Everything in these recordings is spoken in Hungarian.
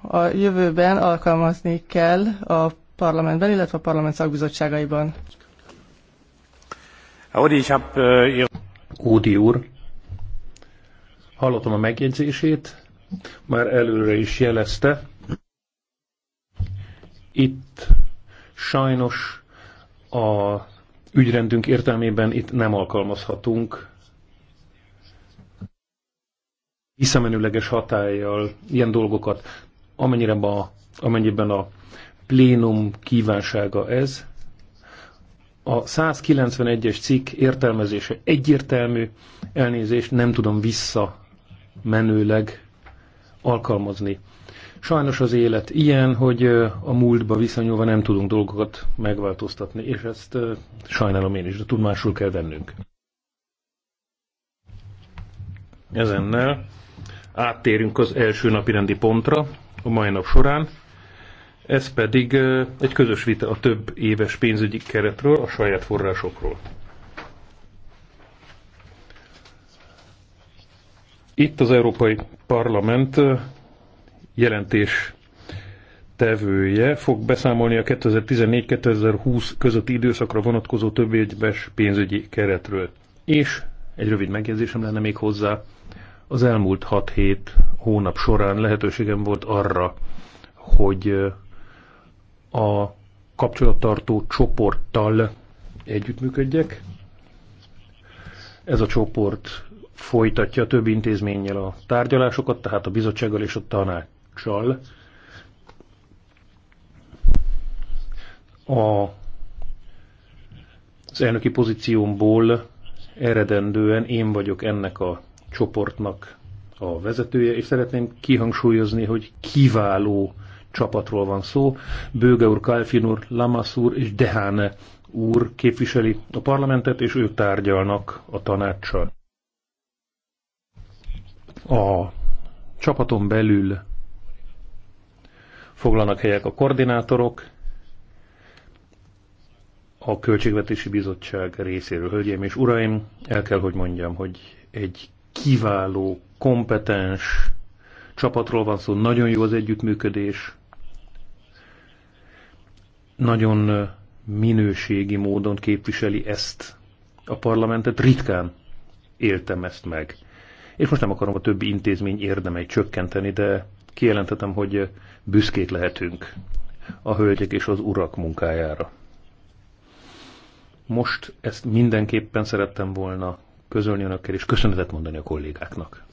a jövőben alkalmazni kell a parlamentben, illetve a parlament szakbizottságaiban. Hát, Ódi úr, hallottam a megjegyzését, már előre is jelezte. Itt sajnos a ügyrendünk értelmében itt nem alkalmazhatunk visszamenőleges hatállyal ilyen dolgokat amennyire ma, amennyiben a plénum kívánsága ez, a 191-es cikk értelmezése egyértelmű, elnézést nem tudom visszamenőleg alkalmazni. Sajnos az élet ilyen, hogy a múltba viszonyulva nem tudunk dolgokat megváltoztatni, és ezt sajnálom én is, de tudomásul kell vennünk. Ezennel áttérünk az első napi rendi pontra, a mai nap során. Ez pedig egy közös vita a több éves pénzügyi keretről, a saját forrásokról. Itt az Európai Parlament jelentés tevője fog beszámolni a 2014-2020 közötti időszakra vonatkozó több éves pénzügyi keretről. És egy rövid megjegyzésem lenne még hozzá. Az elmúlt 6-7 hónap során lehetőségem volt arra, hogy a kapcsolattartó csoporttal együttműködjek. Ez a csoport folytatja több intézménnyel a tárgyalásokat, tehát a bizottsággal és a tanácssal. A, az elnöki pozíciómból eredendően én vagyok ennek a csoportnak a vezetője, és szeretném kihangsúlyozni, hogy kiváló csapatról van szó. Bőge úr, Kalfin úr, Lamassz úr és Dehane úr képviseli a parlamentet, és ők tárgyalnak a tanácssal. A csapaton belül foglalnak helyek a koordinátorok, a Költségvetési Bizottság részéről. Hölgyeim és uraim, el kell, hogy mondjam, hogy egy kiváló, kompetens csapatról van szó, nagyon jó az együttműködés, nagyon minőségi módon képviseli ezt a parlamentet. Ritkán éltem ezt meg. És most nem akarom a többi intézmény érdemeit csökkenteni, de kijelentetem, hogy büszkék lehetünk a hölgyek és az urak munkájára. Most ezt mindenképpen szerettem volna közölni önökkel, és köszönetet mondani a kollégáknak.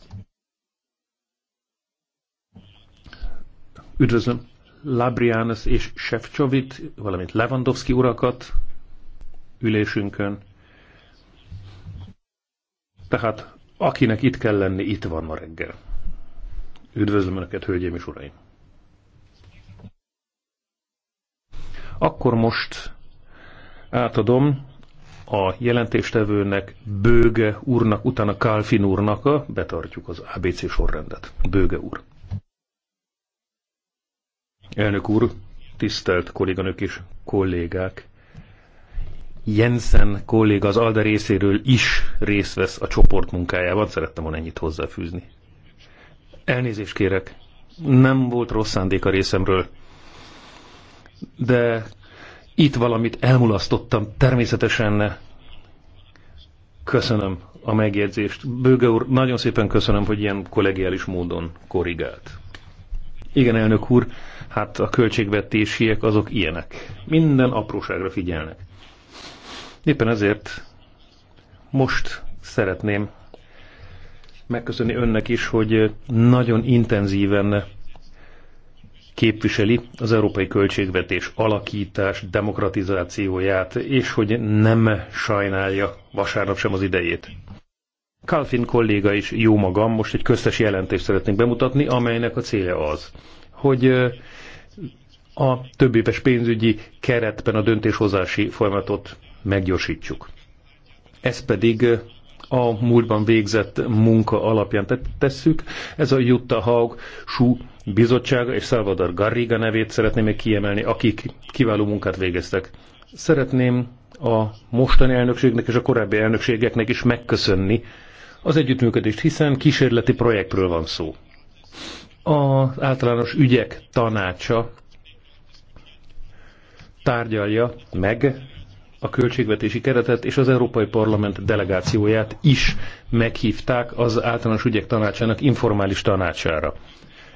Üdvözlöm Labrianus és Sefcsovit, valamint Lewandowski urakat ülésünkön. Tehát akinek itt kell lenni, itt van ma reggel. Üdvözlöm Önöket, hölgyeim és uraim! Akkor most átadom a jelentéstevőnek, Bőge úrnak, utána Kálfin úrnak, betartjuk az ABC sorrendet. Bőge úr. Elnök úr, tisztelt kolléganők és kollégák! Jensen kolléga az ALDE részéről is részt vesz a csoport munkájában, szerettem volna ennyit hozzáfűzni. Elnézést kérek, nem volt rossz szándék a részemről, de itt valamit elmulasztottam, természetesen ne köszönöm a megjegyzést. Bőge úr, nagyon szépen köszönöm, hogy ilyen kollegiális módon korrigált. Igen, elnök úr, hát a költségvetésiek azok ilyenek. Minden apróságra figyelnek. Éppen ezért most szeretném megköszönni önnek is, hogy nagyon intenzíven képviseli az európai költségvetés alakítás, demokratizációját, és hogy nem sajnálja vasárnap sem az idejét. Kalfin kolléga is jó magam, most egy köztes jelentést szeretnénk bemutatni, amelynek a célja az, hogy a éves pénzügyi keretben a döntéshozási folyamatot meggyorsítsuk. Ez pedig a múltban végzett munka alapján tesszük. Ez a Jutta Haug Sú bizottsága és Salvador Garriga nevét szeretném még kiemelni, akik kiváló munkát végeztek. Szeretném a mostani elnökségnek és a korábbi elnökségeknek is megköszönni az együttműködést, hiszen kísérleti projektről van szó. Az általános ügyek tanácsa tárgyalja meg a költségvetési keretet és az Európai Parlament delegációját is meghívták az általános ügyek tanácsának informális tanácsára.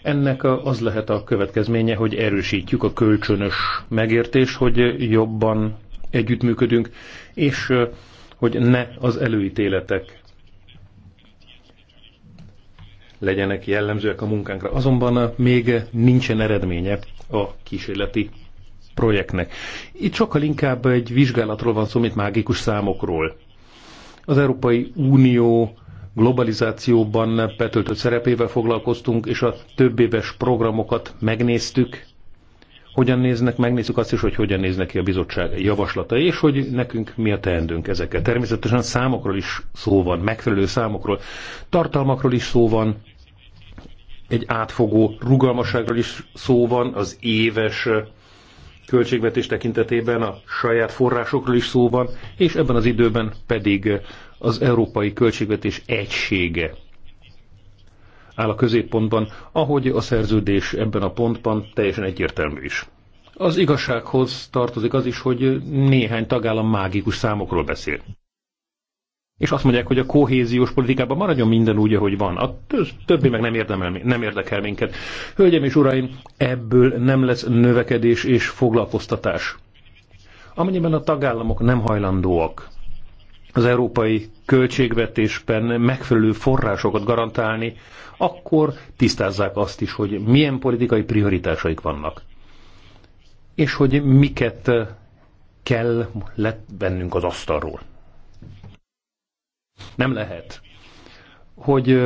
Ennek az lehet a következménye, hogy erősítjük a kölcsönös megértés, hogy jobban együttműködünk, és hogy ne az előítéletek legyenek jellemzőek a munkánkra. Azonban még nincsen eredménye a kísérleti projektnek. Itt sokkal inkább egy vizsgálatról van szó, mint mágikus számokról. Az Európai Unió globalizációban betöltött szerepével foglalkoztunk, és a több éves programokat megnéztük, hogyan néznek, megnézzük azt is, hogy hogyan néznek ki a bizottság javaslatai, és hogy nekünk mi a teendőnk ezekkel. Természetesen számokról is szó van, megfelelő számokról, tartalmakról is szó van, egy átfogó rugalmasságról is szó van, az éves költségvetés tekintetében a saját forrásokról is szó van, és ebben az időben pedig az európai költségvetés egysége áll a középpontban, ahogy a szerződés ebben a pontban teljesen egyértelmű is. Az igazsághoz tartozik az is, hogy néhány tagállam mágikus számokról beszél és azt mondják, hogy a kohéziós politikában maradjon minden úgy, ahogy van. A többi meg nem, érdemel, nem érdekel minket. Hölgyeim és uraim, ebből nem lesz növekedés és foglalkoztatás. Amennyiben a tagállamok nem hajlandóak az európai költségvetésben megfelelő forrásokat garantálni, akkor tisztázzák azt is, hogy milyen politikai prioritásaik vannak. És hogy miket kell lett bennünk az asztalról. Nem lehet, hogy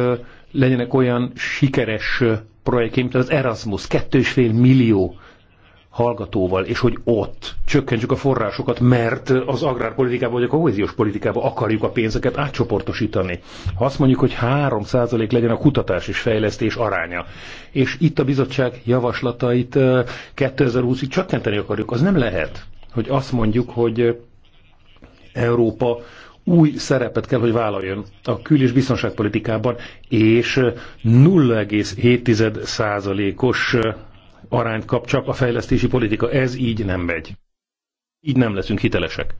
legyenek olyan sikeres projektjeim, tehát az Erasmus, 2,5 millió hallgatóval, és hogy ott csökkentsük a forrásokat, mert az agrárpolitikába vagy a kohéziós politikába akarjuk a pénzeket átcsoportosítani. Ha azt mondjuk, hogy 3% legyen a kutatás és fejlesztés aránya, és itt a bizottság javaslatait 2020-ig csökkenteni akarjuk, az nem lehet, hogy azt mondjuk, hogy Európa új szerepet kell, hogy vállaljon a kül- és biztonságpolitikában, és 0,7%-os arányt kap csak a fejlesztési politika. Ez így nem megy. Így nem leszünk hitelesek.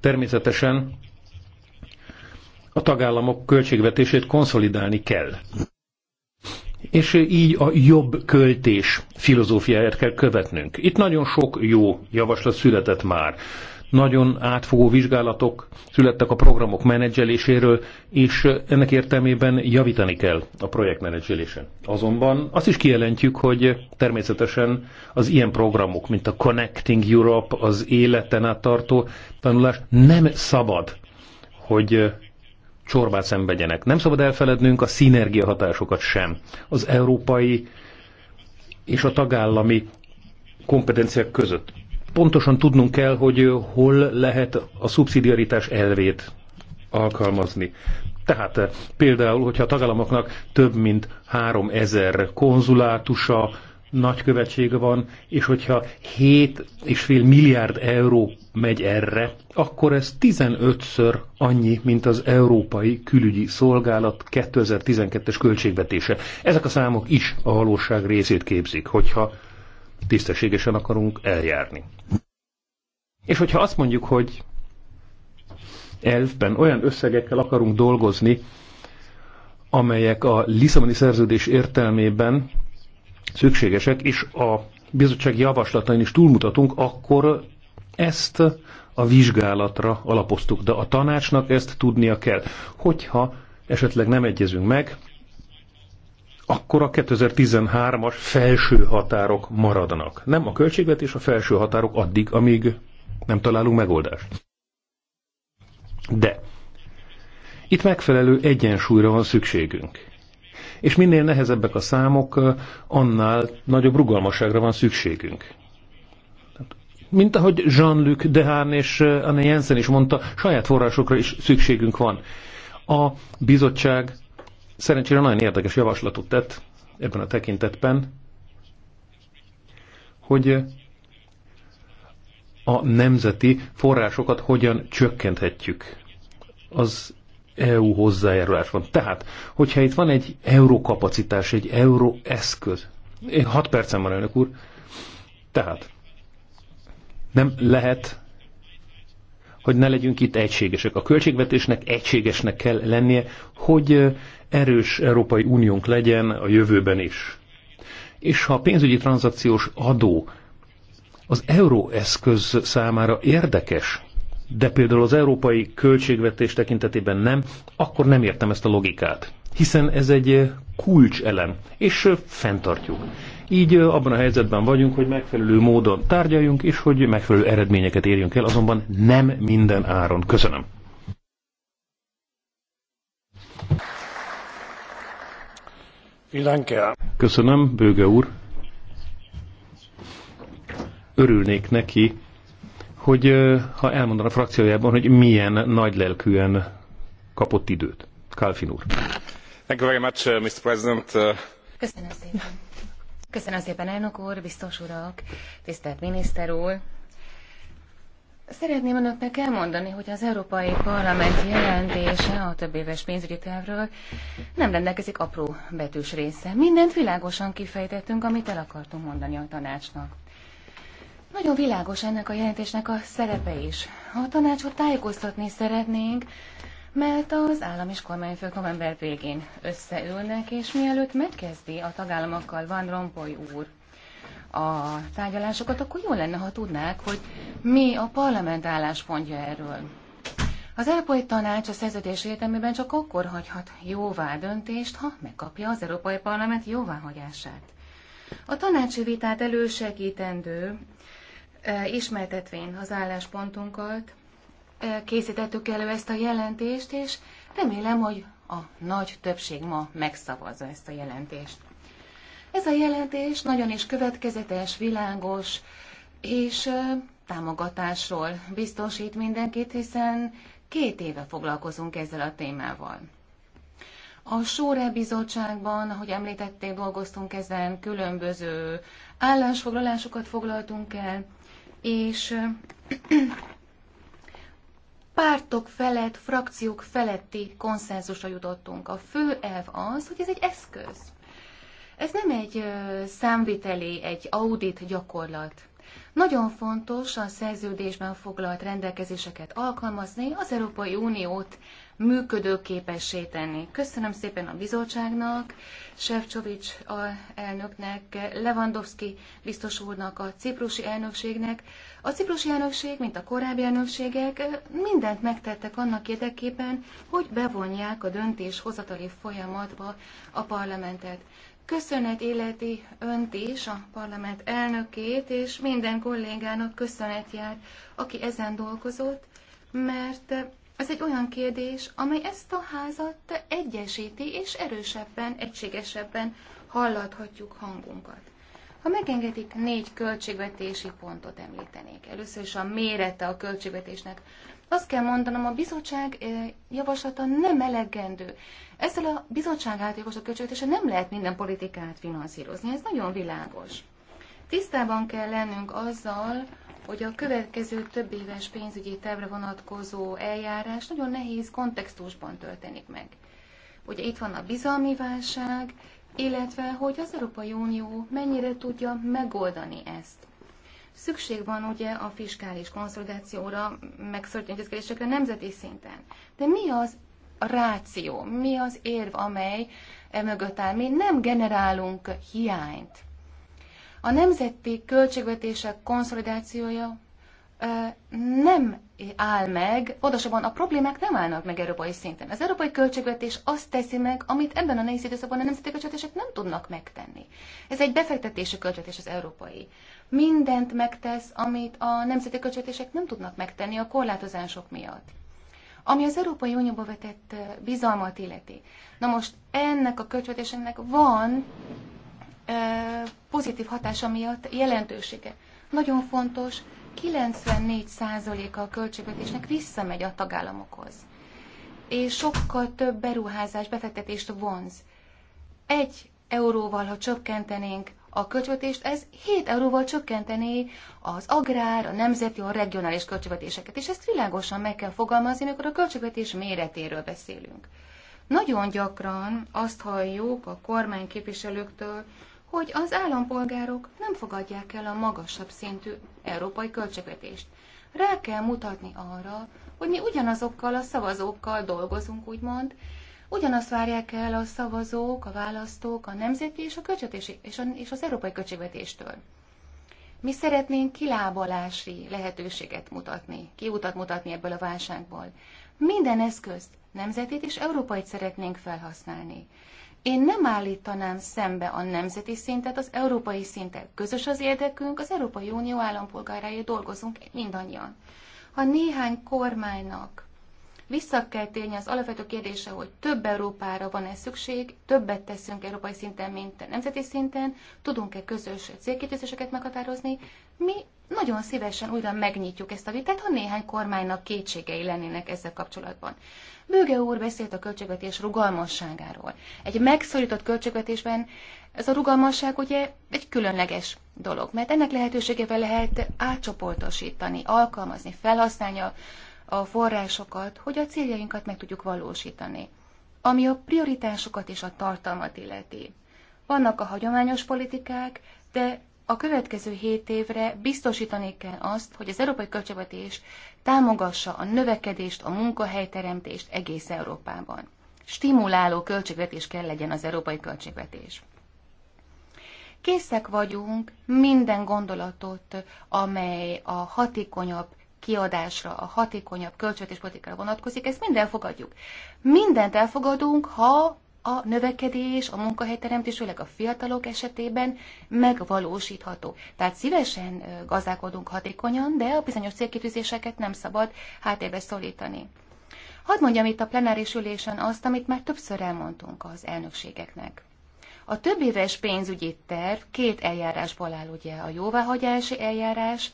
Természetesen a tagállamok költségvetését konszolidálni kell. És így a jobb költés filozófiáját kell követnünk. Itt nagyon sok jó javaslat született már nagyon átfogó vizsgálatok születtek a programok menedzseléséről, és ennek értelmében javítani kell a projektmenedzselésen. Azonban azt is kijelentjük, hogy természetesen az ilyen programok, mint a Connecting Europe, az életen át tartó tanulás nem szabad, hogy csorbát szenvedjenek. Nem szabad elfelednünk a szinergia hatásokat sem. Az európai és a tagállami kompetenciák között pontosan tudnunk kell, hogy hol lehet a szubszidiaritás elvét alkalmazni. Tehát például, hogyha a tagállamoknak több mint 3000 konzulátusa, nagykövetség van, és hogyha 7,5 milliárd euró megy erre, akkor ez 15-ször annyi, mint az Európai Külügyi Szolgálat 2012-es költségvetése. Ezek a számok is a valóság részét képzik, hogyha tisztességesen akarunk eljárni. És hogyha azt mondjuk, hogy elfben olyan összegekkel akarunk dolgozni, amelyek a Lisszaboni szerződés értelmében szükségesek, és a bizottság javaslatain is túlmutatunk, akkor ezt a vizsgálatra alapoztuk, de a tanácsnak ezt tudnia kell. Hogyha esetleg nem egyezünk meg, akkor a 2013-as felső határok maradnak. Nem a költségvetés, a felső határok addig, amíg nem találunk megoldást. De itt megfelelő egyensúlyra van szükségünk. És minél nehezebbek a számok, annál nagyobb rugalmasságra van szükségünk. Mint ahogy Jean-Luc Dehán és eh, Anne Jensen is mondta, saját forrásokra is szükségünk van. A bizottság szerencsére nagyon érdekes javaslatot tett ebben a tekintetben, hogy a nemzeti forrásokat hogyan csökkenthetjük. Az EU hozzájárulás van. Tehát, hogyha itt van egy eurókapacitás, egy euróeszköz, 6 percen van, elnök úr, tehát nem lehet hogy ne legyünk itt egységesek. A költségvetésnek egységesnek kell lennie, hogy erős Európai Uniónk legyen a jövőben is. És ha a pénzügyi tranzakciós adó az euróeszköz számára érdekes, de például az európai költségvetés tekintetében nem, akkor nem értem ezt a logikát. Hiszen ez egy kulcselem, és fenntartjuk. Így abban a helyzetben vagyunk, hogy megfelelő módon tárgyaljunk, és hogy megfelelő eredményeket érjünk el, azonban nem minden áron. Köszönöm. Köszönöm, Bőge úr. Örülnék neki, hogy ha elmondaná a frakciójában, hogy milyen nagylelkűen kapott időt. Kalfin úr. Thank you very much, uh, Mr. President. Uh, Köszönöm szépen. Köszönöm szépen, elnök úr, biztos urak, tisztelt miniszter úr. Szeretném önöknek elmondani, hogy az Európai Parlament jelentése a több éves pénzügyi tervről nem rendelkezik apró betűs része. Mindent világosan kifejtettünk, amit el akartunk mondani a tanácsnak. Nagyon világos ennek a jelentésnek a szerepe is. A tanácsot tájékoztatni szeretnénk, mert az állam és kormányfők november végén összeülnek, és mielőtt megkezdi a tagállamokkal Van Rompuy úr a tárgyalásokat, akkor jó lenne, ha tudnák, hogy mi a parlament álláspontja erről. Az Európai Tanács a szerződés értelmében csak akkor hagyhat jóvá döntést, ha megkapja az Európai Parlament jóváhagyását. A tanácsi vitát elősegítendő, eh, ismertetvén az álláspontunkat, készítettük elő ezt a jelentést, és remélem, hogy a nagy többség ma megszavazza ezt a jelentést. Ez a jelentés nagyon is következetes, világos, és támogatásról biztosít mindenkit, hiszen két éve foglalkozunk ezzel a témával. A Sóre Bizottságban, ahogy említették, dolgoztunk ezen, különböző állásfoglalásokat foglaltunk el, és pártok felett, frakciók feletti konszenzusra jutottunk. A fő elv az, hogy ez egy eszköz. Ez nem egy számviteli, egy audit gyakorlat. Nagyon fontos a szerződésben foglalt rendelkezéseket alkalmazni, az Európai Uniót működőképessé tenni. Köszönöm szépen a bizottságnak, Sefcsovics elnöknek, Lewandowski biztos úrnak, a ciprusi elnökségnek, a ciprusi elnökség, mint a korábbi elnökségek mindent megtettek annak érdekében, hogy bevonják a döntéshozatali folyamatba a parlamentet. Köszönet életi önt is, a parlament elnökét, és minden kollégának köszönet jár, aki ezen dolgozott, mert ez egy olyan kérdés, amely ezt a házat egyesíti, és erősebben, egységesebben hallathatjuk hangunkat. Ha megengedik, négy költségvetési pontot említenék. Először is a mérete a költségvetésnek. Azt kell mondanom, a bizottság eh, javaslata nem elegendő. Ezzel a bizottság által javasolt költségvetése nem lehet minden politikát finanszírozni. Ez nagyon világos. Tisztában kell lennünk azzal, hogy a következő több éves pénzügyi tervre vonatkozó eljárás nagyon nehéz kontextusban történik meg. Ugye itt van a bizalmi válság, illetve hogy az Európai Unió mennyire tudja megoldani ezt. Szükség van ugye a fiskális konszolidációra, meg intézkedésekre nemzeti szinten. De mi az a ráció, mi az érv, amely e mögött áll? Mi nem generálunk hiányt. A nemzeti költségvetések konszolidációja nem áll meg, pontosabban a problémák nem állnak meg európai szinten. Az európai költségvetés azt teszi meg, amit ebben a nehéz időszakban a nemzeti költségvetések nem tudnak megtenni. Ez egy befektetési költségvetés az európai. Mindent megtesz, amit a nemzeti költségvetések nem tudnak megtenni a korlátozások miatt. Ami az Európai Unióba vetett bizalmat illeti. Na most ennek a költségvetésnek van pozitív hatása miatt jelentősége. Nagyon fontos, 94%-a a költségvetésnek visszamegy a tagállamokhoz, és sokkal több beruházás, befektetést vonz. Egy euróval, ha csökkentenénk a költségvetést, ez 7 euróval csökkentené az agrár, a nemzeti, a regionális költségvetéseket, és ezt világosan meg kell fogalmazni, amikor a költségvetés méretéről beszélünk. Nagyon gyakran azt halljuk a kormányképviselőktől, hogy az állampolgárok nem fogadják el a magasabb szintű európai költségvetést. Rá kell mutatni arra, hogy mi ugyanazokkal a szavazókkal dolgozunk, úgymond, ugyanazt várják el a szavazók, a választók, a nemzeti és, a és, a, és az európai költségvetéstől. Mi szeretnénk kilábalási lehetőséget mutatni, kiutat mutatni ebből a válságból. Minden eszközt, nemzetét és európait szeretnénk felhasználni. Én nem állítanám szembe a nemzeti szintet, az európai szintet. Közös az érdekünk, az Európai Unió állampolgáráért dolgozunk mindannyian. Ha néhány kormánynak vissza kell térni az alapvető kérdése, hogy több Európára van-e szükség, többet teszünk európai szinten, mint nemzeti szinten, tudunk-e közös célkitűzéseket meghatározni. Mi nagyon szívesen újra megnyitjuk ezt a vitát, ha néhány kormánynak kétségei lennének ezzel kapcsolatban. Bőge úr beszélt a költségvetés rugalmasságáról. Egy megszorított költségvetésben ez a rugalmasság ugye egy különleges dolog, mert ennek lehetőségével lehet átcsoportosítani, alkalmazni, felhasználni a, a forrásokat, hogy a céljainkat meg tudjuk valósítani. Ami a prioritásokat és a tartalmat illeti. Vannak a hagyományos politikák, de a következő 7 évre biztosítani kell azt, hogy az európai költségvetés támogassa a növekedést, a munkahelyteremtést egész Európában. Stimuláló költségvetés kell legyen az európai költségvetés. Készek vagyunk minden gondolatot, amely a hatékonyabb kiadásra, a hatékonyabb költségvetéspolitikára vonatkozik, ezt mind elfogadjuk. Mindent elfogadunk, ha a növekedés, a munkahelyteremtés, főleg a fiatalok esetében megvalósítható. Tehát szívesen gazdálkodunk hatékonyan, de a bizonyos célkitűzéseket nem szabad háttérbe szólítani. Hadd mondjam itt a plenáris ülésen azt, amit már többször elmondtunk az elnökségeknek. A több éves pénzügyi terv két eljárásból áll ugye, a jóváhagyási eljárás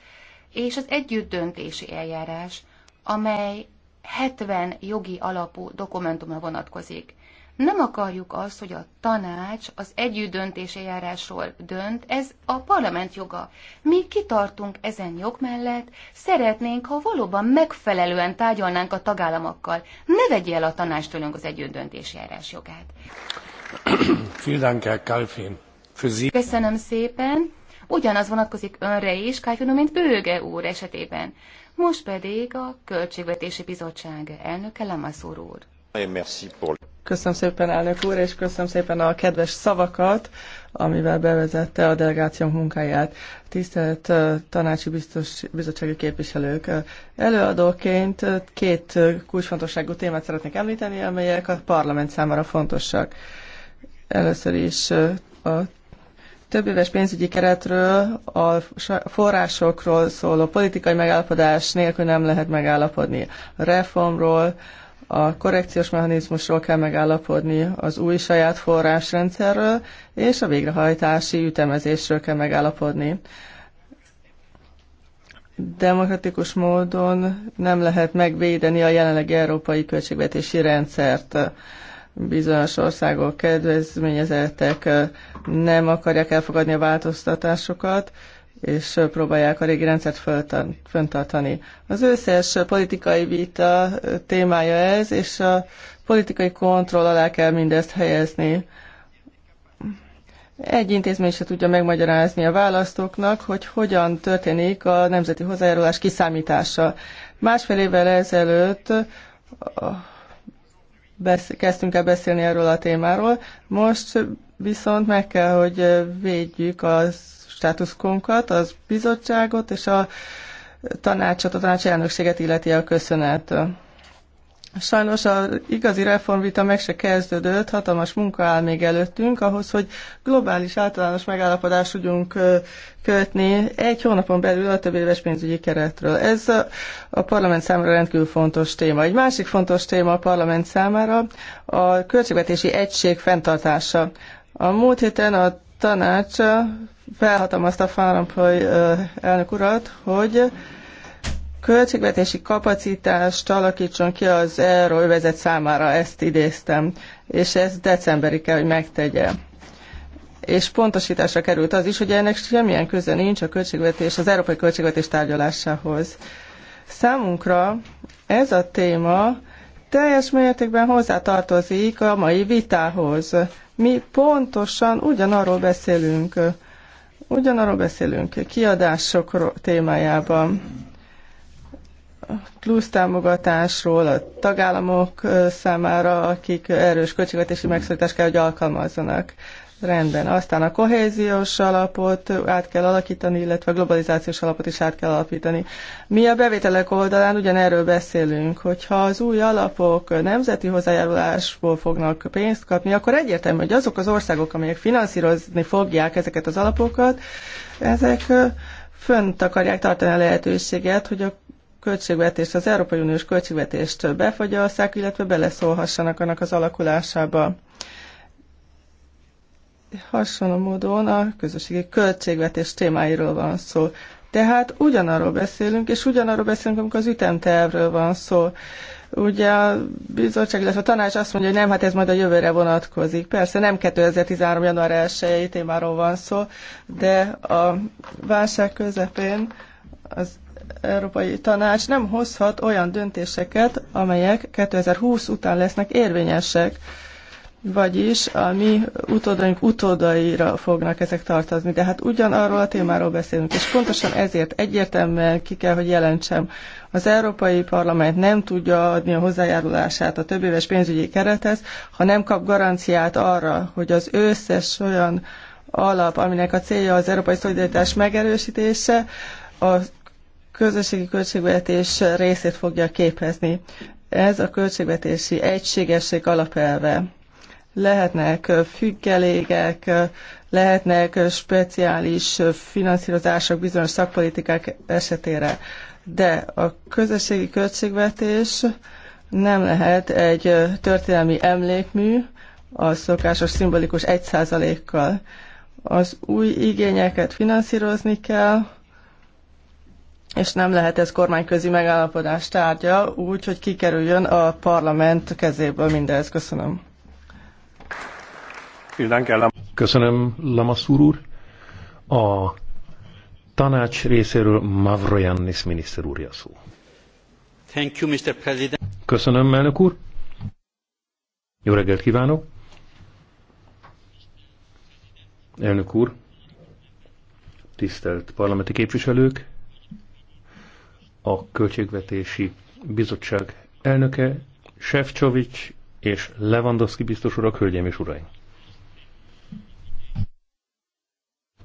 és az együtt döntési eljárás, amely 70 jogi alapú dokumentumra vonatkozik. Nem akarjuk azt, hogy a tanács az együttdöntés eljárásról dönt, ez a parlament joga. Mi kitartunk ezen jog mellett, szeretnénk, ha valóban megfelelően tárgyalnánk a tagállamokkal. Ne vegye el a tanács tőlünk az együttdöntési eljárás jogát. Köszönöm szépen. Ugyanaz vonatkozik önre is, Kálfinó, mint Bőge úr esetében. Most pedig a Költségvetési Bizottság elnöke Lamaszúr úr. Köszönöm szépen, elnök úr, és köszönöm szépen a kedves szavakat, amivel bevezette a delegációnk munkáját. Tisztelt tanácsi biztos, bizottsági képviselők, előadóként két kulcsfontosságú témát szeretnék említeni, amelyek a parlament számára fontosak. Először is a több éves pénzügyi keretről, a forrásokról szóló politikai megállapodás nélkül nem lehet megállapodni. A reformról, a korrekciós mechanizmusról kell megállapodni, az új saját forrásrendszerről és a végrehajtási ütemezésről kell megállapodni. Demokratikus módon nem lehet megvédeni a jelenlegi európai költségvetési rendszert. Bizonyos országok kedvezményezettek nem akarják elfogadni a változtatásokat, és próbálják a régi rendszert föntartani. Az összes politikai vita témája ez, és a politikai kontroll alá kell mindezt helyezni. Egy intézmény se tudja megmagyarázni a választóknak, hogy hogyan történik a nemzeti hozzájárulás kiszámítása. Másfél évvel ezelőtt kezdtünk el beszélni erről a témáról, most viszont meg kell, hogy védjük az státuszkónkat, az bizottságot és a tanácsot, a tanács elnökséget illeti a köszönet. Sajnos az igazi reformvita meg se kezdődött, hatalmas munka áll még előttünk, ahhoz, hogy globális általános megállapodást tudjunk kötni egy hónapon belül a több éves pénzügyi keretről. Ez a, a parlament számára rendkívül fontos téma. Egy másik fontos téma a parlament számára a költségvetési egység fenntartása. A múlt héten a tanács felhatalmazta a Rompuy elnök urat, hogy költségvetési kapacitást alakítson ki az vezet számára, ezt idéztem, és ez decemberi kell, hogy megtegye. És pontosításra került az is, hogy ennek semmilyen köze nincs a költségvetés, az európai költségvetés tárgyalásához. Számunkra ez a téma teljes mértékben hozzátartozik a mai vitához mi pontosan ugyanarról beszélünk, ugyanarról beszélünk kiadások témájában, plusz támogatásról a tagállamok számára, akik erős költségvetési megszorítást kell, hogy alkalmazzanak. Rendben. Aztán a kohéziós alapot át kell alakítani, illetve a globalizációs alapot is át kell alapítani. Mi a bevételek oldalán ugyanerről beszélünk, hogyha az új alapok nemzeti hozzájárulásból fognak pénzt kapni, akkor egyértelmű, hogy azok az országok, amelyek finanszírozni fogják ezeket az alapokat, ezek fönt akarják tartani a lehetőséget, hogy a költségvetést, az Európai Uniós költségvetést befogyasszák, illetve beleszólhassanak annak az alakulásába hasonló módon a közösségi költségvetés témáiról van szó. Tehát ugyanarról beszélünk, és ugyanarról beszélünk, amikor az ütemtervről van szó. Ugye a bizottság, illetve a tanács azt mondja, hogy nem, hát ez majd a jövőre vonatkozik. Persze nem 2013. január 1 témáról van szó, de a válság közepén az Európai Tanács nem hozhat olyan döntéseket, amelyek 2020 után lesznek érvényesek vagyis a mi utódaink utódaira fognak ezek tartozni. De hát ugyanarról a témáról beszélünk, és pontosan ezért egyértelműen ki kell, hogy jelentsem. Az Európai Parlament nem tudja adni a hozzájárulását a éves pénzügyi kerethez, ha nem kap garanciát arra, hogy az összes olyan alap, aminek a célja az európai szolidaritás megerősítése, a közösségi költségvetés részét fogja képezni. Ez a költségvetési egységesség alapelve lehetnek függelégek, lehetnek speciális finanszírozások bizonyos szakpolitikák esetére. De a közösségi költségvetés nem lehet egy történelmi emlékmű a szokásos szimbolikus 1%-kal. Az új igényeket finanszírozni kell, és nem lehet ez kormányközi megállapodás tárgya, úgy, hogy kikerüljön a parlament kezéből mindez. Köszönöm. Köszönöm, Lamassur úr. A tanács részéről Mavroyannis miniszter a szó. Thank you, Mr. President. Köszönöm, elnök úr. Jó reggelt kívánok. Elnök úr, tisztelt parlamenti képviselők, a Költségvetési Bizottság elnöke, Sefcsovics és Lewandowski biztos urak, hölgyeim és uraim.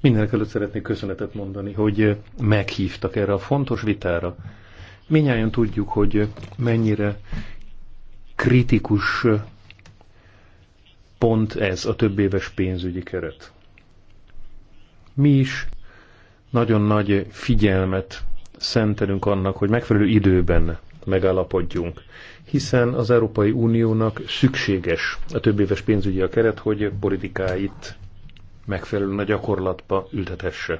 Mindenek előtt szeretnék köszönetet mondani, hogy meghívtak erre a fontos vitára. Minnyáján tudjuk, hogy mennyire kritikus pont ez a több éves pénzügyi keret. Mi is nagyon nagy figyelmet szentelünk annak, hogy megfelelő időben megállapodjunk, hiszen az Európai Uniónak szükséges a több éves pénzügyi a keret, hogy politikáit megfelelően a gyakorlatba ültetesse.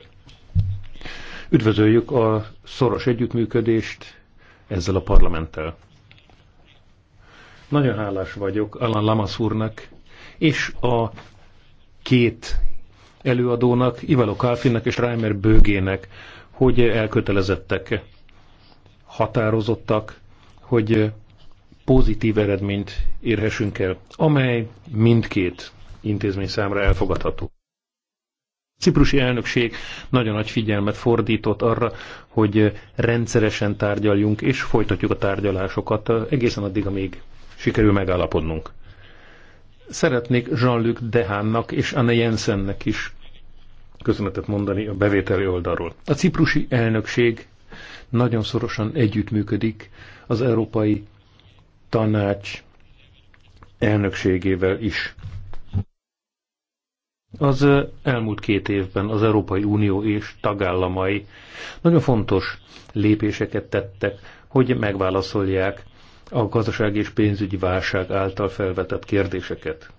Üdvözöljük a szoros együttműködést ezzel a parlamenttel. Nagyon hálás vagyok Alan Lamas úrnak és a két előadónak, Ivalo Kálfinnak és Reimer Bögének, hogy elkötelezettek, határozottak, hogy pozitív eredményt érhessünk el, amely mindkét intézmény számra elfogadható ciprusi elnökség nagyon nagy figyelmet fordított arra, hogy rendszeresen tárgyaljunk, és folytatjuk a tárgyalásokat egészen addig, amíg sikerül megállapodnunk. Szeretnék Jean-Luc Dehánnak és Anne Jensennek is köszönetet mondani a bevételi oldalról. A ciprusi elnökség nagyon szorosan együttműködik az Európai Tanács elnökségével is. Az elmúlt két évben az Európai Unió és tagállamai nagyon fontos lépéseket tettek, hogy megválaszolják a gazdaság és pénzügyi válság által felvetett kérdéseket.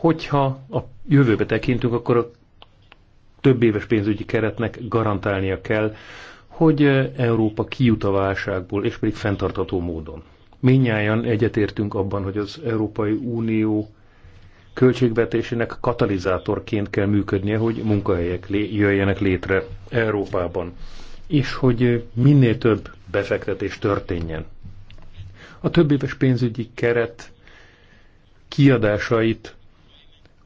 Hogyha a jövőbe tekintünk, akkor a több éves pénzügyi keretnek garantálnia kell, hogy Európa kijut a válságból, és pedig fenntartható módon. Minnyáján egyetértünk abban, hogy az Európai Unió költségvetésének katalizátorként kell működnie, hogy munkahelyek lé- jöjjenek létre Európában, és hogy minél több befektetés történjen. A éves pénzügyi keret kiadásait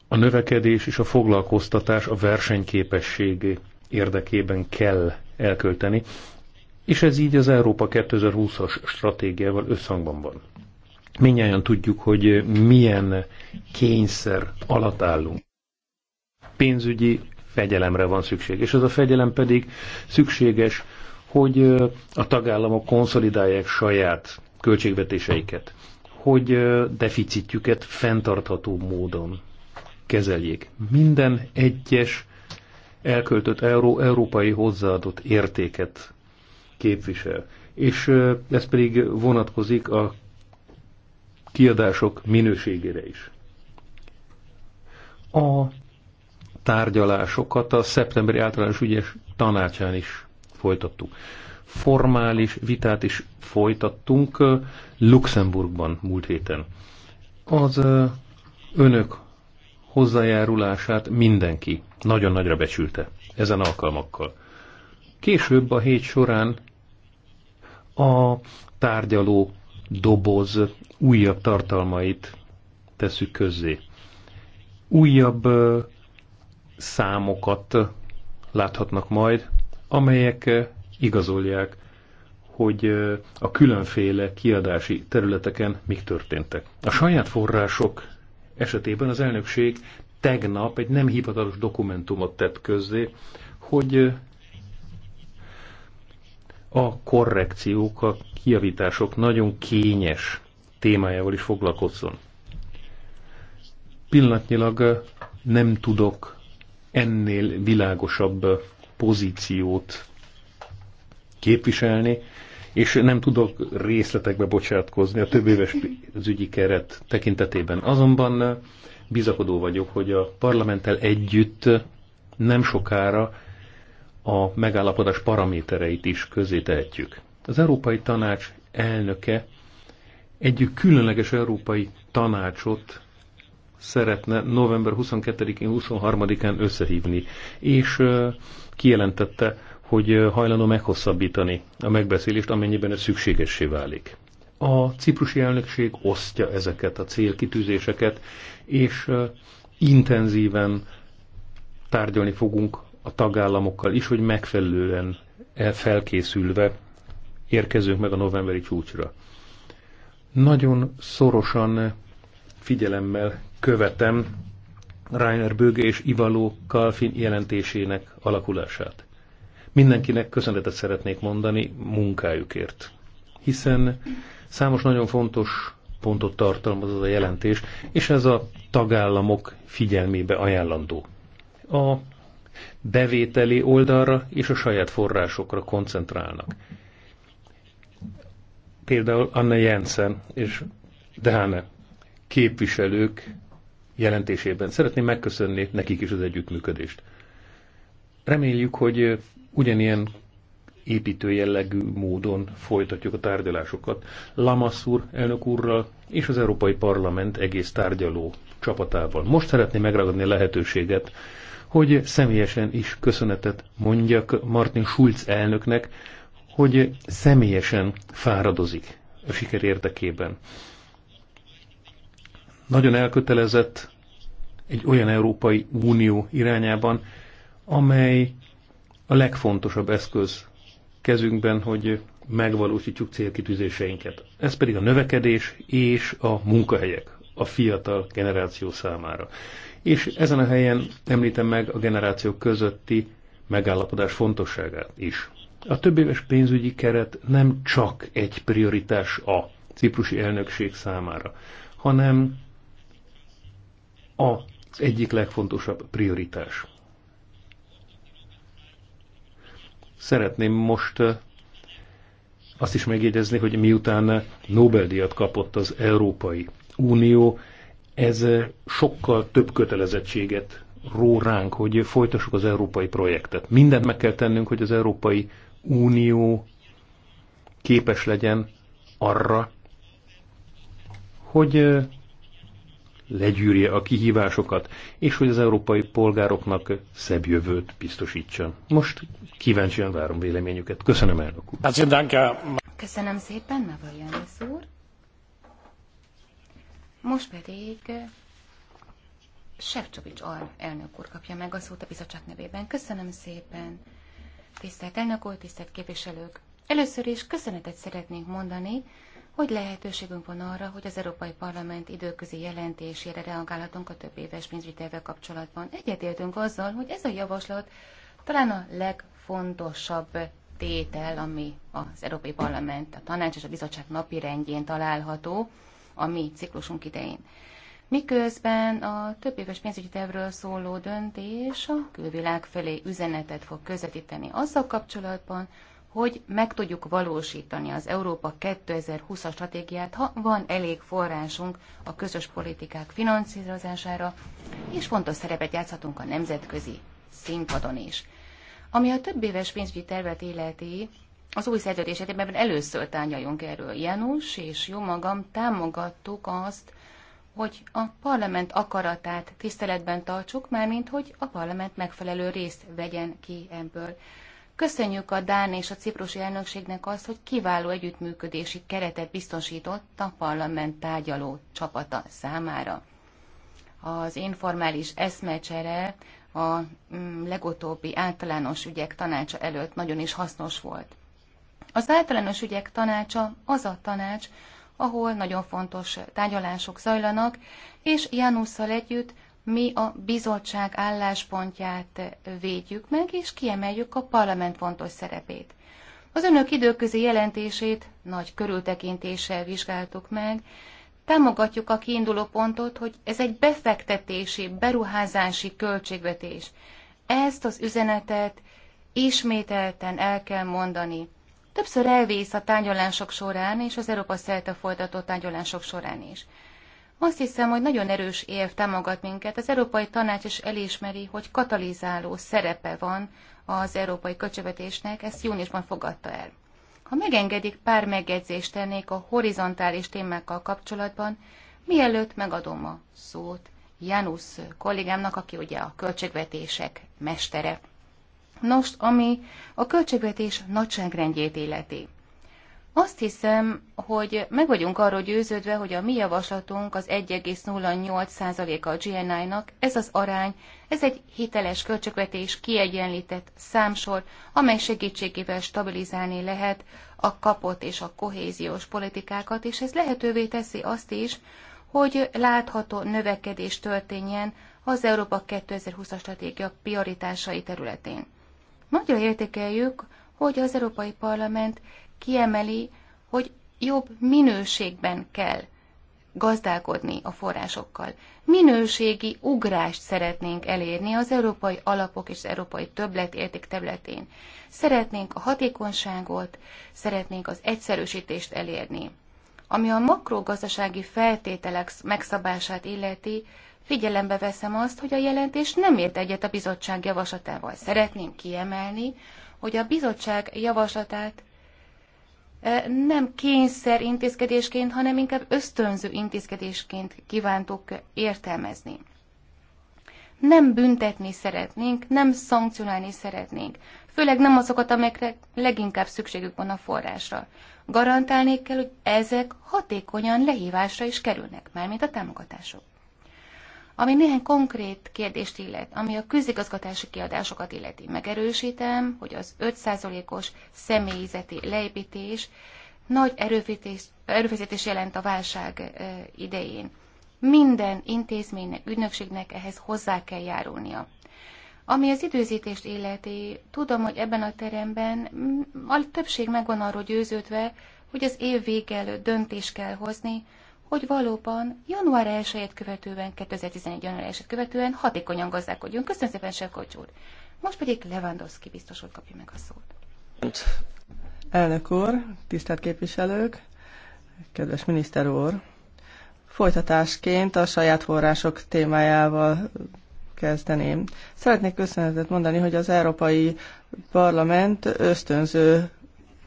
a növekedés és a foglalkoztatás a versenyképesség érdekében kell elkölteni, és ez így az Európa 2020-as stratégiával összhangban van. Mindjárt tudjuk, hogy milyen kényszer alatt állunk. Pénzügyi fegyelemre van szükség, és ez a fegyelem pedig szükséges, hogy a tagállamok konszolidálják saját költségvetéseiket, hogy deficitjüket fenntartható módon kezeljék. Minden egyes elköltött euró európai hozzáadott értéket képvisel. És ez pedig vonatkozik a kiadások minőségére is. A tárgyalásokat a szeptemberi általános ügyes tanácsán is folytattuk. Formális vitát is folytattunk Luxemburgban múlt héten. Az önök hozzájárulását mindenki nagyon nagyra becsülte ezen alkalmakkal. Később a hét során a tárgyaló doboz újabb tartalmait teszük közzé. Újabb számokat láthatnak majd, amelyek igazolják, hogy a különféle kiadási területeken mik történtek. A saját források esetében az elnökség tegnap egy nem hivatalos dokumentumot tett közzé, hogy a korrekciók a kiavítások nagyon kényes témájával is foglalkozzon. Pillanatnyilag nem tudok ennél világosabb pozíciót képviselni, és nem tudok részletekbe bocsátkozni a több éves ügyi keret tekintetében. Azonban bizakodó vagyok, hogy a parlamenttel együtt nem sokára a megállapodás paramétereit is közé tehetjük. Az Európai Tanács elnöke egy különleges Európai Tanácsot szeretne november 22-én, 23-án összehívni, és kijelentette, hogy hajlandó meghosszabbítani a megbeszélést, amennyiben ez szükségessé válik. A ciprusi elnökség osztja ezeket a célkitűzéseket, és intenzíven tárgyalni fogunk a tagállamokkal is, hogy megfelelően e, felkészülve érkezünk meg a novemberi csúcsra. Nagyon szorosan figyelemmel követem Rainer Böge és Ivaló Kalfin jelentésének alakulását. Mindenkinek köszönetet szeretnék mondani munkájukért, hiszen számos nagyon fontos pontot tartalmaz az a jelentés, és ez a tagállamok figyelmébe ajánlandó. A bevételi oldalra és a saját forrásokra koncentrálnak például Anne Jensen és Dehane képviselők jelentésében. Szeretném megköszönni nekik is az együttműködést. Reméljük, hogy ugyanilyen építő jellegű módon folytatjuk a tárgyalásokat Lamassur elnök úrral és az Európai Parlament egész tárgyaló csapatával. Most szeretném megragadni a lehetőséget, hogy személyesen is köszönetet mondjak Martin Schulz elnöknek, hogy személyesen fáradozik a siker érdekében. Nagyon elkötelezett egy olyan Európai Unió irányában, amely a legfontosabb eszköz kezünkben, hogy megvalósítjuk célkitűzéseinket. Ez pedig a növekedés és a munkahelyek a fiatal generáció számára. És ezen a helyen említem meg a generációk közötti megállapodás fontosságát is. A többéves pénzügyi keret nem csak egy prioritás a ciprusi elnökség számára, hanem az egyik legfontosabb prioritás. Szeretném most eh, azt is megjegyezni, hogy miután Nobel-díjat kapott az Európai Unió, ez eh, sokkal több kötelezettséget ró ránk, hogy folytassuk az európai projektet. Mindent meg kell tennünk, hogy az európai Unió képes legyen arra, hogy legyűrje a kihívásokat, és hogy az európai polgároknak szebb jövőt biztosítson. Most kíváncsian várom véleményüket. Köszönöm, elnök úr. Köszönöm szépen, Navajanis úr. Most pedig Sefcsovics elnök úr kapja meg a szót a bizottság nevében. Köszönöm szépen. Tisztelt elnök úr, tisztelt képviselők! Először is köszönetet szeretnénk mondani, hogy lehetőségünk van arra, hogy az Európai Parlament időközi jelentésére reagálhatunk a több éves pénzügyi kapcsolatban. Egyetértünk azzal, hogy ez a javaslat talán a legfontosabb tétel, ami az Európai Parlament, a Tanács és a Bizottság napi rendjén található a mi ciklusunk idején miközben a több éves pénzügyi tervről szóló döntés a külvilág felé üzenetet fog közvetíteni azzal kapcsolatban, hogy meg tudjuk valósítani az Európa 2020-as stratégiát, ha van elég forrásunk a közös politikák finanszírozására, és fontos szerepet játszhatunk a nemzetközi színpadon is. Ami a több éves pénzügyi tervet illeti, az új szerződés esetében először tárgyaljunk erről. Janus és jó magam támogattuk azt, hogy a parlament akaratát tiszteletben tartsuk, mármint hogy a parlament megfelelő részt vegyen ki ebből. Köszönjük a Dán és a Ciprusi elnökségnek azt, hogy kiváló együttműködési keretet biztosított a parlament tárgyaló csapata számára. Az informális eszmecsere a mm, legutóbbi általános ügyek tanácsa előtt nagyon is hasznos volt. Az általános ügyek tanácsa az a tanács, ahol nagyon fontos tárgyalások zajlanak, és Jánusszal együtt mi a bizottság álláspontját védjük meg, és kiemeljük a parlament fontos szerepét. Az önök időközi jelentését nagy körültekintéssel vizsgáltuk meg, támogatjuk a kiinduló pontot, hogy ez egy befektetési, beruházási költségvetés. Ezt az üzenetet ismételten el kell mondani többször elvész a tárgyalások során, és az Európa szerte folytatott tárgyalások során is. Azt hiszem, hogy nagyon erős érv támogat minket. Az Európai Tanács is elismeri, hogy katalizáló szerepe van az európai költségvetésnek, ezt júniusban fogadta el. Ha megengedik, pár megjegyzést tennék a horizontális témákkal kapcsolatban, mielőtt megadom a szót Janusz kollégámnak, aki ugye a költségvetések mestere. Nos, ami a költségvetés nagyságrendjét illeti. Azt hiszem, hogy meg vagyunk arról győződve, hogy a mi javaslatunk az 1,08%-a a GNI-nak, ez az arány, ez egy hiteles költségvetés kiegyenlített számsor, amely segítségével stabilizálni lehet a kapott és a kohéziós politikákat, és ez lehetővé teszi azt is, hogy látható növekedés történjen az Európa 2020-as stratégia prioritásai területén. Nagyon értékeljük, hogy az Európai Parlament kiemeli, hogy jobb minőségben kell gazdálkodni a forrásokkal. Minőségi ugrást szeretnénk elérni az európai alapok és az európai többletérték területén. Szeretnénk a hatékonyságot, szeretnénk az egyszerűsítést elérni. Ami a makrogazdasági feltételek megszabását illeti, Figyelembe veszem azt, hogy a jelentés nem ért egyet a bizottság javaslatával. Szeretném kiemelni, hogy a bizottság javaslatát e, nem kényszer intézkedésként, hanem inkább ösztönző intézkedésként kívántuk értelmezni. Nem büntetni szeretnénk, nem szankcionálni szeretnénk, főleg nem azokat, amelyekre leginkább szükségük van a forrásra. Garantálni kell, hogy ezek hatékonyan lehívásra is kerülnek, mármint a támogatások. Ami néhány konkrét kérdést illet, ami a közigazgatási kiadásokat illeti, megerősítem, hogy az 5%-os személyzeti leépítés nagy erőfeszítés jelent a válság idején. Minden intézménynek, ügynökségnek ehhez hozzá kell járulnia. Ami az időzítést illeti, tudom, hogy ebben a teremben mm, a többség megvan arról győződve, hogy az év vége előtt döntést kell hozni, hogy valóban január 1-et követően, 2011. január 1 követően hatékonyan gazdálkodjunk. Köszönöm szépen, Sefkocs úr. Most pedig Lewandowski biztos, hogy kapja meg a szót. Elnök úr, tisztelt képviselők, kedves miniszter úr, folytatásként a saját források témájával kezdeném. Szeretnék köszönetet mondani, hogy az Európai Parlament ösztönző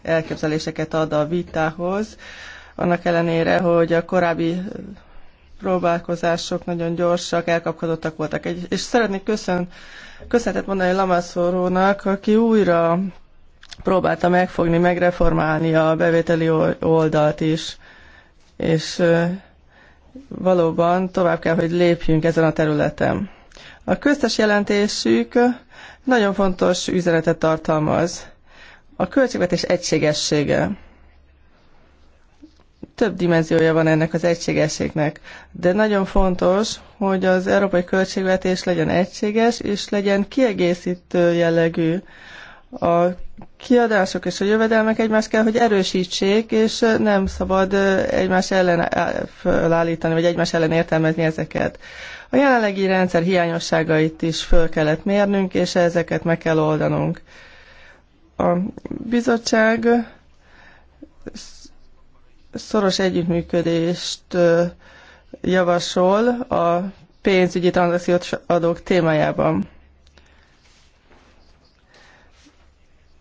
elképzeléseket ad a vitához, annak ellenére, hogy a korábbi próbálkozások nagyon gyorsak, elkapkodottak voltak. Egy, és szeretnék köszön, köszönetet mondani Lamaszorónak, aki újra próbálta megfogni, megreformálni a bevételi oldalt is, és valóban tovább kell, hogy lépjünk ezen a területen. A köztes jelentésük nagyon fontos üzenetet tartalmaz. A költségvetés egységessége több dimenziója van ennek az egységességnek, de nagyon fontos, hogy az európai költségvetés legyen egységes, és legyen kiegészítő jellegű. A kiadások és a jövedelmek egymást kell, hogy erősítsék, és nem szabad egymás ellen felállítani, vagy egymás ellen értelmezni ezeket. A jelenlegi rendszer hiányosságait is föl kellett mérnünk, és ezeket meg kell oldanunk. A bizottság szoros együttműködést javasol a pénzügyi tranzakciós adók témájában.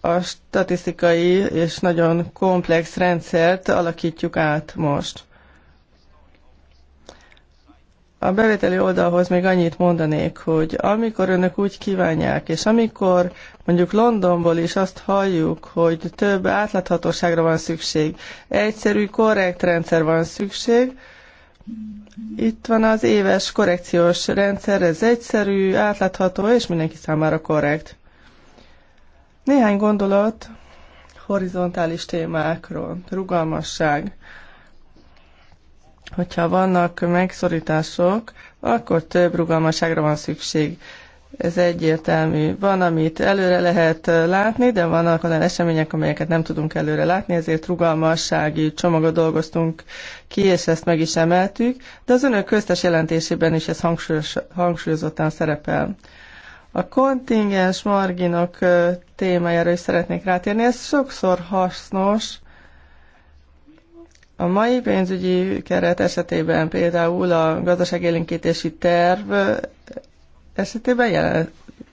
A statisztikai és nagyon komplex rendszert alakítjuk át most. A bevételi oldalhoz még annyit mondanék, hogy amikor önök úgy kívánják, és amikor mondjuk Londonból is azt halljuk, hogy több átláthatóságra van szükség, egyszerű, korrekt rendszer van szükség, itt van az éves korrekciós rendszer, ez egyszerű, átlátható és mindenki számára korrekt. Néhány gondolat horizontális témákról. Rugalmasság hogyha vannak megszorítások, akkor több rugalmasságra van szükség. Ez egyértelmű. Van, amit előre lehet látni, de vannak olyan események, amelyeket nem tudunk előre látni, ezért rugalmassági csomagot dolgoztunk ki, és ezt meg is emeltük, de az önök köztes jelentésében is ez hangsúlyos, hangsúlyozottan szerepel. A kontingens marginok témájára is szeretnék rátérni. Ez sokszor hasznos, a mai pénzügyi keret esetében például a gazdaságélénkítési terv esetében jelen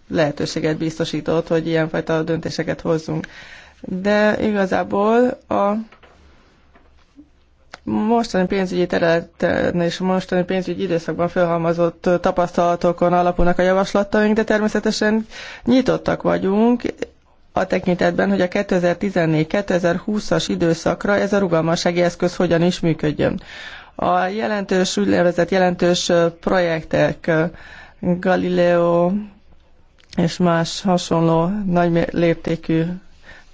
lehetőséget biztosított, hogy ilyenfajta döntéseket hozzunk. De igazából a mostani pénzügyi területen és mostani pénzügyi időszakban felhalmozott tapasztalatokon alapulnak a javaslataink, de természetesen nyitottak vagyunk, a tekintetben, hogy a 2014-2020-as időszakra ez a rugalmassági eszköz hogyan is működjön. A jelentős, úgynevezett jelentős projektek, Galileo és más hasonló nagy léptékű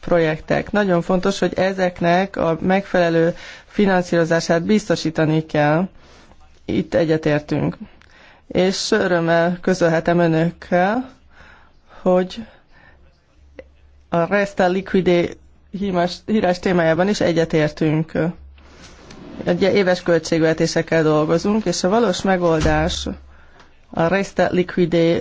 projektek. Nagyon fontos, hogy ezeknek a megfelelő finanszírozását biztosítani kell. Itt egyetértünk. És örömmel közölhetem önökkel, hogy a Resta Liquide hímas, hírás témájában is egyetértünk. Egy éves költségvetésekkel dolgozunk, és a valós megoldás a Resta Liquide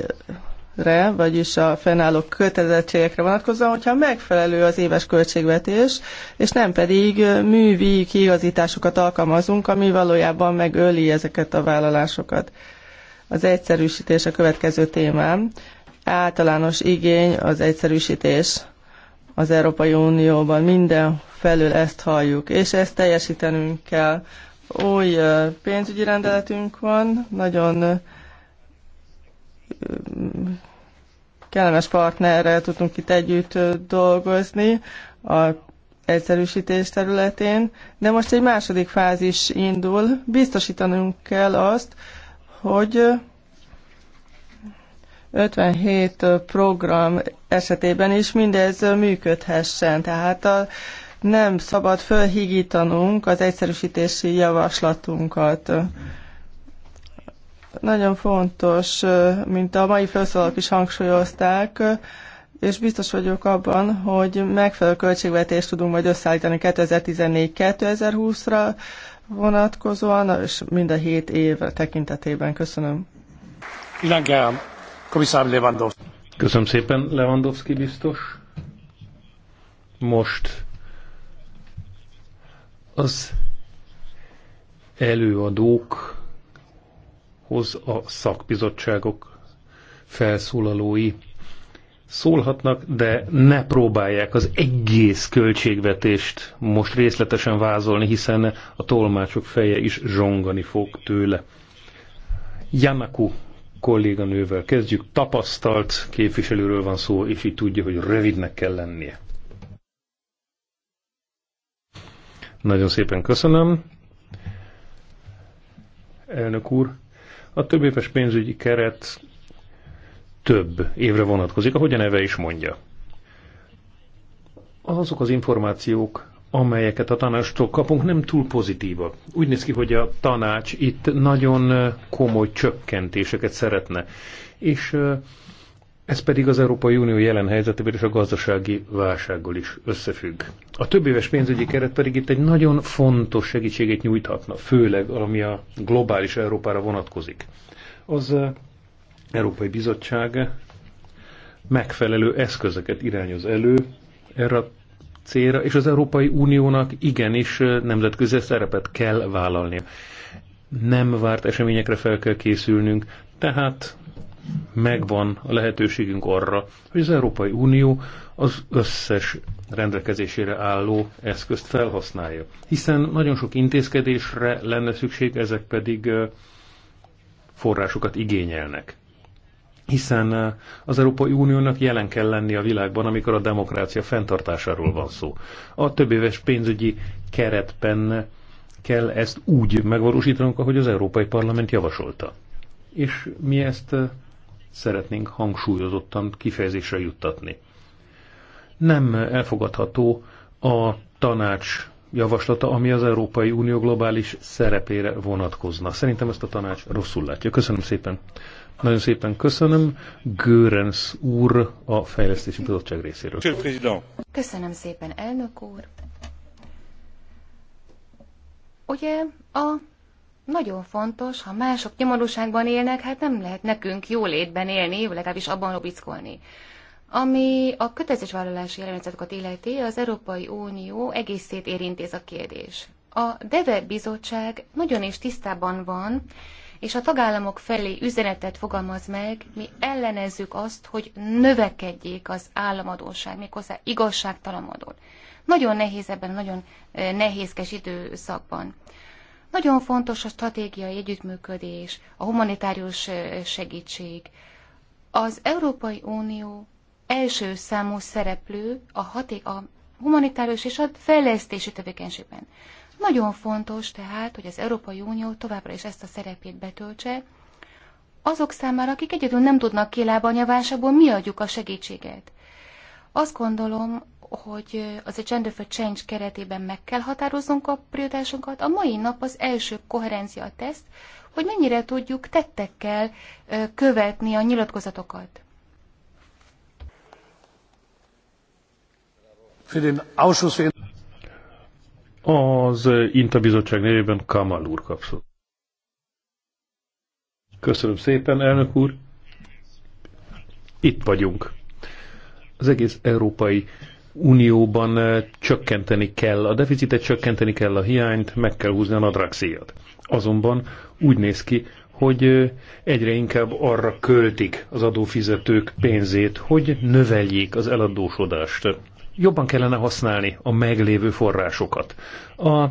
re, vagyis a fennálló kötelezettségekre vonatkozóan, hogyha megfelelő az éves költségvetés, és nem pedig művi kiigazításokat alkalmazunk, ami valójában megöli ezeket a vállalásokat. Az egyszerűsítés a következő témám. Általános igény az egyszerűsítés az Európai Unióban. Minden felül ezt halljuk, és ezt teljesítenünk kell. Új pénzügyi rendeletünk van, nagyon kellemes partnerrel tudtunk itt együtt dolgozni a egyszerűsítés területén, de most egy második fázis indul. Biztosítanunk kell azt, hogy 57 program esetében is mindez működhessen. Tehát a, nem szabad fölhigítanunk az egyszerűsítési javaslatunkat. Nagyon fontos, mint a mai felszólalók is hangsúlyozták, és biztos vagyok abban, hogy megfelelő költségvetést tudunk majd összeállítani 2014-2020-ra vonatkozóan, és mind a hét év tekintetében. Köszönöm. Köszönöm. Komisszár Lewandowski. Köszönöm szépen, Lewandowski biztos. Most az előadókhoz a szakbizottságok felszólalói szólhatnak, de ne próbálják az egész költségvetést most részletesen vázolni, hiszen a tolmácsok feje is zsongani fog tőle. Janaku kolléganővel kezdjük. Tapasztalt képviselőről van szó, és így tudja, hogy rövidnek kell lennie. Nagyon szépen köszönöm. Elnök úr, a több éves pénzügyi keret több évre vonatkozik, ahogy a neve is mondja. Azok az információk, amelyeket a tanácstól kapunk, nem túl pozitívak. Úgy néz ki, hogy a tanács itt nagyon komoly csökkentéseket szeretne. És ez pedig az Európai Unió jelen helyzetében és a gazdasági válsággal is összefügg. A több éves pénzügyi keret pedig itt egy nagyon fontos segítséget nyújthatna, főleg ami a globális Európára vonatkozik. Az Európai Bizottság megfelelő eszközöket irányoz elő erre a célra, és az Európai Uniónak igenis nemzetközi szerepet kell vállalnia. Nem várt eseményekre fel kell készülnünk, tehát megvan a lehetőségünk arra, hogy az Európai Unió az összes rendelkezésére álló eszközt felhasználja. Hiszen nagyon sok intézkedésre lenne szükség, ezek pedig forrásokat igényelnek hiszen eh, az Európai Uniónak jelen kell lenni a világban, amikor a demokrácia fenntartásáról van szó. A éves pénzügyi keretben kell ezt úgy megvalósítanunk, ahogy az Európai Parlament javasolta. És mi ezt eh, szeretnénk hangsúlyozottan kifejezésre juttatni. Nem elfogadható a tanács javaslata, ami az Európai Unió globális szerepére vonatkozna. Szerintem ezt a tanács rosszul látja. Köszönöm szépen. Nagyon szépen köszönöm. Görens úr a Fejlesztési Bizottság részéről. Köszönöm szépen, elnök úr. Ugye a nagyon fontos, ha mások nyomorúságban élnek, hát nem lehet nekünk jólétben élni, vagy legalábbis abban robickolni. Ami a kötelezésvállalási jelentetokat illeti, az Európai Unió egészét érinti ez a kérdés. A DEVE bizottság nagyon is tisztában van, és a tagállamok felé üzenetet fogalmaz meg, mi ellenezzük azt, hogy növekedjék az államadóság, méghozzá igazságtalan módon. Nagyon nehéz ebben, nagyon eh, nehézkes időszakban. Nagyon fontos a stratégiai együttműködés, a humanitárius eh, segítség. Az Európai Unió első számú szereplő a, haték, a humanitárius és a fejlesztési tevékenységben. Nagyon fontos tehát, hogy az Európai Unió továbbra is ezt a szerepét betöltse, azok számára, akik egyedül nem tudnak kilábalni a válságból, mi adjuk a segítséget. Azt gondolom, hogy az a Gender for Change keretében meg kell határoznunk a prioritásunkat. A mai nap az első koherencia teszt, hogy mennyire tudjuk tettekkel követni a nyilatkozatokat. A az Inta Bizottság nevében Kamal úr kapszott. Köszönöm szépen, elnök úr. Itt vagyunk. Az egész Európai Unióban eh, csökkenteni kell a deficitet, csökkenteni kell a hiányt, meg kell húzni a nadrágszíjat. Azonban úgy néz ki, hogy eh, egyre inkább arra költik az adófizetők pénzét, hogy növeljék az eladósodást jobban kellene használni a meglévő forrásokat. A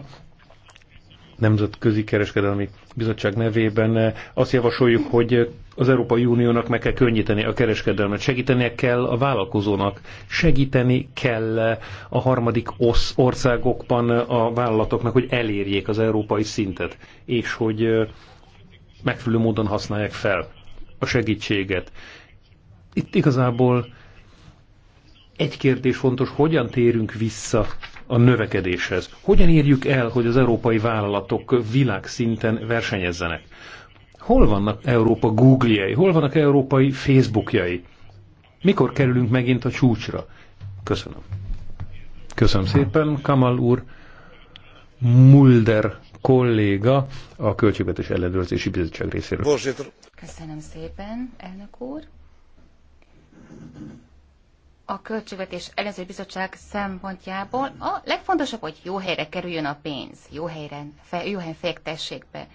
Nemzetközi Kereskedelmi Bizottság nevében eh, azt javasoljuk, hogy az Európai Uniónak meg kell könnyíteni a kereskedelmet, segítenie kell a vállalkozónak, segíteni kell eh, a harmadik osz országokban eh, a vállalatoknak, hogy elérjék az európai szintet, és hogy megfelelő módon használják fel a segítséget. Itt igazából egy kérdés fontos, hogyan térünk vissza a növekedéshez? Hogyan érjük el, hogy az európai vállalatok világszinten versenyezzenek? Hol vannak Európa Google-jei? Hol vannak európai Facebookjai? Mikor kerülünk megint a csúcsra? Köszönöm. Köszönöm szépen, Kamal úr. Mulder kolléga a Költségvetés Ellenőrzési Bizottság részéről. Köszönöm szépen, elnök úr a Költségvetés Ellenző Bizottság szempontjából a legfontosabb, hogy jó helyre kerüljön a pénz, jó helyre, fe, jó helyen fektessék be.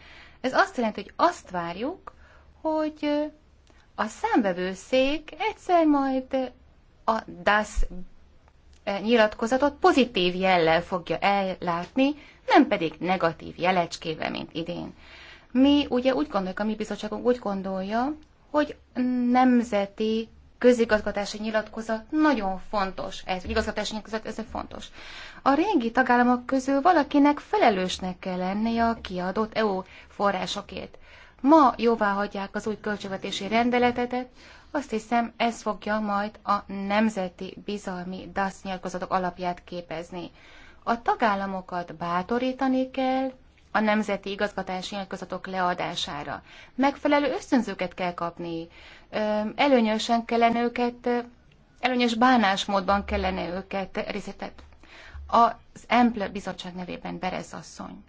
Ez azt jelenti, hogy azt várjuk, hogy a szék egyszer majd a DASZ nyilatkozatot pozitív jellel fogja ellátni, nem pedig negatív jelecskével, mint idén. Mi ugye úgy gondoljuk, a mi bizottságunk úgy gondolja, hogy nemzeti közigazgatási nyilatkozat nagyon fontos. Ez igazgatási nyilatkozat, ez fontos. A régi tagállamok közül valakinek felelősnek kell lennie a kiadott EU forrásokért. Ma jóvá hagyják az új költségvetési rendeletet, azt hiszem ez fogja majd a nemzeti bizalmi DASZ nyilatkozatok alapját képezni. A tagállamokat bátorítani kell, a nemzeti igazgatási nyilatkozatok leadására. Megfelelő ösztönzőket kell kapni, előnyösen kellene őket, előnyös bánásmódban kellene őket részletet. Az EMPL bizottság nevében Berez asszony.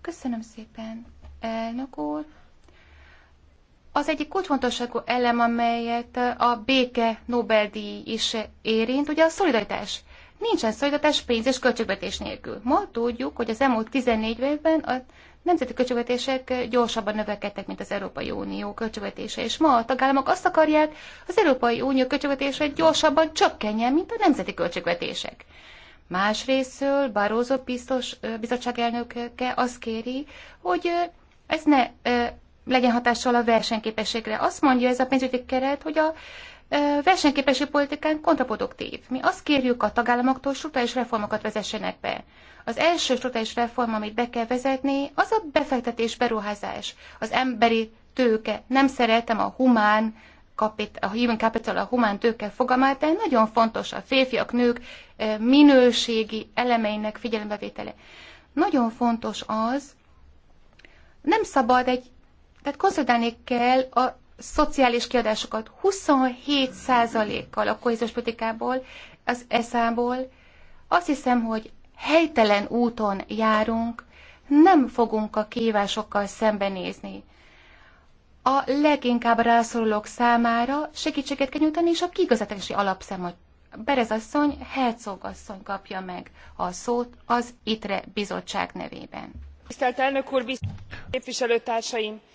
Köszönöm szépen, elnök úr. Az egyik kulcsfontosságú elem, amelyet a béke Nobel-díj is érint, ugye a szolidaritás nincsen szolgáltatás pénz és költségvetés nélkül. Ma tudjuk, hogy az elmúlt 14 évben a nemzeti költségvetések gyorsabban növekedtek, mint az Európai Unió költségvetése, és ma a tagállamok azt akarják, az Európai Unió költségvetése gyorsabban csökkenjen, mint a nemzeti költségvetések. Másrésztől Barózó biztos bizottságelnöke azt kéri, hogy ez ne legyen hatással a versenyképességre. Azt mondja ez a pénzügyi keret, hogy a versenyképesi politikán kontraproduktív. Mi azt kérjük a tagállamoktól, struktúrális reformokat vezessenek be. Az első struktúrális reform, amit be kell vezetni, az a befektetés, beruházás, az emberi tőke. Nem szeretem a humán a human capital, a humán tőke fogalmát, de nagyon fontos a férfiak, nők minőségi elemeinek figyelembevétele. Nagyon fontos az, nem szabad egy, tehát konszolidálni kell a szociális kiadásokat 27%-kal a kohéziós politikából, az ESZÁ-ból. Azt hiszem, hogy helytelen úton járunk, nem fogunk a kívásokkal szembenézni. A leginkább rászorulók számára segítséget kell nyújtani, és a kiigazatási alapszámot Berez asszony, Herzog asszony kapja meg a szót az ITRE bizottság nevében. Tisztelt elnök úr, képviselőtársaim! Bizt-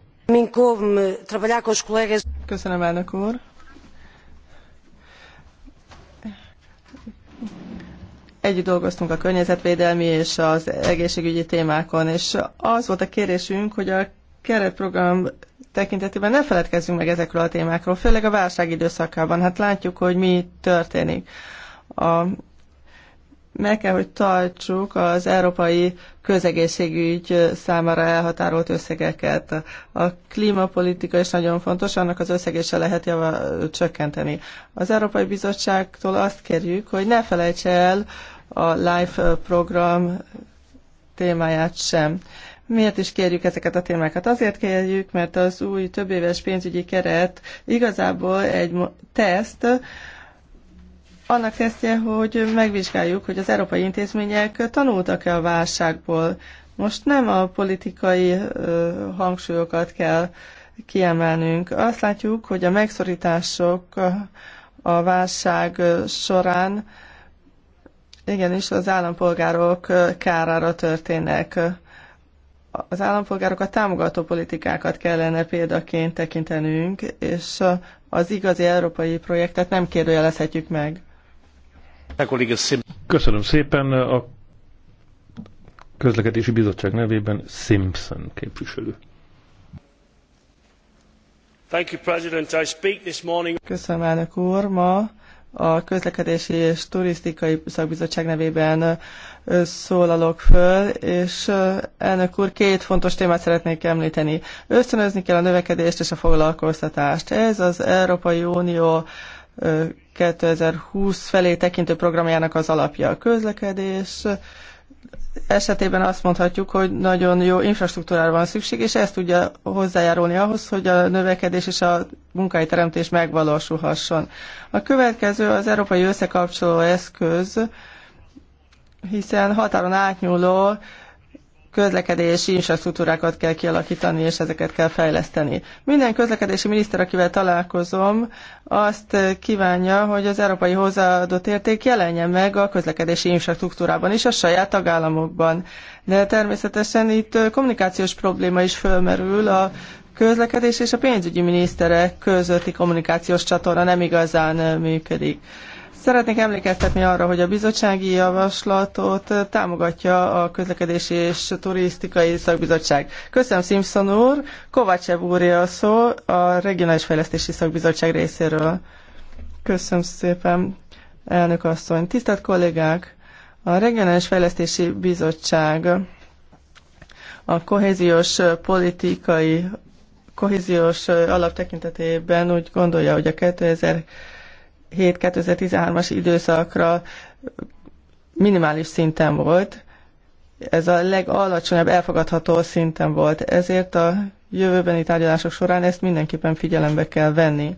Köszönöm, elnök úr. Együtt dolgoztunk a környezetvédelmi és az egészségügyi témákon, és az volt a kérésünk, hogy a keretprogram tekintetében ne feledkezzünk meg ezekről a témákról, főleg a válság időszakában. Hát látjuk, hogy mi történik. A meg kell, hogy tartsuk az európai közegészségügy számára elhatárolt összegeket. A klímapolitika is nagyon fontos, annak az összegése lehet java, csökkenteni. Az Európai Bizottságtól azt kérjük, hogy ne felejts el a LIFE program témáját sem. Miért is kérjük ezeket a témákat? Azért kérjük, mert az új többéves pénzügyi keret igazából egy teszt, annak tesztje, hogy megvizsgáljuk, hogy az európai intézmények tanultak-e a válságból. Most nem a politikai hangsúlyokat kell kiemelnünk. Azt látjuk, hogy a megszorítások a válság során igenis az állampolgárok kárára történnek. Az állampolgárokat támogató politikákat kellene példaként tekintenünk, és az igazi európai projektet nem kérdőjelezhetjük meg. Köszönöm szépen a közlekedési bizottság nevében Simpson képviselő. Köszönöm, elnök úr. Ma a közlekedési és turisztikai szakbizottság nevében szólalok föl, és elnök úr, két fontos témát szeretnék említeni. Ösztönözni kell a növekedést és a foglalkoztatást. Ez az Európai Unió 2020 felé tekintő programjának az alapja a közlekedés. Esetében azt mondhatjuk, hogy nagyon jó infrastruktúrára van szükség, és ez tudja hozzájárulni ahhoz, hogy a növekedés és a munkai teremtés megvalósulhasson. A következő az Európai Összekapcsoló Eszköz, hiszen határon átnyúló közlekedési infrastruktúrákat kell kialakítani, és ezeket kell fejleszteni. Minden közlekedési miniszter, akivel találkozom, azt kívánja, hogy az európai hozzáadott érték jelenjen meg a közlekedési infrastruktúrában is, a saját tagállamokban. De természetesen itt kommunikációs probléma is fölmerül, a közlekedés és a pénzügyi miniszterek közötti kommunikációs csatorna nem igazán működik. Szeretnék emlékeztetni arra, hogy a bizottsági javaslatot támogatja a közlekedési és turisztikai szakbizottság. Köszönöm Simpson úr, Kovácsev úr a szó a Regionális Fejlesztési Szakbizottság részéről. Köszönöm szépen, elnök asszony. Tisztelt kollégák, a Regionális Fejlesztési Bizottság a kohéziós politikai kohéziós alap tekintetében úgy gondolja, hogy a 2000 2007-2013-as időszakra minimális szinten volt, ez a legalacsonyabb elfogadható szinten volt, ezért a jövőbeni tárgyalások során ezt mindenképpen figyelembe kell venni.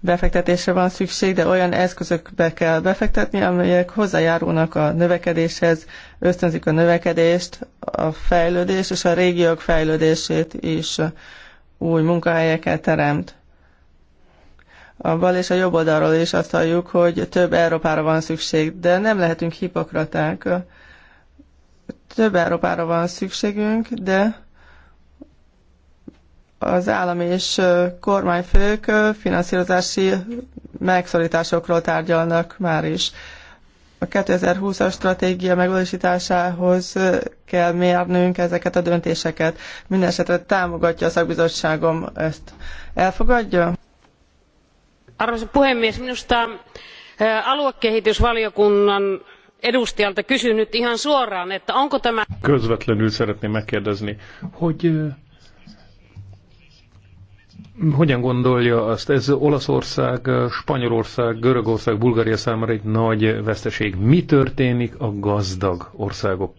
Befektetésre van szükség, de olyan eszközökbe kell befektetni, amelyek hozzájárulnak a növekedéshez, ösztönzik a növekedést, a fejlődést és a régiók fejlődését is új munkahelyeket teremt a bal és a jobb oldalról is azt halljuk, hogy több Európára van szükség, de nem lehetünk hipokraták. Több Európára van szükségünk, de az állam és kormányfők finanszírozási megszorításokról tárgyalnak már is. A 2020-as stratégia megvalósításához kell mérnünk ezeket a döntéseket. Mindenesetre támogatja a szakbizottságom ezt. Elfogadja? arvoisa puhemies minusta aluekehitysvaliokunnan edustajalta kysyn nyt ihan suoraan, että onko tämä... Közvetlenül szeretném megkérdezni, hogy hogyan gondolja azt, ez Olaszország, Spanyolország, Görögország, Bulgária számára egy nagy veszteség. Mi történik a gazdag országok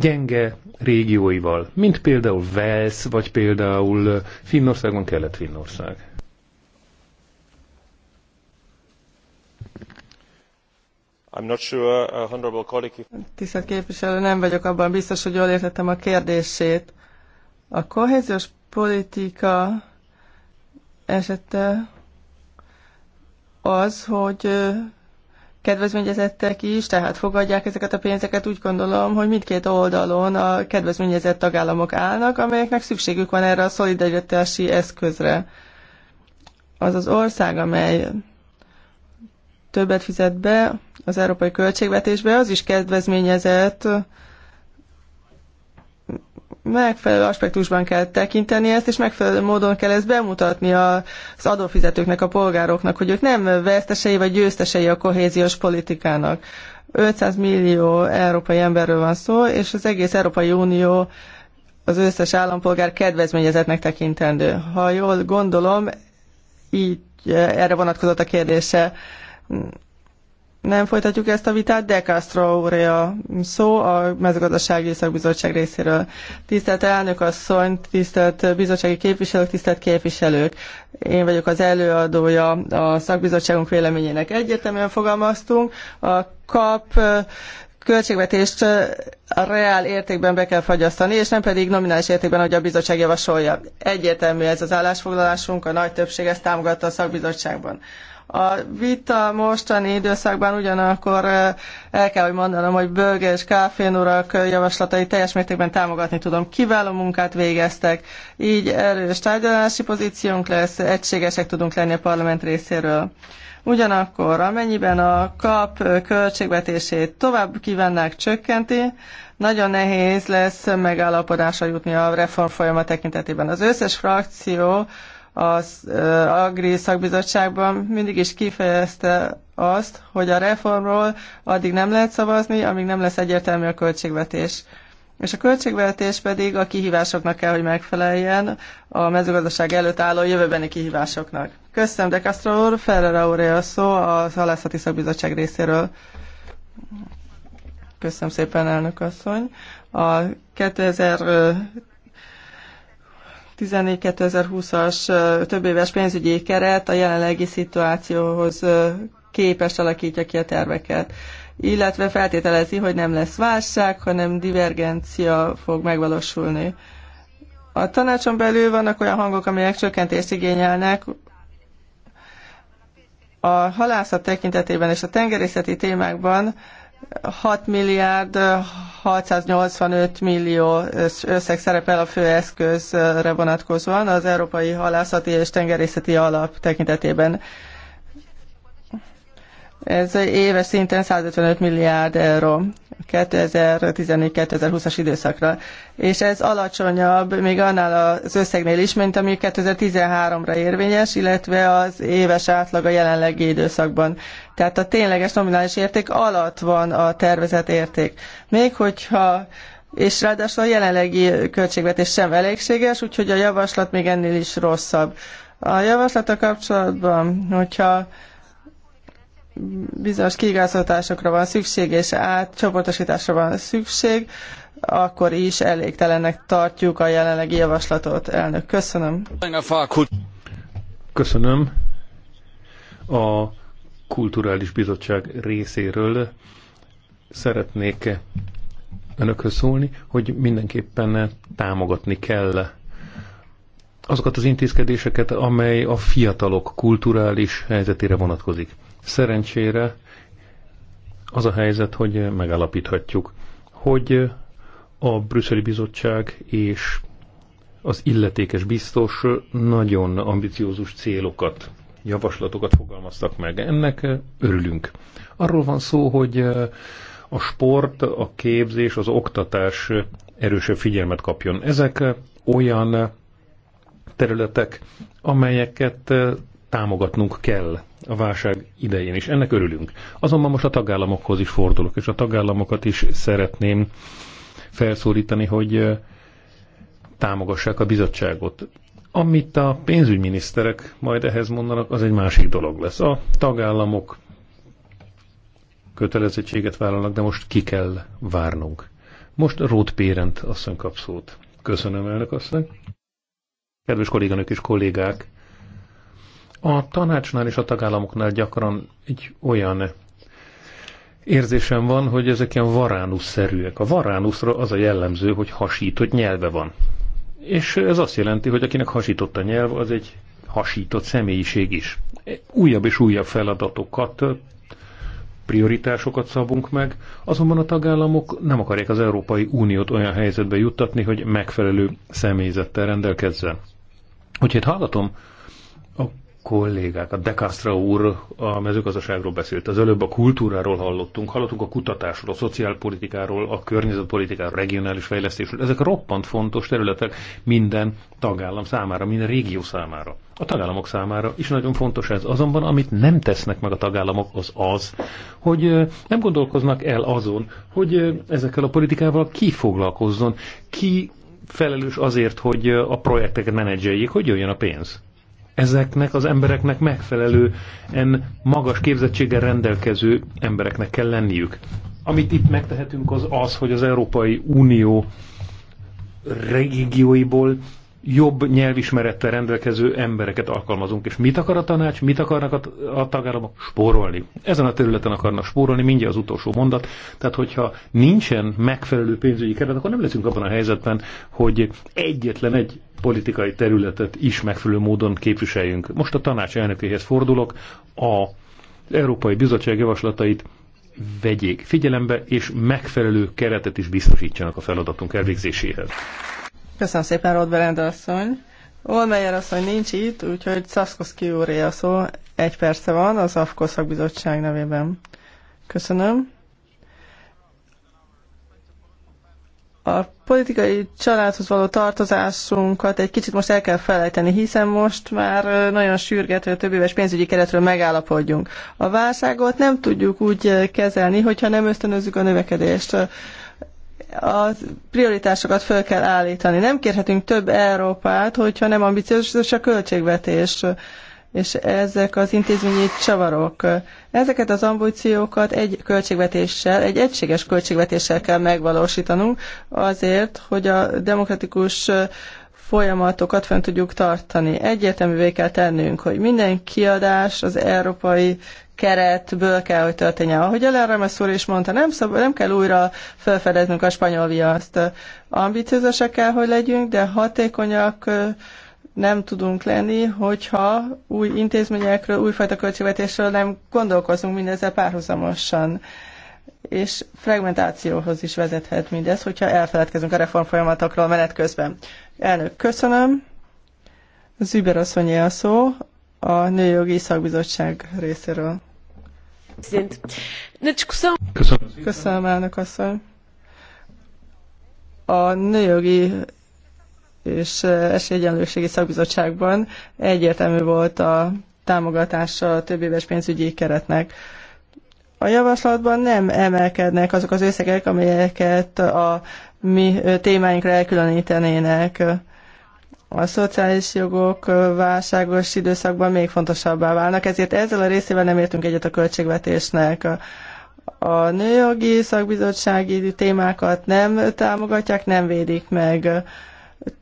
gyenge régióival, mint például Velsz, vagy például Finnországon, Kelet-Finnország? Uh, Tisztelt képviselő, nem vagyok abban biztos, hogy jól értettem a kérdését. A kohéziós politika esete az, hogy kedvezményezettek is, tehát fogadják ezeket a pénzeket, úgy gondolom, hogy mindkét oldalon a kedvezményezett tagállamok állnak, amelyeknek szükségük van erre a szolidaritási eszközre. Az az ország, amely többet fizet be, az európai költségvetésbe, az is kedvezményezett megfelelő aspektusban kell tekinteni ezt, és megfelelő módon kell ezt bemutatni az adófizetőknek, a polgároknak, hogy ők nem vesztesei vagy győztesei a kohéziós politikának. 500 millió európai emberről van szó, és az egész Európai Unió az összes állampolgár kedvezményezetnek tekintendő. Ha jól gondolom, így erre vonatkozott a kérdése. Nem folytatjuk ezt a vitát, de Castro úr a szó a mezőgazdasági szakbizottság részéről. Tisztelt elnök asszony, tisztelt bizottsági képviselők, tisztelt képviselők. Én vagyok az előadója a szakbizottságunk véleményének. Egyértelműen fogalmaztunk, a kap költségvetést a reál értékben be kell fagyasztani, és nem pedig nominális értékben, ahogy a bizottság javasolja. Egyértelmű ez az állásfoglalásunk, a nagy többség ezt támogatta a szakbizottságban. A vita mostani időszakban ugyanakkor el kell, hogy mondanom, hogy Bölge és Káfén urak javaslatai teljes mértékben támogatni tudom. Kiváló munkát végeztek, így erős tárgyalási pozíciónk lesz, egységesek tudunk lenni a parlament részéről. Ugyanakkor, amennyiben a kap költségvetését tovább kívánnák csökkenti, nagyon nehéz lesz megállapodásra jutni a reform folyamat tekintetében. Az összes frakció az Agri szakbizottságban mindig is kifejezte azt, hogy a reformról addig nem lehet szavazni, amíg nem lesz egyértelmű a költségvetés és a költségvetés pedig a kihívásoknak kell, hogy megfeleljen a mezőgazdaság előtt álló jövőbeni kihívásoknak. Köszönöm, de Castro úr, Ferrer Aurea szó a Halászati Szakbizottság részéről. Köszönöm szépen, elnök asszony. A 2000 14-2020-as több éves pénzügyi keret a jelenlegi szituációhoz képes alakítja ki a terveket illetve feltételezi, hogy nem lesz válság, hanem divergencia fog megvalósulni. A tanácson belül vannak olyan hangok, amelyek csökkentést igényelnek, a halászat tekintetében és a tengerészeti témákban 6 milliárd 685 millió összeg szerepel a főeszközre vonatkozóan az Európai Halászati és Tengerészeti Alap tekintetében. Ez éves szinten 155 milliárd euró 2014-2020-as időszakra. És ez alacsonyabb még annál az összegnél is, mint ami 2013-ra érvényes, illetve az éves átlag a jelenlegi időszakban. Tehát a tényleges nominális érték alatt van a tervezett érték. Még hogyha és ráadásul a jelenlegi költségvetés sem elégséges, úgyhogy a javaslat még ennél is rosszabb. A javaslata kapcsolatban, hogyha bizonyos kiigazgatásokra van szükség, és átcsoportosításra van szükség, akkor is elégtelennek tartjuk a jelenlegi javaslatot. Elnök, köszönöm. Köszönöm. A Kulturális Bizottság részéről szeretnék önökhöz szólni, hogy mindenképpen támogatni kell azokat az intézkedéseket, amely a fiatalok kulturális helyzetére vonatkozik. Szerencsére az a helyzet, hogy megállapíthatjuk, hogy a brüsszeli bizottság és az illetékes biztos nagyon ambiciózus célokat, javaslatokat fogalmaztak meg. Ennek örülünk. Arról van szó, hogy a sport, a képzés, az oktatás erősebb figyelmet kapjon. Ezek olyan területek, amelyeket támogatnunk kell a válság idején is. Ennek örülünk. Azonban most a tagállamokhoz is fordulok, és a tagállamokat is szeretném felszólítani, hogy támogassák a bizottságot. Amit a pénzügyminiszterek majd ehhez mondanak, az egy másik dolog lesz. A tagállamok kötelezettséget vállalnak, de most ki kell várnunk. Most Rót Pérent asszony kap szót. Köszönöm, elnök asszony. Kedves kolléganők és kollégák, a tanácsnál és a tagállamoknál gyakran egy olyan érzésem van, hogy ezek ilyen varánusszerűek. A varánuszra az a jellemző, hogy hasított nyelve van. És ez azt jelenti, hogy akinek hasított a nyelv, az egy hasított személyiség is. Újabb és újabb feladatokat, prioritásokat szabunk meg, azonban a tagállamok nem akarják az Európai Uniót olyan helyzetbe juttatni, hogy megfelelő személyzettel rendelkezzen. Úgyhogy itt hallgatom kollégák, a Dekastra úr a mezőgazdaságról beszélt, az előbb a kultúráról hallottunk, hallottunk a kutatásról, a szociálpolitikáról, a környezetpolitikáról, a regionális fejlesztésről. Ezek roppant fontos területek minden tagállam számára, minden régió számára. A tagállamok számára is nagyon fontos ez. Azonban, amit nem tesznek meg a tagállamok, az az, hogy nem gondolkoznak el azon, hogy ezekkel a politikával ki foglalkozzon, ki felelős azért, hogy a projekteket menedzseljék, hogy jöjjön a pénz ezeknek az embereknek megfelelően magas képzettséggel rendelkező embereknek kell lenniük. Amit itt megtehetünk az az, hogy az Európai Unió régióiból jobb nyelvismerettel rendelkező embereket alkalmazunk. És mit akar a tanács, mit akarnak a, a tagállamok? Spórolni. Ezen a területen akarnak spórolni, mindjárt az utolsó mondat. Tehát, hogyha nincsen megfelelő pénzügyi keret, akkor nem leszünk abban a helyzetben, hogy egyetlen egy politikai területet is megfelelő módon képviseljünk. Most a tanács elnökéhez fordulok, a Európai Bizottság javaslatait vegyék figyelembe, és megfelelő keretet is biztosítsanak a feladatunk elvégzéséhez. Köszönöm szépen, Rodberend asszony. Olmeyer asszony nincs itt, úgyhogy Szaszkoszki úré a szó. Egy perce van az AFKO szakbizottság nevében. Köszönöm. a politikai családhoz való tartozásunkat egy kicsit most el kell felejteni, hiszen most már nagyon sürgető a több éves pénzügyi keretről megállapodjunk. A válságot nem tudjuk úgy kezelni, hogyha nem ösztönözzük a növekedést. A prioritásokat föl kell állítani. Nem kérhetünk több Európát, hogyha nem ambiciózus a költségvetés és ezek az intézményi csavarok. Ezeket az ambíciókat egy költségvetéssel, egy egységes költségvetéssel kell megvalósítanunk azért, hogy a demokratikus folyamatokat fent tudjuk tartani. Egyértelművé kell tennünk, hogy minden kiadás az európai keretből kell, hogy történjen. Ahogy Ellen Remes úr is mondta, nem, szab- nem kell újra felfedeznünk a spanyol viaszt. Ambiciózusak kell, hogy legyünk, de hatékonyak nem tudunk lenni, hogyha új intézményekről, újfajta költségvetésről nem gondolkozunk mindezzel párhuzamosan. És fragmentációhoz is vezethet mindez, hogyha elfeledkezünk a reformfolyamatokról menet közben. Elnök, köszönöm. Züber asszonyé a szó a Nőjogi Szakbizottság részéről. Köszönöm. Köszönöm, elnök asszony. A nőjogi és eh, Esélyegyenlőségi Szakbizottságban egyértelmű volt a támogatása a több éves pénzügyi keretnek. A javaslatban nem emelkednek azok az összegek, amelyeket a mi eh, témáinkra elkülönítenének. A szociális jogok eh, válságos időszakban még fontosabbá válnak, ezért ezzel a részével nem értünk egyet a költségvetésnek a nőjogi szakbizottsági témákat nem támogatják, nem védik meg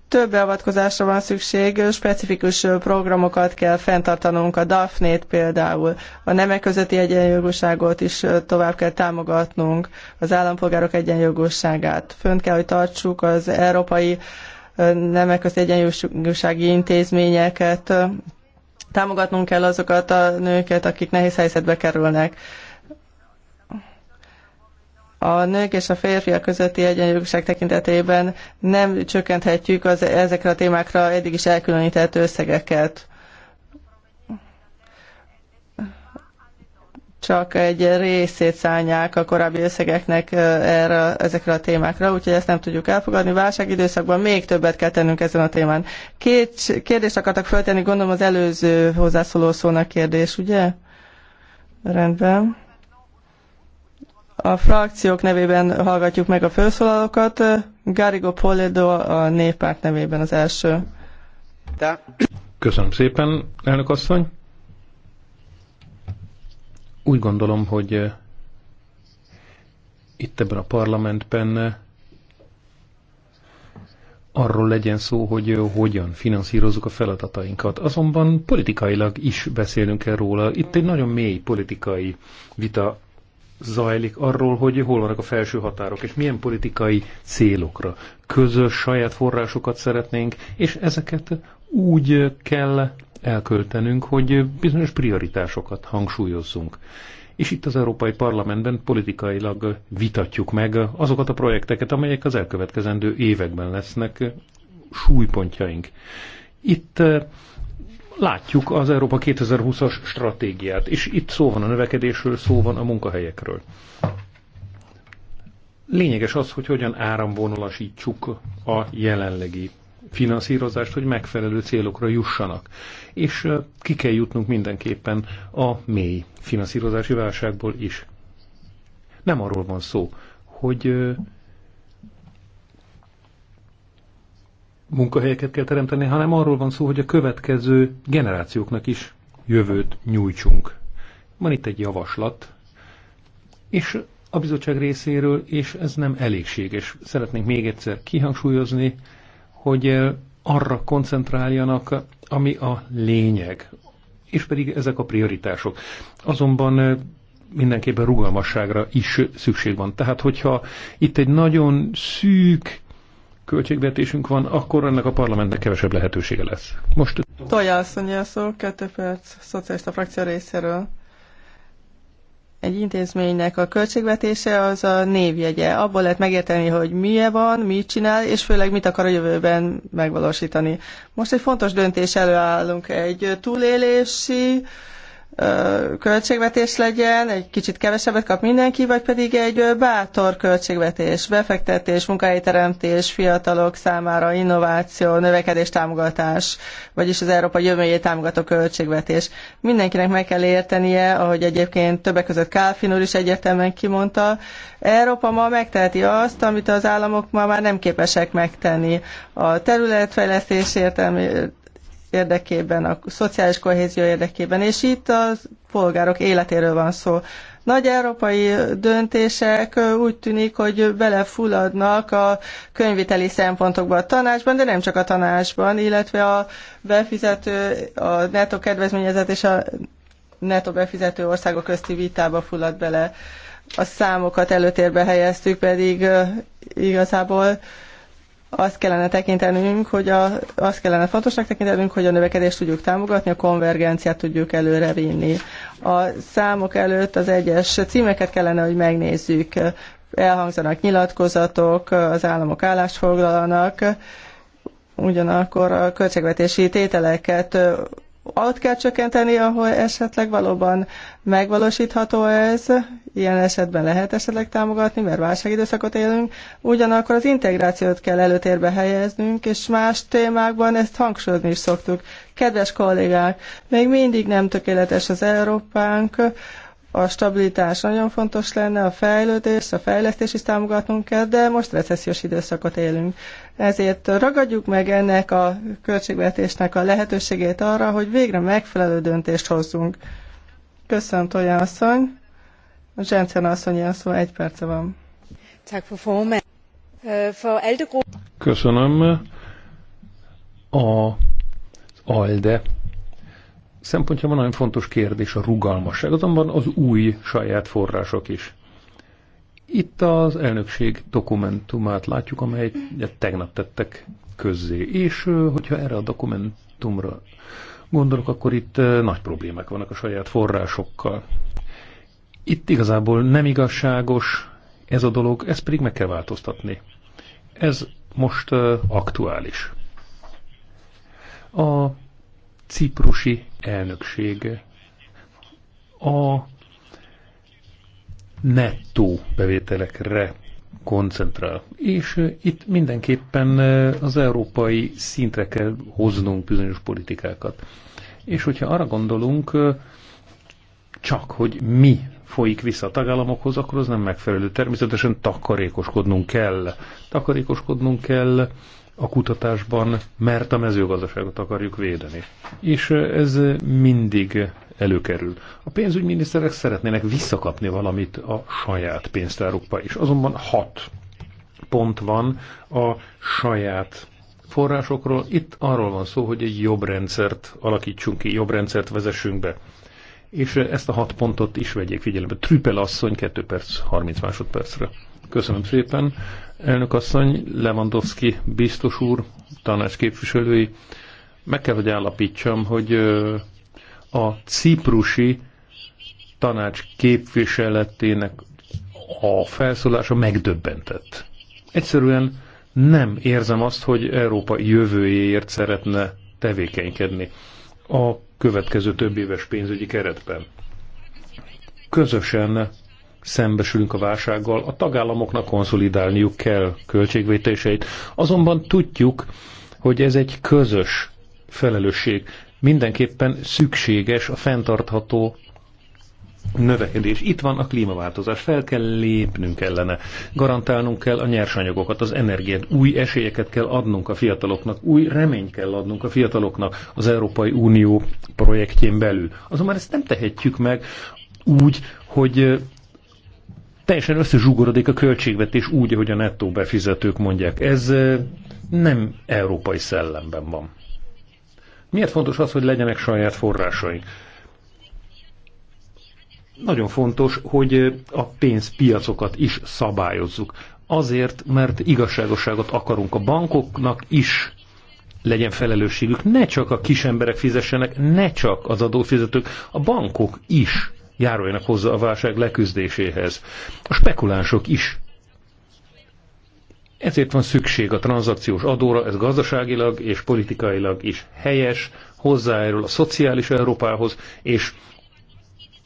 több beavatkozásra van szükség, specifikus programokat kell fenntartanunk, a DAFNÉ-t például, a nemek közötti egyenjogúságot is tovább kell támogatnunk, az állampolgárok egyenjogúságát. Fönt kell, hogy tartsuk az európai nemek közötti egyenjogúsági intézményeket, támogatnunk kell azokat a nőket, akik nehéz helyzetbe kerülnek a nők és a férfiak közötti egyenjogúság tekintetében nem csökkenthetjük az, ezekre a témákra eddig is elkülönített összegeket. csak egy részét szállják a korábbi összegeknek erre, ezekre a témákra, úgyhogy ezt nem tudjuk elfogadni. Válságidőszakban még többet kell tennünk ezen a témán. Két kérdést akartak föltenni, gondolom az előző hozzászóló szónak kérdés, ugye? Rendben. A frakciók nevében hallgatjuk meg a felszólalókat. Garigo Poledo a néppárt nevében az első. Köszönöm szépen, elnök asszony. Úgy gondolom, hogy eh, itt ebben a parlamentben eh, arról legyen szó, hogy eh, hogyan finanszírozzuk a feladatainkat. Azonban politikailag is beszélünk erről. Itt egy nagyon mély politikai vita zajlik arról, hogy hol vannak a felső határok, és milyen politikai célokra. Közös saját forrásokat szeretnénk, és ezeket úgy kell elköltenünk, hogy bizonyos prioritásokat hangsúlyozzunk. És itt az Európai Parlamentben politikailag vitatjuk meg azokat a projekteket, amelyek az elkövetkezendő években lesznek súlypontjaink. Itt látjuk az Európa 2020-as stratégiát, és itt szó van a növekedésről, szó van a munkahelyekről. Lényeges az, hogy hogyan áramvonalasítsuk a jelenlegi finanszírozást, hogy megfelelő célokra jussanak. És ki kell jutnunk mindenképpen a mély finanszírozási válságból is. Nem arról van szó, hogy munkahelyeket kell teremteni, hanem arról van szó, hogy a következő generációknak is jövőt nyújtsunk. Van itt egy javaslat, és a bizottság részéről, és ez nem elégséges. Szeretnénk még egyszer kihangsúlyozni, hogy arra koncentráljanak, ami a lényeg, és pedig ezek a prioritások. Azonban mindenképpen rugalmasságra is szükség van. Tehát, hogyha itt egy nagyon szűk költségvetésünk van, akkor ennek a parlamentnek kevesebb lehetősége lesz. Most... Tojászony szó, kettő perc, szocialista frakció részéről. Egy intézménynek a költségvetése az a névjegye. Abból lehet megérteni, hogy milyen van, mit csinál, és főleg mit akar a jövőben megvalósítani. Most egy fontos döntés előállunk. Egy túlélési, költségvetés legyen, egy kicsit kevesebbet kap mindenki, vagy pedig egy bátor költségvetés, befektetés, munkahelyteremtés, fiatalok számára, innováció, növekedés támogatás, vagyis az Európa jövőjét támogató költségvetés. Mindenkinek meg kell értenie, ahogy egyébként többek között Kálfin úr is egyértelműen kimondta, Európa ma megteheti azt, amit az államok ma már nem képesek megtenni. A területfejlesztés értelmében érdekében, a szociális kohézió érdekében, és itt a polgárok életéről van szó. Nagy európai döntések úgy tűnik, hogy belefulladnak a könyviteli szempontokba a tanácsban, de nem csak a tanácsban, illetve a befizető, a netto kedvezményezet és a netto befizető országok közti vitába fullad bele. A számokat előtérbe helyeztük, pedig igazából azt kellene tekintenünk, hogy a, azt kellene fontosnak tekintenünk, hogy a növekedést tudjuk támogatni, a konvergenciát tudjuk előre vinni. A számok előtt az egyes címeket kellene, hogy megnézzük. Elhangzanak nyilatkozatok, az államok állásfoglalnak, ugyanakkor a költségvetési tételeket ott kell csökkenteni, ahol esetleg valóban megvalósítható ez, ilyen esetben lehet esetleg támogatni, mert válságidőszakot élünk, ugyanakkor az integrációt kell előtérbe helyeznünk, és más témákban ezt hangsúlyozni is szoktuk. Kedves kollégák, még mindig nem tökéletes az Európánk, a stabilitás nagyon fontos lenne, a fejlődés, a fejlesztés is támogatnunk kell, de most recessziós időszakot élünk. Ezért ragadjuk meg ennek a költségvetésnek a lehetőségét arra, hogy végre megfelelő döntést hozzunk. Köszönöm, Tolja asszony. Zsencen asszony, ilyen szó, egy perce van. Øh, Köszönöm. A ALDE szempontjában nagyon fontos kérdés a rugalmasság, azonban az új saját források is. Itt az elnökség dokumentumát látjuk, amelyet tegnap tettek közzé. És hogyha erre a dokumentumra gondolok, akkor itt nagy problémák vannak a saját forrásokkal. Itt igazából nem igazságos ez a dolog, ezt pedig meg kell változtatni. Ez most aktuális. A ciprusi elnökség a nettó bevételekre koncentrál. És itt mindenképpen az európai szintre kell hoznunk bizonyos politikákat. És hogyha arra gondolunk, csak hogy mi folyik vissza a tagállamokhoz, akkor az nem megfelelő. Természetesen takarékoskodnunk kell. Takarékoskodnunk kell a kutatásban, mert a mezőgazdaságot akarjuk védeni. És ez mindig előkerül. A pénzügyminiszterek szeretnének visszakapni valamit a saját pénztárukba is. Azonban hat pont van a saját forrásokról. Itt arról van szó, hogy egy jobb rendszert alakítsunk ki, jobb rendszert vezessünk be. És ezt a hat pontot is vegyék figyelembe. Trüpel asszony 2 perc 30 másodpercre. Köszönöm szépen. Elnök asszony, Lewandowski biztos úr, tanács képviselői, meg kell, hogy állapítsam, hogy a ciprusi tanács képviseletének a felszólása megdöbbentett. Egyszerűen nem érzem azt, hogy Európa jövőjéért szeretne tevékenykedni a következő több éves pénzügyi keretben. Közösen szembesülünk a válsággal, a tagállamoknak konszolidálniuk kell költségvétéseit. Azonban tudjuk, hogy ez egy közös felelősség. Mindenképpen szükséges a fenntartható növekedés. Itt van a klímaváltozás, fel kell lépnünk ellene, garantálnunk kell a nyersanyagokat, az energiát, új esélyeket kell adnunk a fiataloknak, új reményt kell adnunk a fiataloknak az Európai Unió projektjén belül. Azonban ezt nem tehetjük meg úgy, hogy teljesen összezsugorodik a költségvetés úgy, ahogy a nettó befizetők mondják. Ez nem európai szellemben van. Miért fontos az, hogy legyenek saját forrásaink? Nagyon fontos, hogy a pénzpiacokat is szabályozzuk. Azért, mert igazságosságot akarunk a bankoknak is legyen felelősségük. Ne csak a kis emberek fizessenek, ne csak az adófizetők, a bankok is járuljanak hozzá a válság leküzdéséhez. A spekulánsok is. Ezért van szükség a tranzakciós adóra, ez gazdaságilag és politikailag is helyes, hozzájárul a szociális Európához, és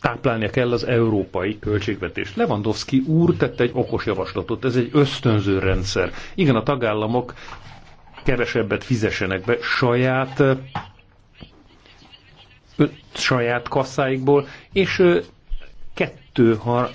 táplálnia kell az európai költségvetést. Lewandowski úr tette egy okos javaslatot, ez egy ösztönző rendszer. Igen, a tagállamok kevesebbet fizessenek be saját öt saját kasszáikból, és kettő, har,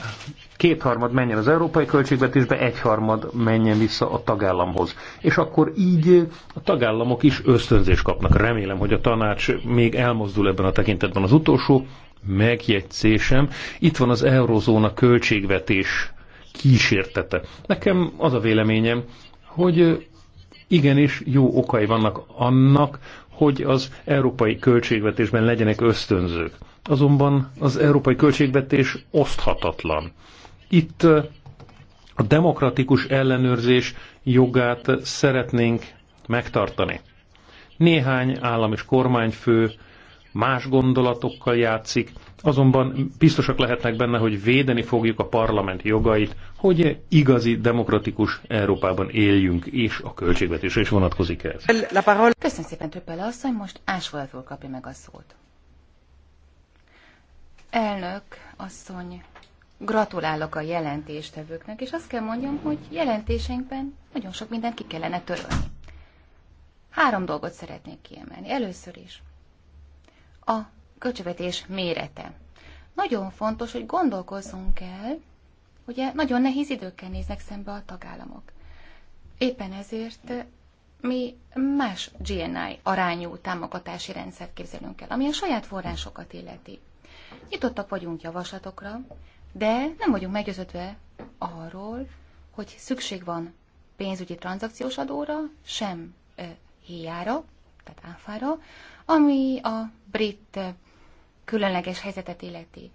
kétharmad menjen az európai költségvetésbe, egyharmad menjen vissza a tagállamhoz. És akkor így a tagállamok is ösztönzést kapnak. Remélem, hogy a tanács még elmozdul ebben a tekintetben. Az utolsó megjegyzésem, itt van az eurozóna költségvetés kísértete. Nekem az a véleményem, hogy igenis jó okai vannak annak, hogy az európai költségvetésben legyenek ösztönzők. Azonban az európai költségvetés oszthatatlan. Itt a demokratikus ellenőrzés jogát szeretnénk megtartani. Néhány állam és kormányfő más gondolatokkal játszik, azonban biztosak lehetnek benne, hogy védeni fogjuk a parlament jogait, hogy igazi demokratikus Európában éljünk, és a költségvetésre is vonatkozik ez. Köszönöm szépen, Töppele asszony, most ásvalatról kapja meg a szót. Elnök asszony, gratulálok a jelentéstevőknek, és azt kell mondjam, hogy jelentéseinkben nagyon sok mindent ki kellene törölni. Három dolgot szeretnék kiemelni. Először is a költségvetés mérete. Nagyon fontos, hogy gondolkozzunk el, ugye nagyon nehéz időkkel néznek szembe a tagállamok. Éppen ezért eh, mi más GNI arányú támogatási rendszert képzelünk el, ami a saját forrásokat illeti. Nyitottak vagyunk javaslatokra, de nem vagyunk meggyőződve arról, hogy szükség van pénzügyi tranzakciós adóra, sem e, héjára, tehát áfára, ami a brit eh, különleges helyzetet illeti.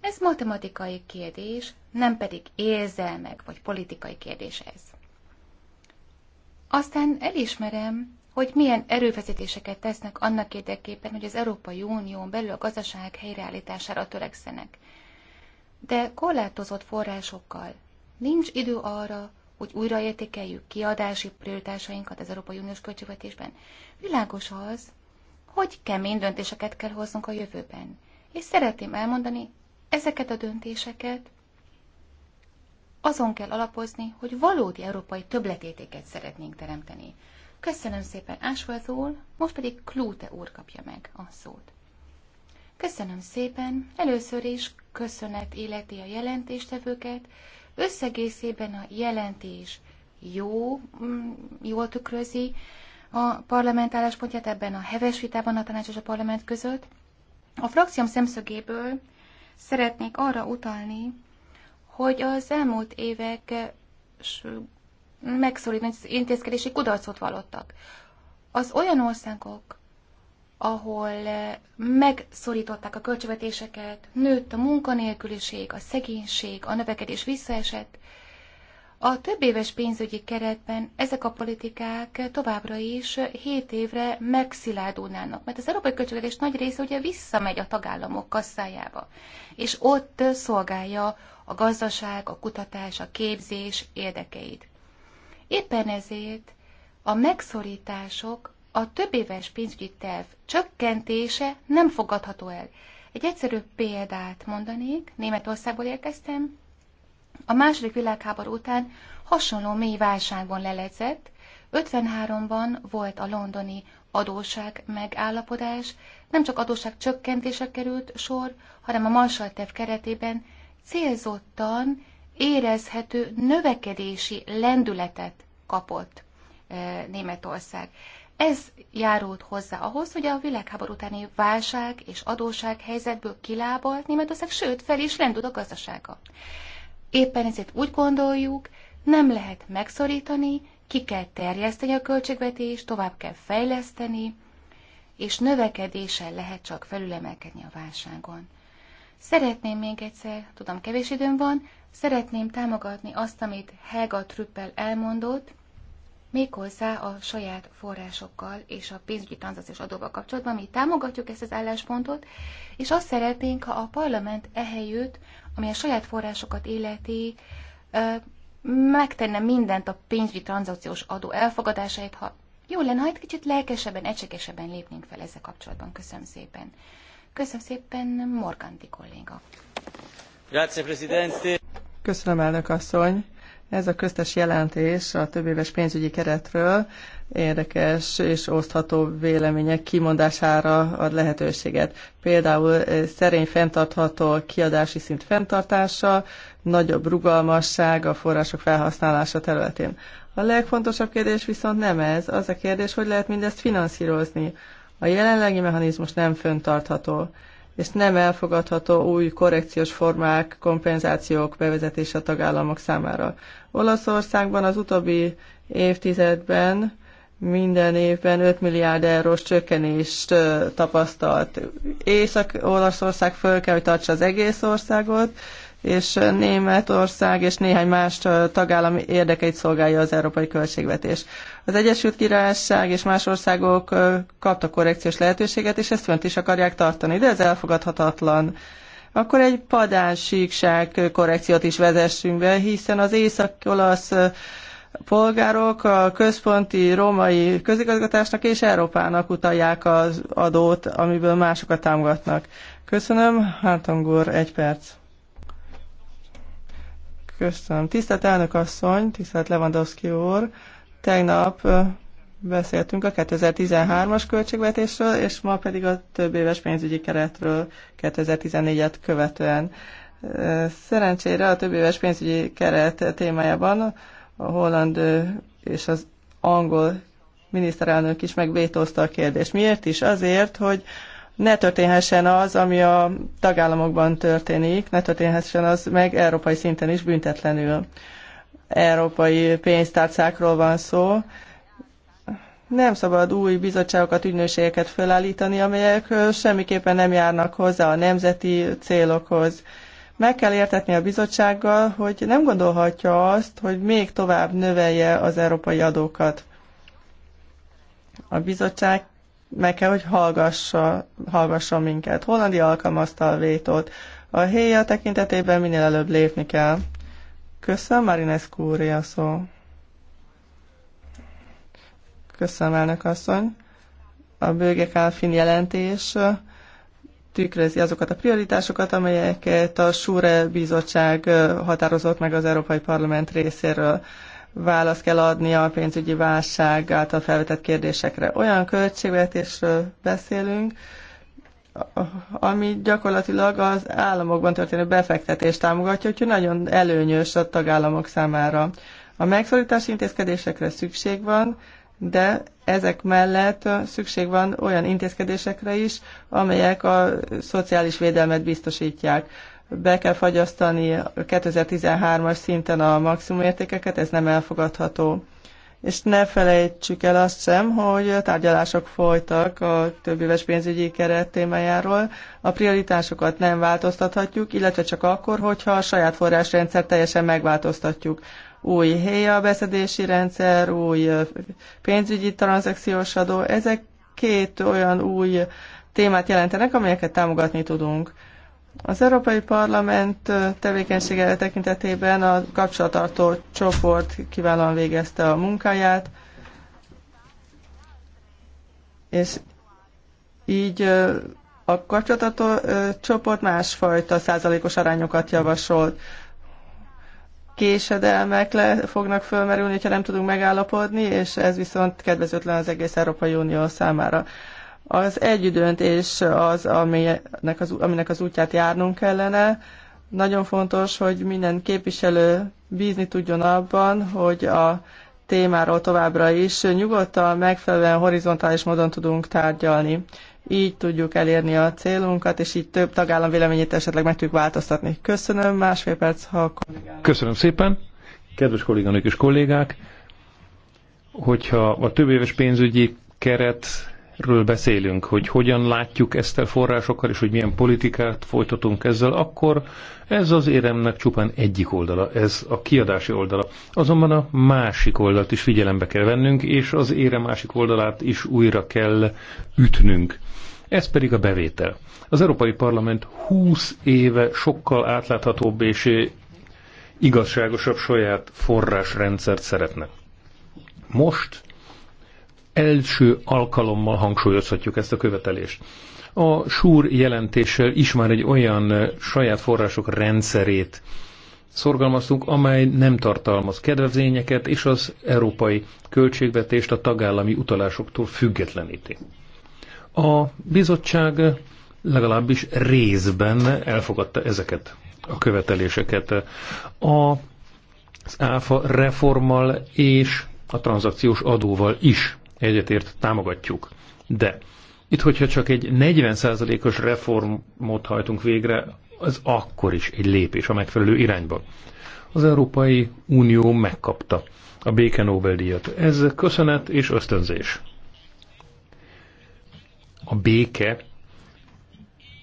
Ez matematikai kérdés, nem pedig érzelmek vagy politikai kérdés ez. Aztán elismerem, hogy milyen erőfeszítéseket tesznek annak érdekében, hogy az Európai Unión belül a gazdaság helyreállítására törekszenek. De korlátozott forrásokkal nincs idő arra, hogy újraértékeljük kiadási prioritásainkat az Európai Uniós költségvetésben. Világos az, hogy kemény döntéseket kell hoznunk a jövőben. És szeretném elmondani, ezeket a döntéseket azon kell alapozni, hogy valódi európai többletértéket szeretnénk teremteni. Köszönöm szépen Ashworth úr, most pedig Klúte úr kapja meg a szót. Köszönöm szépen, először is köszönet életi a jelentéstevőket, összegészében a jelentés jó, mm, jól tükrözi a parlament álláspontját ebben a heves vitában a tanács és a parlament között. A frakcióm szemszögéből szeretnék arra utalni, hogy az elmúlt évek megszorító intézkedési kudarcot vallottak. Az olyan országok, ahol eh, megszorították a költségvetéseket, nőtt a munkanélküliség, a szegénység, a növekedés visszaesett, a több éves pénzügyi keretben ezek a politikák továbbra is 7 évre megszilárdulnának, mert az európai költségvetés nagy része ugye visszamegy a tagállamok kasszájába, és ott szolgálja a gazdaság, a kutatás, a képzés érdekeit. Éppen ezért a megszorítások, a több éves pénzügyi terv csökkentése nem fogadható el. Egy egyszerű példát mondanék, Németországból érkeztem, a második világháború után hasonló mély válságban lelezett. 53-ban volt a londoni adóság megállapodás, nem csak adóság csökkentése került sor, hanem a Marshall terv keretében célzottan érezhető növekedési lendületet kapott e, Németország. Ez járult hozzá ahhoz, hogy a világháború utáni válság és adóság helyzetből kilábalt Németország, sőt fel is lendült a gazdasága. Éppen ezért úgy gondoljuk, nem lehet megszorítani, ki kell terjeszteni a költségvetést, tovább kell fejleszteni, és növekedéssel lehet csak felülemelkedni a válságon. Szeretném még egyszer, tudom kevés időm van, szeretném támogatni azt, amit Helga Trüppel elmondott, méghozzá a saját forrásokkal és a pénzügyi tranzakciós adóval kapcsolatban. Mi támogatjuk ezt az álláspontot, és azt szeretnénk, ha a parlament ehelyütt ami a saját forrásokat illeti, megtenne mindent a pénzügyi tranzakciós adó elfogadásáért, ha jó lenne, ha egy kicsit lelkesebben, egységesebben lépnénk fel ezzel kapcsolatban. Köszönöm szépen. Köszönöm szépen, Morganti kolléga. Grazie, Presidente. Köszönöm, elnök asszony. Ez a köztes jelentés a többéves pénzügyi keretről érdekes és osztható vélemények kimondására ad lehetőséget. Például szerény fenntartható kiadási szint fenntartása, nagyobb rugalmasság a források felhasználása területén. A legfontosabb kérdés viszont nem ez, az a kérdés, hogy lehet mindezt finanszírozni. A jelenlegi mechanizmus nem fenntartható, és nem elfogadható új korrekciós formák, kompenzációk bevezetése a tagállamok számára. Olaszországban az utóbbi évtizedben minden évben 5 milliárd eurós csökkenést tapasztalt. Észak-Olaszország föl kell, hogy tartsa az egész országot, és Németország és néhány más tagállam érdekeit szolgálja az európai költségvetés. Az Egyesült Királyság és más országok kaptak korrekciós lehetőséget, és ezt fönt is akarják tartani, de ez elfogadhatatlan. Akkor egy padánsíkság korrekciót is vezessünk be, hiszen az észak-olasz polgárok a központi római közigazgatásnak és Európának utalják az adót, amiből másokat támogatnak. Köszönöm, Hátangúr, egy perc. Köszönöm. Tisztelt elnök asszony, tisztelt Lewandowski úr, tegnap beszéltünk a 2013-as költségvetésről, és ma pedig a több éves pénzügyi keretről 2014-et követően. Szerencsére a több éves pénzügyi keret témájában a holland és az angol miniszterelnök is megvétózta a kérdést. Miért is? Azért, hogy ne történhessen az, ami a tagállamokban történik, ne történhessen az meg európai szinten is büntetlenül. Európai pénztárcákról van szó. Nem szabad új bizottságokat, ügynökségeket felállítani, amelyek semmiképpen nem járnak hozzá a nemzeti célokhoz meg kell értetni a bizottsággal, hogy nem gondolhatja azt, hogy még tovább növelje az európai adókat. A bizottság meg kell, hogy hallgassa, hallgassa minket. Hollandia alkalmazta a vétót. A héja tekintetében minél előbb lépni kell. Köszönöm, Marines Kúria szó. Köszönöm, elnök asszony. A bőgek álfin jelentés tükrözi azokat a prioritásokat, amelyeket a SURE bizottság határozott meg az Európai Parlament részéről. Választ kell adni a pénzügyi válság által felvetett kérdésekre. Olyan költségvetésről beszélünk, ami gyakorlatilag az államokban történő befektetést támogatja, úgyhogy nagyon előnyös a tagállamok számára. A megszorítási intézkedésekre szükség van, de ezek mellett szükség van olyan intézkedésekre is, amelyek a szociális védelmet biztosítják. Be kell fagyasztani 2013-as szinten a maximumértékeket, ez nem elfogadható. És ne felejtsük el azt sem, hogy tárgyalások folytak a többéves pénzügyi keret témájáról. A prioritásokat nem változtathatjuk, illetve csak akkor, hogyha a saját forrásrendszer teljesen megváltoztatjuk új héja beszedési rendszer, új pénzügyi tranzakciós adó, ezek két olyan új témát jelentenek, amelyeket támogatni tudunk. Az Európai Parlament tevékenysége tekintetében a kapcsolatartó csoport kiválóan végezte a munkáját, és így a kapcsolatartó csoport másfajta százalékos arányokat javasolt késedelmek le fognak fölmerülni, ha nem tudunk megállapodni, és ez viszont kedvezőtlen az egész Európai Unió számára. Az együdöntés az, aminek az, aminek az útját járnunk kellene. Nagyon fontos, hogy minden képviselő bízni tudjon abban, hogy a témáról továbbra is nyugodtan, megfelelően horizontális módon tudunk tárgyalni. Így tudjuk elérni a célunkat, és így több tagállam véleményét esetleg meg tudjuk változtatni. Köszönöm, másfél perc, ha kollégám. Köszönöm szépen, kedves kolléganők és kollégák, hogyha a több éves pénzügyi keret ről beszélünk, hogy hogyan látjuk ezt a forrásokkal, és hogy milyen politikát folytatunk ezzel, akkor ez az éremnek csupán egyik oldala, ez a kiadási oldala. Azonban a másik oldalt is figyelembe kell vennünk, és az érem másik oldalát is újra kell ütnünk. Ez pedig a bevétel. Az Európai Parlament 20 éve sokkal átláthatóbb és igazságosabb saját forrásrendszert szeretne. Most első alkalommal hangsúlyozhatjuk ezt a követelést. A súr jelentéssel is már egy olyan saját források rendszerét szorgalmaztunk, amely nem tartalmaz kedvezményeket, és az európai költségvetést a tagállami utalásoktól függetleníti. A bizottság legalábbis részben elfogadta ezeket a követeléseket. A az áfa reformmal és a tranzakciós adóval is egyetért támogatjuk. De itt, hogyha csak egy 40%-os reformot hajtunk végre, az akkor is egy lépés a megfelelő irányba. Az Európai Unió megkapta a béke Nobel-díjat. Ez köszönet és ösztönzés. A béke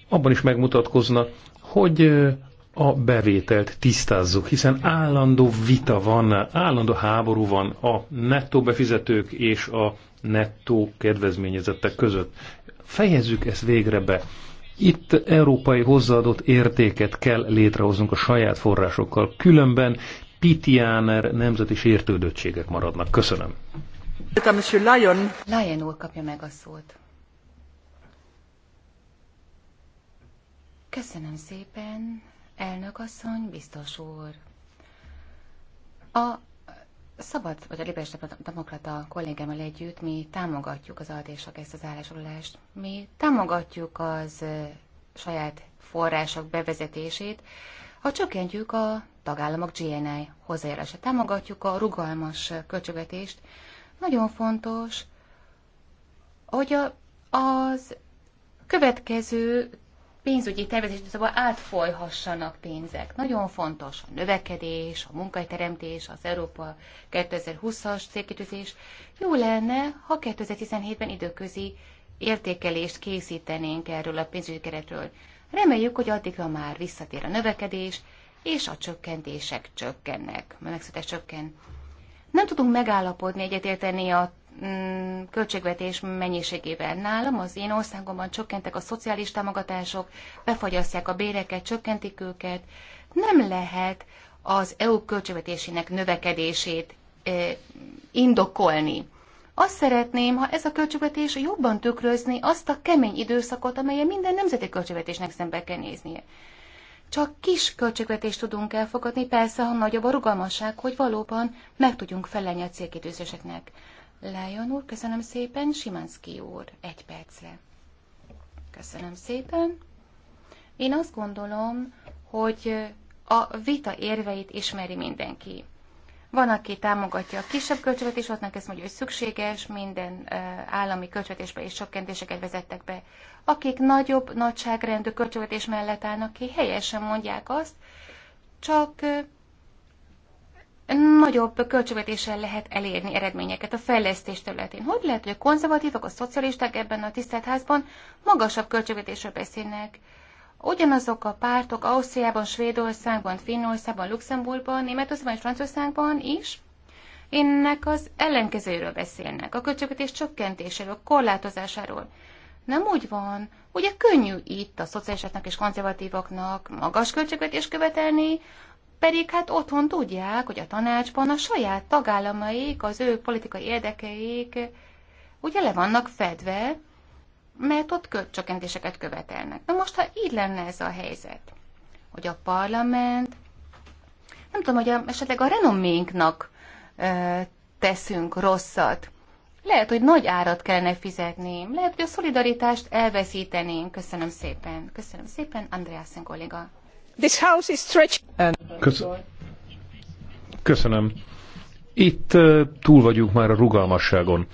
abban is megmutatkozna, hogy a bevételt tisztázzuk, hiszen állandó vita van, állandó háború van a nettó befizetők és a nettó kedvezményezettek között. Fejezzük ezt végre be. Itt európai hozzáadott értéket kell létrehoznunk a saját forrásokkal, különben Pitiáner nemzeti sértődöttségek maradnak. Köszönöm. Lion. Lion úr kapja meg a szót. Köszönöm szépen, Elnök asszony, biztos úr. A szabad, vagy a liberális demokrata kollégámmal együtt mi támogatjuk az adésok ezt az állásolást. Mi támogatjuk az saját források bevezetését, ha csökkentjük a tagállamok GNI hozzájárását, támogatjuk a rugalmas költségvetést. Nagyon fontos, hogy a, az következő pénzügyi tervezést, szóval átfolyhassanak pénzek. Nagyon fontos a növekedés, a munkahelyteremtés, az Európa 2020-as célkitűzés. Jó lenne, ha 2017-ben időközi értékelést készítenénk erről a pénzügyi keretről. Reméljük, hogy addigra már visszatér a növekedés, és a csökkentések csökkennek, a megszületés csökken. Nem tudunk megállapodni, egyetérteni a Mm, költségvetés mennyiségében. Nálam az én országomban csökkentek a szociális támogatások, befagyasztják a béreket, csökkentik őket. Nem lehet az EU költségvetésének növekedését e, indokolni. Azt szeretném, ha ez a költségvetés jobban tükrözni azt a kemény időszakot, amelyen minden nemzeti költségvetésnek szembe kell néznie. Csak kis költségvetést tudunk elfogadni, persze, ha nagyobb a rugalmasság, hogy valóban meg tudjunk felelni a célkitűzéseknek. Lájon úr, köszönöm szépen, Simanszki úr, egy percre. Köszönöm szépen. Én azt gondolom, hogy a vita érveit ismeri mindenki. Van, aki támogatja a kisebb költségvetést, ott ezt mondja, hogy szükséges, minden állami költségvetésbe és csökkentéseket vezettek be. Akik nagyobb nagyságrendű költségvetés mellett állnak ki, helyesen mondják azt, csak nagyobb költségvetéssel lehet elérni eredményeket a fejlesztés területén. Hogy lehet, hogy a konzervatívok, a szocialisták ebben a tisztelt házban magasabb költségvetésről beszélnek? Ugyanazok a pártok Ausztriában, Svédországban, Finnországban, Luxemburgban, Németországban és Franciaországban is ennek az ellenkezőről beszélnek, a költségvetés csökkentéséről, korlátozásáról. Nem úgy van, ugye könnyű itt a szocialistáknak és konzervatívoknak magas költségvetés követelni, pedig hát otthon tudják, hogy a tanácsban a saját tagállamaik, az ő politikai érdekeik ugye le vannak fedve, mert ott költcsökkentéseket követelnek. Na most, ha így lenne ez a helyzet, hogy a parlament, nem tudom, hogy a, esetleg a renoménknak e, teszünk rosszat, lehet, hogy nagy árat kellene fizetni, lehet, hogy a szolidaritást elveszítenénk. Köszönöm szépen. Köszönöm szépen, Andreasen kolléga. This house is Köszönöm. Itt túl vagyunk már a rugalmasságon.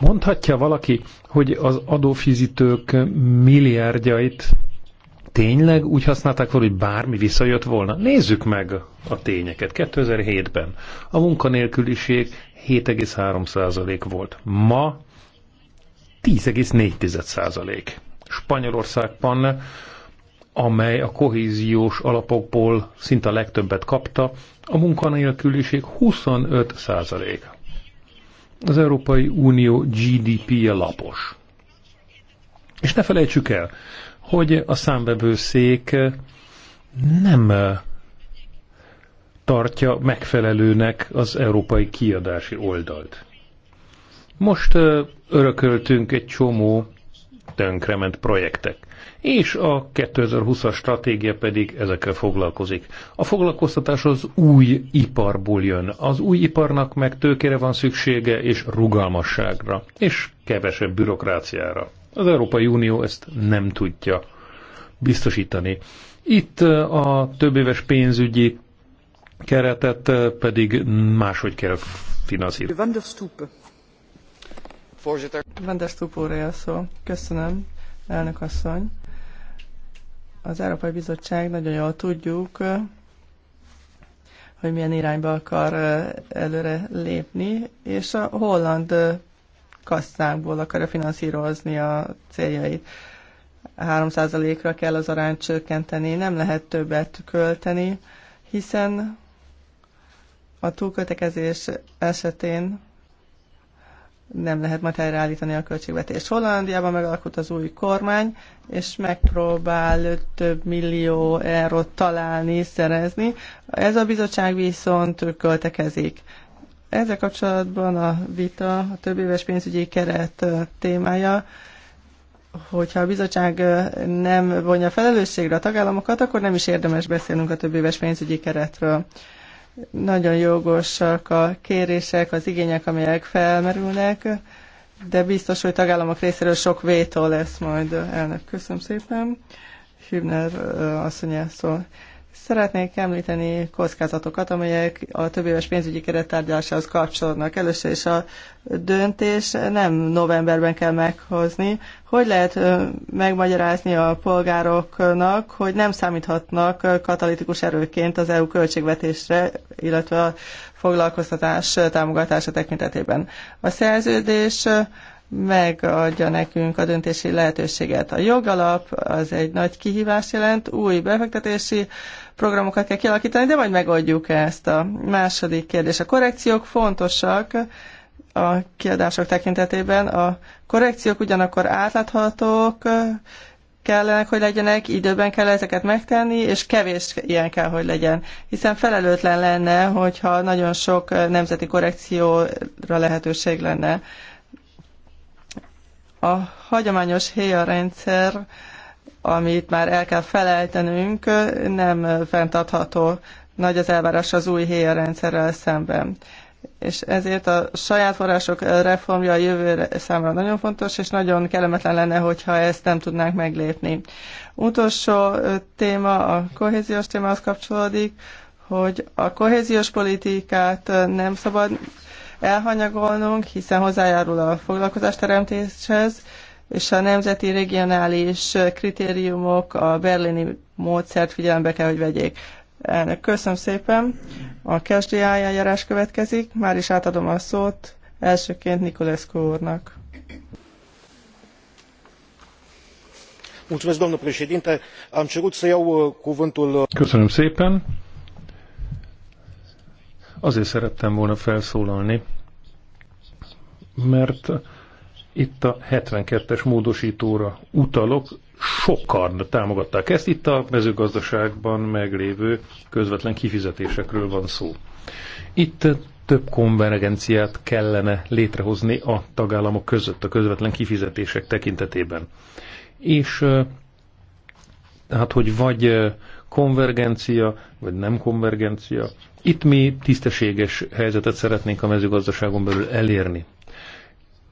Mondhatja valaki, hogy az adófizítők milliárdjait tényleg úgy használták volna, hogy bármi visszajött volna? Nézzük meg a tényeket. 2007-ben a munkanélküliség 7,3% volt. Ma 10,4%. Spanyolországban amely a kohéziós alapokból szinte a legtöbbet kapta, a munkanélküliség 25 százalék. Az Európai Unió GDP-je lapos. És ne felejtsük el, hogy a számbevőszék nem eh, tartja megfelelőnek az európai kiadási oldalt. Most eh, örököltünk egy csomó tönkrement projektek és a 2020-as stratégia pedig ezekkel foglalkozik. A foglalkoztatás az új iparból jön. Az új iparnak meg tőkére van szüksége, és rugalmasságra, és kevesebb bürokráciára. Az Európai Unió ezt nem tudja biztosítani. Itt a éves pénzügyi keretet pedig máshogy kell finanszírozni. Van der Stoep úr szó. Köszönöm elnök asszony. Az Európai Bizottság nagyon jól tudjuk, hogy milyen irányba akar előre lépni, és a holland kasszánkból akarja finanszírozni a céljait. 3%-ra kell az arányt csökkenteni, nem lehet többet költeni, hiszen a túlkötekezés esetén nem lehet majd helyreállítani a költségvetést. Hollandiában megalkult az új kormány, és megpróbál több millió eurót találni, szerezni. Ez a bizottság viszont költekezik. Ezzel kapcsolatban a vita, a több éves pénzügyi keret témája, hogyha a bizottság nem vonja felelősségre a tagállamokat, akkor nem is érdemes beszélnünk a több éves pénzügyi keretről. Nagyon jogosak a kérések, az igények, amelyek felmerülnek, de biztos, hogy tagállamok részéről sok vétó lesz majd elnök. Köszönöm szépen. Hübner asszonyászól. Szeretnék említeni kockázatokat, amelyek a éves pénzügyi kerettárgyalásához kapcsolódnak. Először is a döntés nem novemberben kell meghozni. Hogy lehet megmagyarázni a polgároknak, hogy nem számíthatnak katalitikus erőként az EU költségvetésre, illetve a foglalkoztatás támogatása tekintetében? A szerződés megadja nekünk a döntési lehetőséget. A jogalap az egy nagy kihívást jelent, új befektetési uh, programokat kell kialakítani, de majd megoldjuk ezt. A második kérdés. A korrekciók fontosak a kiadások tekintetében. A korrekciók ugyanakkor átláthatók, kellene, hogy legyenek, időben kell ezeket megtenni, és kevés ilyen kell, hogy legyen. Hiszen felelőtlen lenne, hogyha nagyon sok nemzeti korrekcióra lehetőség lenne. A hagyományos héja rendszer amit már el kell felejtenünk, nem fenntartható. Nagy az elvárás az új helyi rendszerrel szemben. És ezért a saját források reformja a jövőre számra nagyon fontos, és nagyon kellemetlen lenne, hogyha ezt nem tudnánk meglépni. Utolsó téma, a kohéziós témához kapcsolódik, hogy a kohéziós politikát nem szabad elhanyagolnunk, hiszen hozzájárul a foglalkozás teremtéshez, és a nemzeti regionális kritériumok a berlini módszert figyelembe kell, hogy vegyék. Elnök, köszönöm szépen. A kezdi eljárás következik. Már is átadom a szót elsőként Nikolescu úrnak. Mulțumesc, doamnă președinte. Am cerut să iau uh, cuvântul... Uh, köszönöm szépen. Azért szerettem volna felszólalni, mert itt a 72-es módosítóra utalok, sokan támogatták ezt. Itt a mezőgazdaságban meglévő közvetlen kifizetésekről van szó. Itt több konvergenciát kellene létrehozni a tagállamok között a közvetlen kifizetések tekintetében. És hát hogy vagy konvergencia, vagy nem konvergencia. Itt mi tisztességes helyzetet szeretnénk a mezőgazdaságon belül elérni.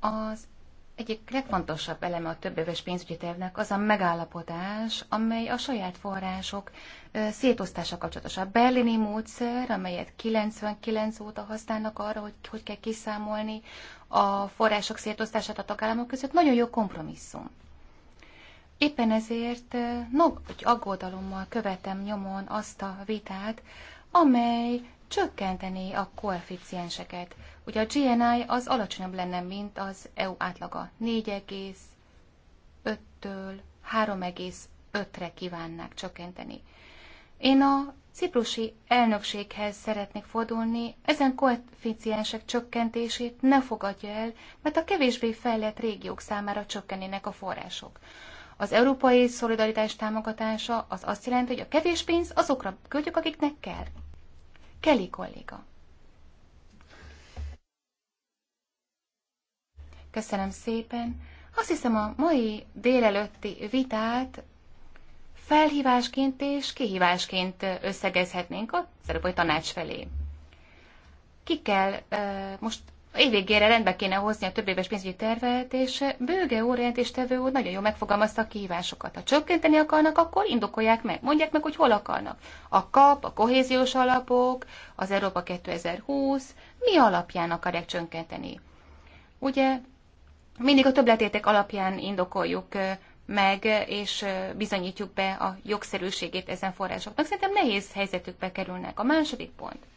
Az egyik legfontosabb eleme a többéves pénzügyi tervnek az a megállapodás, amely a saját források szétosztása kapcsolatos. A berlini módszer, amelyet 99 óta használnak arra, hogy hogy kell kiszámolni a források szétosztását a tagállamok között, nagyon jó kompromisszum. Éppen ezért nagy aggodalommal követem nyomon azt a vitát, amely csökkenteni a koeficienseket. Ugye a GNI az alacsonyabb lenne, mint az EU átlaga. 4,5-től 3,5-re kívánnák csökkenteni. Én a ciprusi elnökséghez szeretnék fordulni, ezen koeficiensek csökkentését ne fogadja el, mert a kevésbé fejlett régiók számára csökkennének a források. Az európai szolidaritás támogatása az azt jelenti, hogy a kevés pénz azokra költjük, akiknek kell. Kelly kolléga. Köszönöm szépen. Azt hiszem a mai délelőtti vitát felhívásként és kihívásként összegezhetnénk az Európai Tanács felé. Ki kell most végére rendbe kéne hozni a több éves pénzügyi tervet, és Bőge úr, jelentéstevő úr nagyon jól megfogalmazta a kívásokat. Ha csökkenteni akarnak, akkor indokolják meg, mondják meg, hogy hol akarnak. A KAP, a kohéziós alapok, az Európa 2020, mi alapján akarják csökkenteni? Ugye mindig a többletétek alapján indokoljuk meg, és bizonyítjuk be a jogszerűségét ezen forrásoknak. Szerintem nehéz helyzetükbe kerülnek. A második pont –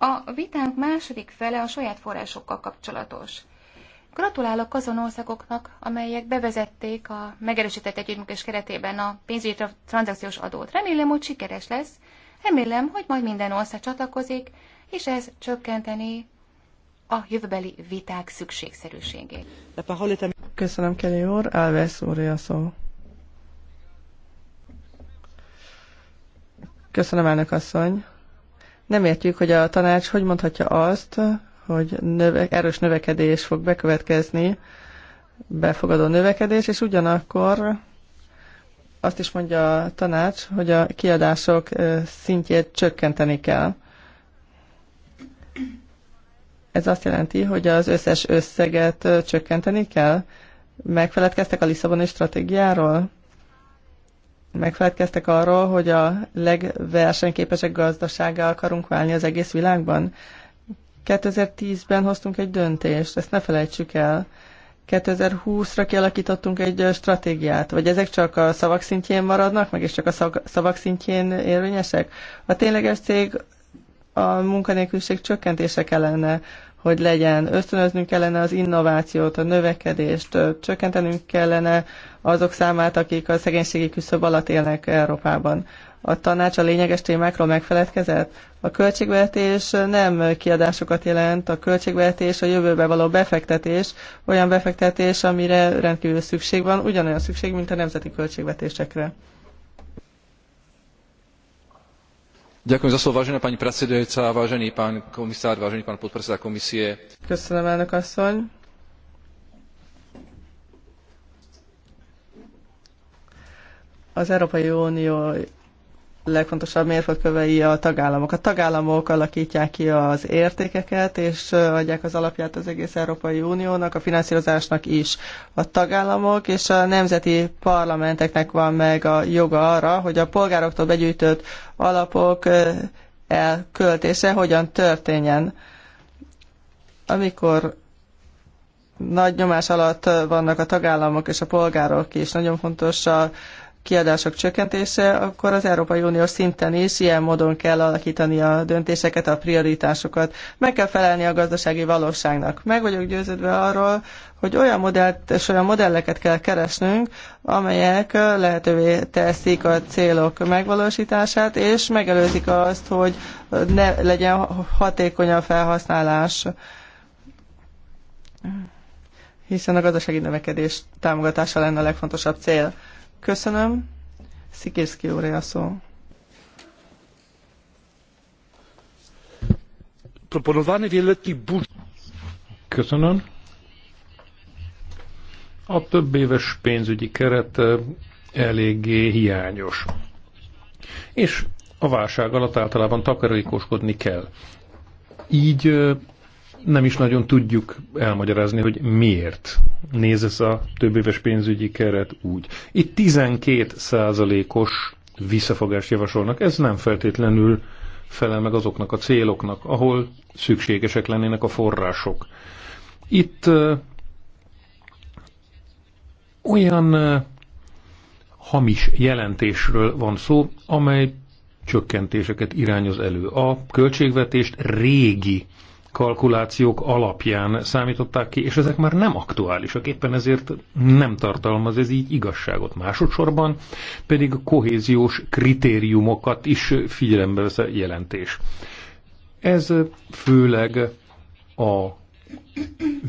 a vitánk második fele a saját forrásokkal kapcsolatos. Gratulálok azon országoknak, amelyek bevezették a megerősített együttműködés keretében a pénzügyi tranzakciós adót. Remélem, hogy sikeres lesz. Remélem, hogy majd minden ország csatlakozik, és ez csökkenteni a jövőbeli viták szükségszerűségét. Köszönöm, Kelly úr. Elvesz úr, a szó. Köszönöm, elnök asszony. Nem értjük, hogy a tanács hogy mondhatja azt, hogy növe, erős növekedés fog bekövetkezni, befogadó növekedés, és ugyanakkor azt is mondja a tanács, hogy a kiadások szintjét csökkenteni kell. Ez azt jelenti, hogy az összes összeget csökkenteni kell? Megfeledkeztek a Lisszaboni stratégiáról? megfelelkeztek arról, hogy a legversenyképesek gazdasággal akarunk válni az egész világban. 2010-ben hoztunk egy döntést, ezt ne felejtsük el. 2020-ra kialakítottunk egy stratégiát, vagy ezek csak a szavak szintjén maradnak, meg és csak a szavak szintjén érvényesek? A tényleges cég a munkanélküliség csökkentése kellene, hogy legyen. Ösztönöznünk kellene az innovációt, a növekedést, csökkentenünk kellene azok számát, akik a szegénységi küszöb alatt élnek Európában. A tanács a lényeges témákról megfeledkezett? A költségvetés nem kiadásokat jelent, a költségvetés a jövőbe való befektetés, olyan befektetés, amire rendkívül szükség van, ugyanolyan szükség, mint a nemzeti költségvetésekre. vážená pani predsedajúca vážený pán komisár vážený pán podpredseda komisie köszönöm elnök asszony az európai unió legfontosabb mérföldkövei a tagállamok. A tagállamok alakítják ki az értékeket, és adják az alapját az egész Európai Uniónak, a finanszírozásnak is. A tagállamok és a nemzeti parlamenteknek van meg a joga arra, hogy a polgároktól begyűjtött alapok elköltése hogyan történjen. Amikor nagy nyomás alatt vannak a tagállamok és a polgárok is. Nagyon fontos a kiadások csökkentése, akkor az Európai Unió szinten is ilyen módon kell alakítani a döntéseket, a prioritásokat. Meg kell felelni a gazdasági valóságnak. Meg vagyok győződve arról, hogy olyan modellt és olyan modelleket kell keresnünk, amelyek lehetővé teszik a célok megvalósítását, és megelőzik azt, hogy ne legyen hatékony a felhasználás hiszen a gazdasági növekedés támogatása lenne a legfontosabb cél. Köszönöm. Szikérszki úr, a szó. Proponowany wieloletni budżet. Köszönöm. A több éves pénzügyi keret e, eléggé hiányos. És a válság alatt általában takarékoskodni kell. Így e, nem is nagyon tudjuk elmagyarázni, hogy miért néz ez a éves pénzügyi keret úgy. Itt 12 százalékos visszafogást javasolnak. Ez nem feltétlenül felel meg azoknak a céloknak, ahol szükségesek lennének a források. Itt uh, olyan uh, hamis jelentésről van szó, amely csökkentéseket irányoz elő. A költségvetést régi kalkulációk alapján számították ki, és ezek már nem aktuálisak, éppen ezért nem tartalmaz ez így igazságot. Másodszorban pedig a kohéziós kritériumokat is figyelembe vesz a jelentés. Ez főleg a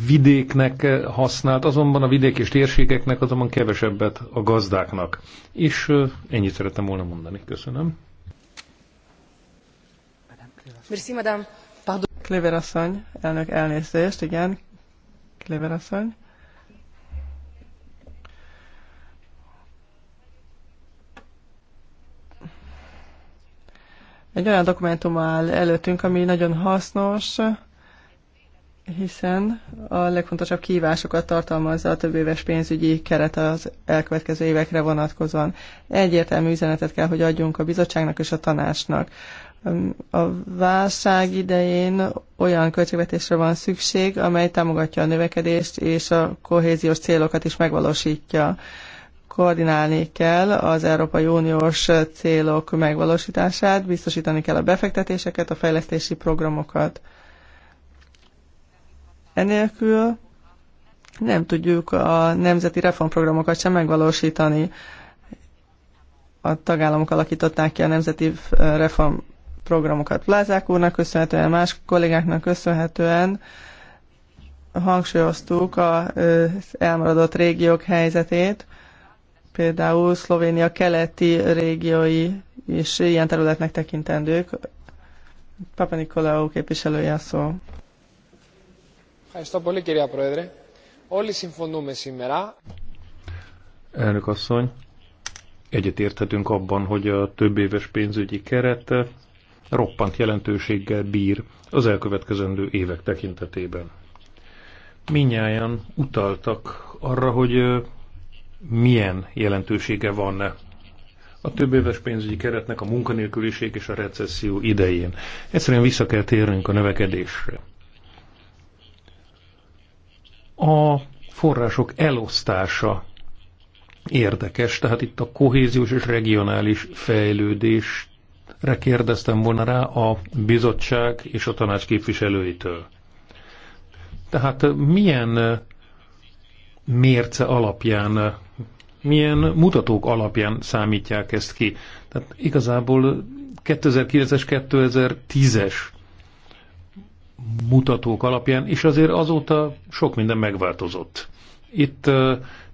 vidéknek használt, azonban a vidék és térségeknek azonban kevesebbet a gazdáknak. És ennyit szerettem volna mondani. Köszönöm. Merci, madame. Kléver asszony, elnök elnézést, igen. Kléver asszony. Egy olyan dokumentum áll előttünk, ami nagyon hasznos, hiszen a legfontosabb kívásokat tartalmazza a több éves pénzügyi keret az elkövetkező évekre vonatkozóan. Egyértelmű üzenetet kell, hogy adjunk a bizottságnak és a tanácsnak. A válság idején olyan költségvetésre van szükség, amely támogatja a növekedést és a kohéziós célokat is megvalósítja. Koordinálni kell az Európai Uniós célok megvalósítását, biztosítani kell a befektetéseket, a fejlesztési programokat. Enélkül nem tudjuk a nemzeti reformprogramokat sem megvalósítani. A tagállamok alakították ki a nemzeti reformprogramokat programokat. Lázák úrnak köszönhetően, más kollégáknak köszönhetően hangsúlyoztuk az elmaradott régiók helyzetét, például Szlovénia keleti régiói is ilyen területnek tekintendők. Papa Nikolaou képviselője a szó. Elnök asszony, egyetérthetünk abban, hogy a több éves pénzügyi keret roppant jelentőséggel bír az elkövetkezendő évek tekintetében. Minnyáján utaltak arra, hogy milyen jelentősége van -e a több éves pénzügyi keretnek a munkanélküliség és a recesszió idején. Egyszerűen vissza kell térnünk a növekedésre. A források elosztása érdekes, tehát itt a kohéziós és regionális fejlődést re kérdeztem volna rá a bizottság és a tanács képviselőitől. Tehát milyen mérce alapján, milyen mutatók alapján számítják ezt ki? Tehát igazából 2009-es, 2010-es mutatók alapján, és azért azóta sok minden megváltozott. Itt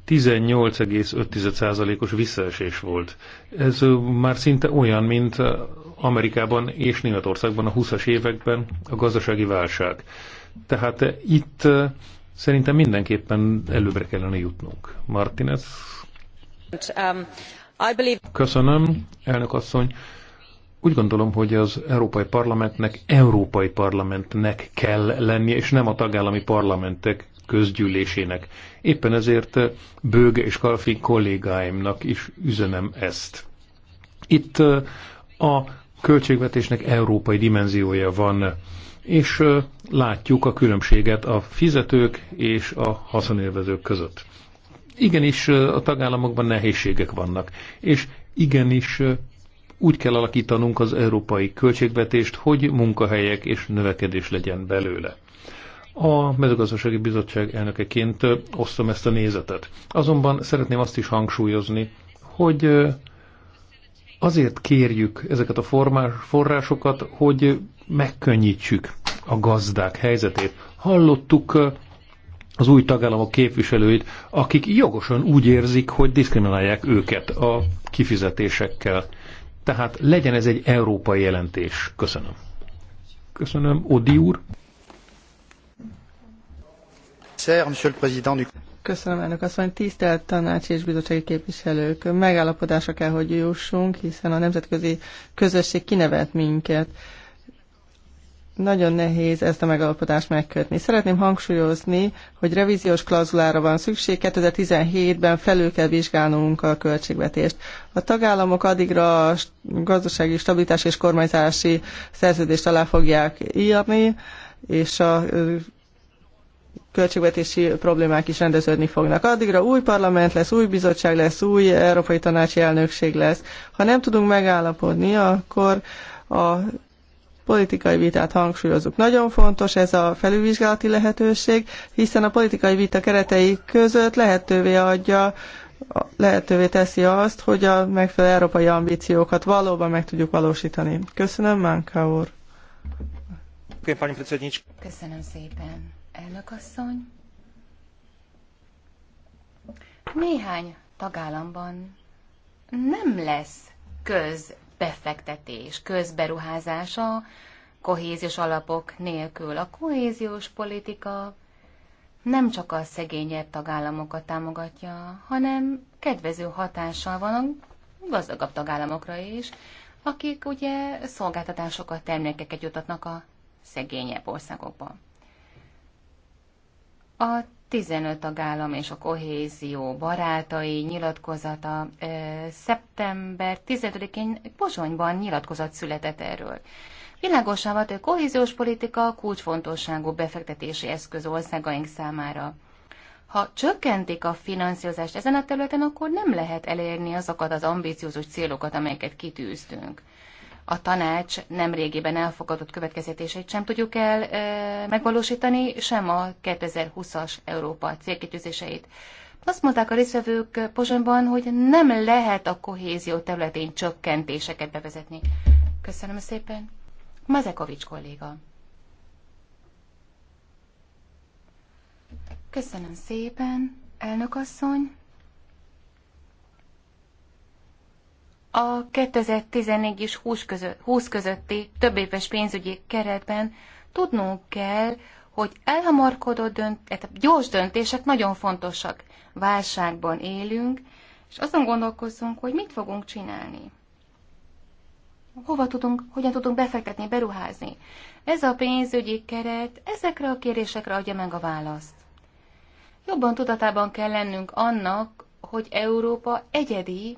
18,5%-os visszaesés volt. Ez már szinte olyan, mint Amerikában és Németországban a 20-as években a gazdasági válság. Tehát itt szerintem mindenképpen előbbre kellene jutnunk. Martinez? Um, Köszönöm, elnök asszony. Úgy gondolom, hogy az Európai Parlamentnek Európai Parlamentnek kell lennie, és nem a tagállami parlamentek közgyűlésének. Éppen ezért Bőge és Kalfin kollégáimnak is üzenem ezt. Itt uh, a költségvetésnek európai dimenziója van, és uh, látjuk a különbséget a fizetők és a haszonélvezők között. Igenis uh, a tagállamokban nehézségek vannak, és igenis úgy kell alakítanunk az európai költségvetést, hogy munkahelyek és növekedés legyen belőle. A mezőgazdasági bizottság elnökeként osztom ezt a nézetet. Azonban szeretném azt is hangsúlyozni, hogy azért kérjük ezeket a forrásokat, hogy megkönnyítsük a gazdák helyzetét. Hallottuk az új tagállamok képviselőit, akik jogosan úgy érzik, hogy diszkriminálják őket a kifizetésekkel. Tehát legyen ez egy európai jelentés. Köszönöm. Köszönöm, Odi úr. Köszönöm, elnök asszony. Tisztelt tanács és bizottsági képviselők, megállapodásra kell, hogy jussunk, hiszen a nemzetközi közösség kinevet minket. Nagyon nehéz ezt a megállapodást megkötni. Szeretném hangsúlyozni, hogy revíziós klauzulára van szükség. 2017-ben felül kell vizsgálnunk a költségvetést. A tagállamok addigra a gazdasági stabilitás és kormányzási szerződést alá fogják írni, és a költségvetési problémák is rendeződni fognak. Addigra új parlament lesz, új bizottság lesz, új európai tanácsi elnökség lesz. Ha nem tudunk megállapodni, akkor a politikai vitát hangsúlyozunk. Nagyon fontos ez a felülvizsgálati lehetőség, hiszen a politikai vita keretei között lehetővé adja, lehetővé teszi azt, hogy a megfelelő európai ambíciókat valóban meg tudjuk valósítani. Köszönöm, Mánka úr! Köszönöm szépen! Elnökasszony, néhány tagállamban nem lesz közbefektetés, közberuházása kohéziós alapok nélkül. A kohéziós politika nem csak a szegényebb tagállamokat támogatja, hanem kedvező hatással van a gazdagabb tagállamokra is, akik ugye szolgáltatásokat, termékeket jutatnak a szegényebb országokban. A 15 tagállam és a kohézió barátai nyilatkozata szeptember 15-én Pozsonyban nyilatkozat született erről. Világosan vált, hogy a kohéziós politika kulcsfontosságú befektetési eszköz országaink számára. Ha csökkentik a finanszírozást ezen a területen, akkor nem lehet elérni azokat az ambíciózus célokat, amelyeket kitűztünk a tanács nemrégiben elfogadott következtetéseit sem tudjuk el e, megvalósítani, sem a 2020-as Európa célkitűzéseit. Azt mondták a részvevők Pozsonyban, hogy nem lehet a kohézió területén csökkentéseket bevezetni. Köszönöm szépen. Mazekovics kolléga. Köszönöm szépen, elnök asszony. A 2014 és 20 között, 20 közötti többéves pénzügyi keretben tudnunk kell, hogy elhamarkodott dönt, eh, tehát gyors döntések nagyon fontosak. Válságban élünk, és azon gondolkozzunk, hogy mit fogunk csinálni. Hova tudunk, hogyan tudunk befektetni, beruházni. Ez a pénzügyi keret ezekre a kérésekre adja meg a választ. Jobban tudatában kell lennünk annak, hogy Európa egyedi,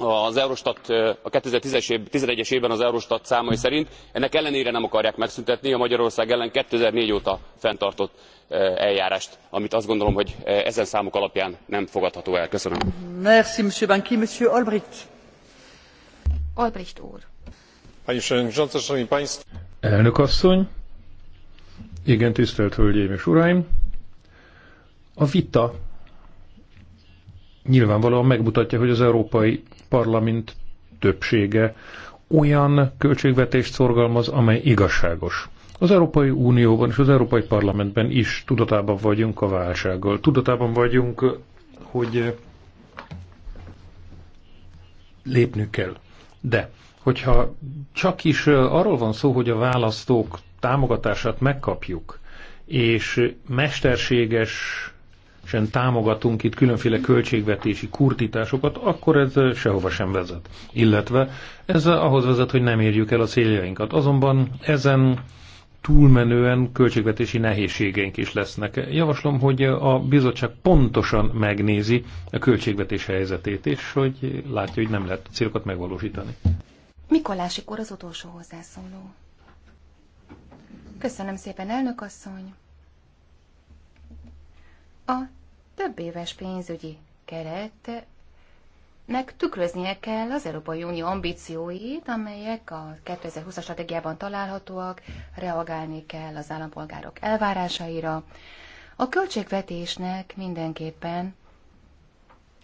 az eurostat a two thousand and eleven es évben az eurostat számai szerint ennek ellenére nem akarják megszüntetni a magyarország ellen two thousand and four óta fenntartott eljárást amit azt gondolom hogy ezen számok alapján nem fogadható el. köszönöm. elnök asszony igen tisztelt hölgyeim és uraim! a vita nyilvánvalóan megmutatja, hogy az európai parlament többsége olyan költségvetést szorgalmaz, amely igazságos. Az Európai Unióban és az Európai Parlamentben is tudatában vagyunk a válsággal. Tudatában vagyunk, hogy lépnünk kell. De, hogyha csak is arról van szó, hogy a választók támogatását megkapjuk, és mesterséges sem támogatunk itt különféle költségvetési kurtításokat, akkor ez sehova sem vezet. Illetve ez ahhoz vezet, hogy nem érjük el a céljainkat. Azonban ezen túlmenően költségvetési nehézségeink is lesznek. Javaslom, hogy a bizottság pontosan megnézi a költségvetés helyzetét, és hogy látja, hogy nem lehet célokat megvalósítani. Mikolási kor az utolsó hozzászóló. Köszönöm szépen, elnök asszony! A több éves pénzügyi keretnek tükröznie kell az Európai Unió ambícióit, amelyek a 2020-as stratégiában találhatóak, reagálni kell az állampolgárok elvárásaira. A költségvetésnek mindenképpen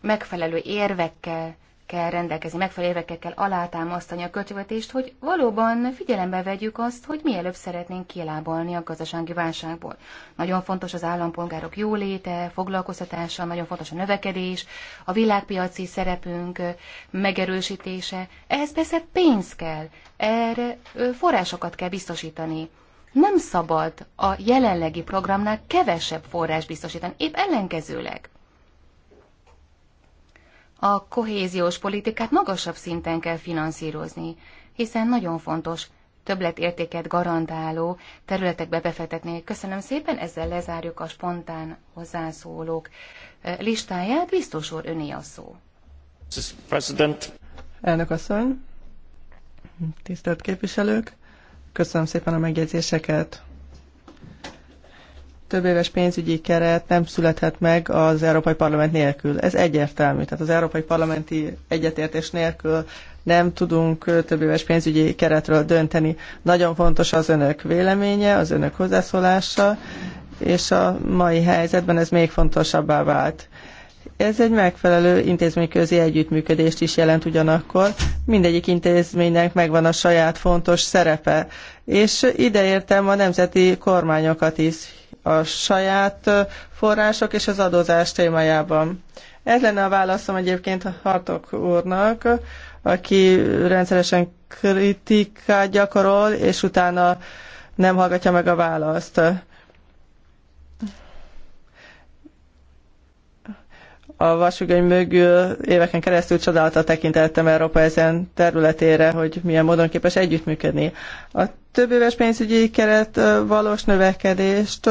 megfelelő érvekkel kell rendelkezni, megfelelő évekkel kell alátámasztani a költségvetést, hogy valóban figyelembe vegyük azt, hogy mielőbb szeretnénk kilábalni a gazdasági válságból. Nagyon fontos az állampolgárok jóléte, foglalkoztatása, nagyon fontos a növekedés, a világpiaci szerepünk megerősítése. Ehhez persze pénz kell, erre forrásokat kell biztosítani nem szabad a jelenlegi programnál kevesebb forrás biztosítani, épp ellenkezőleg a kohéziós politikát magasabb szinten kell finanszírozni, hiszen nagyon fontos többletértéket garantáló területekbe befektetni. Köszönöm szépen, ezzel lezárjuk a spontán hozzászólók eh, listáját. Biztos úr, öné a szó. President. Elnök asszony, tisztelt képviselők, köszönöm szépen a megjegyzéseket több éves pénzügyi keret nem születhet meg az Európai Parlament nélkül. Ez egyértelmű. Tehát az Európai Parlamenti egyetértés nélkül nem tudunk több éves pénzügyi keretről dönteni. Nagyon fontos az önök véleménye, az önök hozzászólása, és a mai helyzetben ez még fontosabbá vált. Ez egy megfelelő intézményközi együttműködést is jelent ugyanakkor. Mindegyik intézménynek megvan a saját fontos szerepe, és ideértem a nemzeti kormányokat is, a saját források és az adózás témájában. Ez lenne a válaszom egyébként Hartok úrnak, aki rendszeresen kritikát gyakorol, és utána nem hallgatja meg a választ. a vasügöny mögül éveken keresztül csodálata tekintettem Európa ezen területére, hogy milyen módon képes együttműködni. A több éves pénzügyi keret valós növekedést,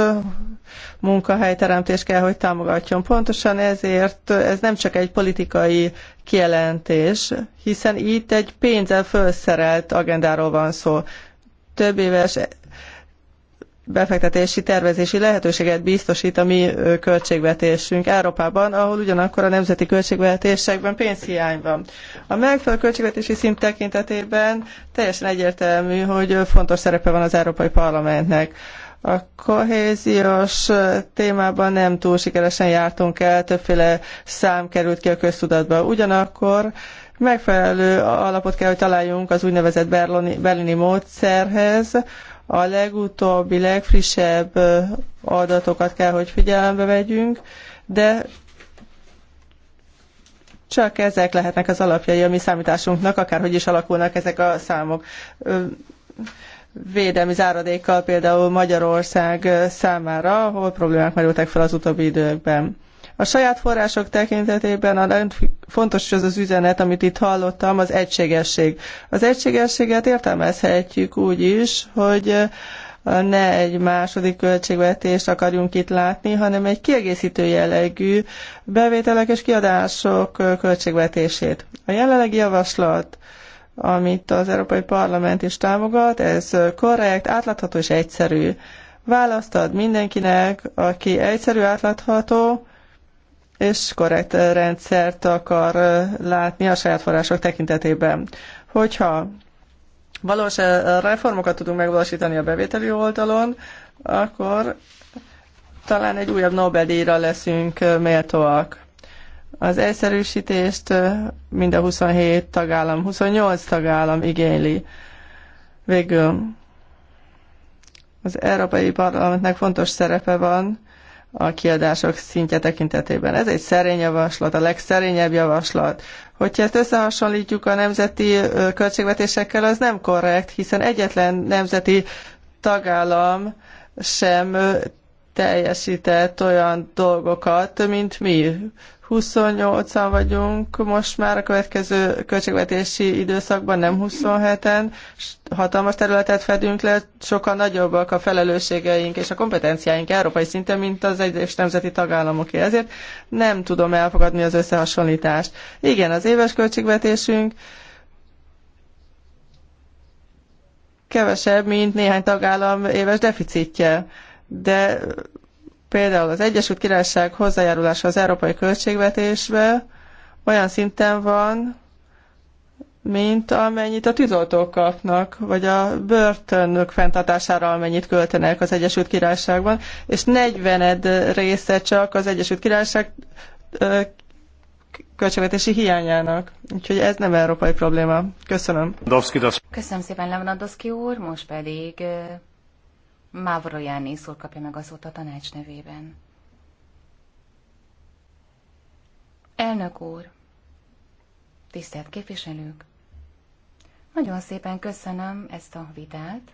munkahelyteremtés kell, hogy támogatjon. Pontosan ezért ez nem csak egy politikai kijelentés, hiszen itt egy pénzzel felszerelt agendáról van szó. Több éves befektetési tervezési lehetőséget biztosít a mi költségvetésünk Európában, ahol ugyanakkor a nemzeti költségvetésekben pénzhiány van. A megfelelő költségvetési szint tekintetében teljesen egyértelmű, hogy fontos szerepe van az Európai Parlamentnek. A kohéziós témában nem túl sikeresen jártunk el, többféle szám került ki a köztudatba. Ugyanakkor megfelelő alapot kell, hogy találjunk az úgynevezett berlini, berlini módszerhez, a legutóbbi, legfrissebb adatokat kell, hogy figyelembe vegyünk, de csak ezek lehetnek az alapjai a mi számításunknak, akárhogy is alakulnak ezek a számok. Védelmi záradékkal például Magyarország számára, ahol problémák merültek fel az utóbbi időkben. A saját források tekintetében a nagyon fontos az az üzenet, amit itt hallottam, az egységesség. Az egységességet értelmezhetjük úgy is, hogy eh, ne egy második költségvetést akarjunk itt látni, hanem egy kiegészítő jellegű bevételek és kiadások eh, költségvetését. A jelenlegi javaslat, amit az Európai Parlament is támogat, ez eh, korrekt, átlátható és egyszerű. Választ ad mindenkinek, aki egyszerű, átlátható, és korrekt rendszert akar látni a saját források tekintetében. Hogyha valós reformokat tudunk megvalósítani a bevételi oldalon, akkor talán egy újabb Nobel-díjra leszünk méltóak. Az egyszerűsítést mind a 27 tagállam, 28 tagállam igényli. Végül az Európai Parlamentnek fontos szerepe van, a kiadások szintje tekintetében. Ez egy szerény javaslat, a legszerényebb javaslat. Hogyha ezt összehasonlítjuk a nemzeti költségvetésekkel, az nem korrekt, hiszen egyetlen nemzeti tagállam sem teljesített olyan dolgokat, mint mi. 28-an vagyunk most már a következő költségvetési időszakban, nem 27-en. Hatalmas területet fedünk le, sokkal nagyobbak a felelősségeink és a kompetenciáink európai szinten, mint az egyes nemzeti tagállamoké. Ezért nem tudom elfogadni az összehasonlítást. Igen, az éves költségvetésünk kevesebb, mint néhány tagállam éves deficitje, de például az Egyesült Királyság hozzájárulása az európai költségvetésbe olyan szinten van, mint amennyit a tűzoltók kapnak, vagy a börtönök fenntartására amennyit költenek az Egyesült Királyságban, és 40 része csak az Egyesült Királyság költségvetési hiányának. Úgyhogy ez nem európai probléma. Köszönöm. Köszönöm szépen, Lewandowski úr, most pedig Mávro Jánész kapja meg az a tanács nevében. Elnök úr, tisztelt képviselők, nagyon szépen köszönöm ezt a vitát.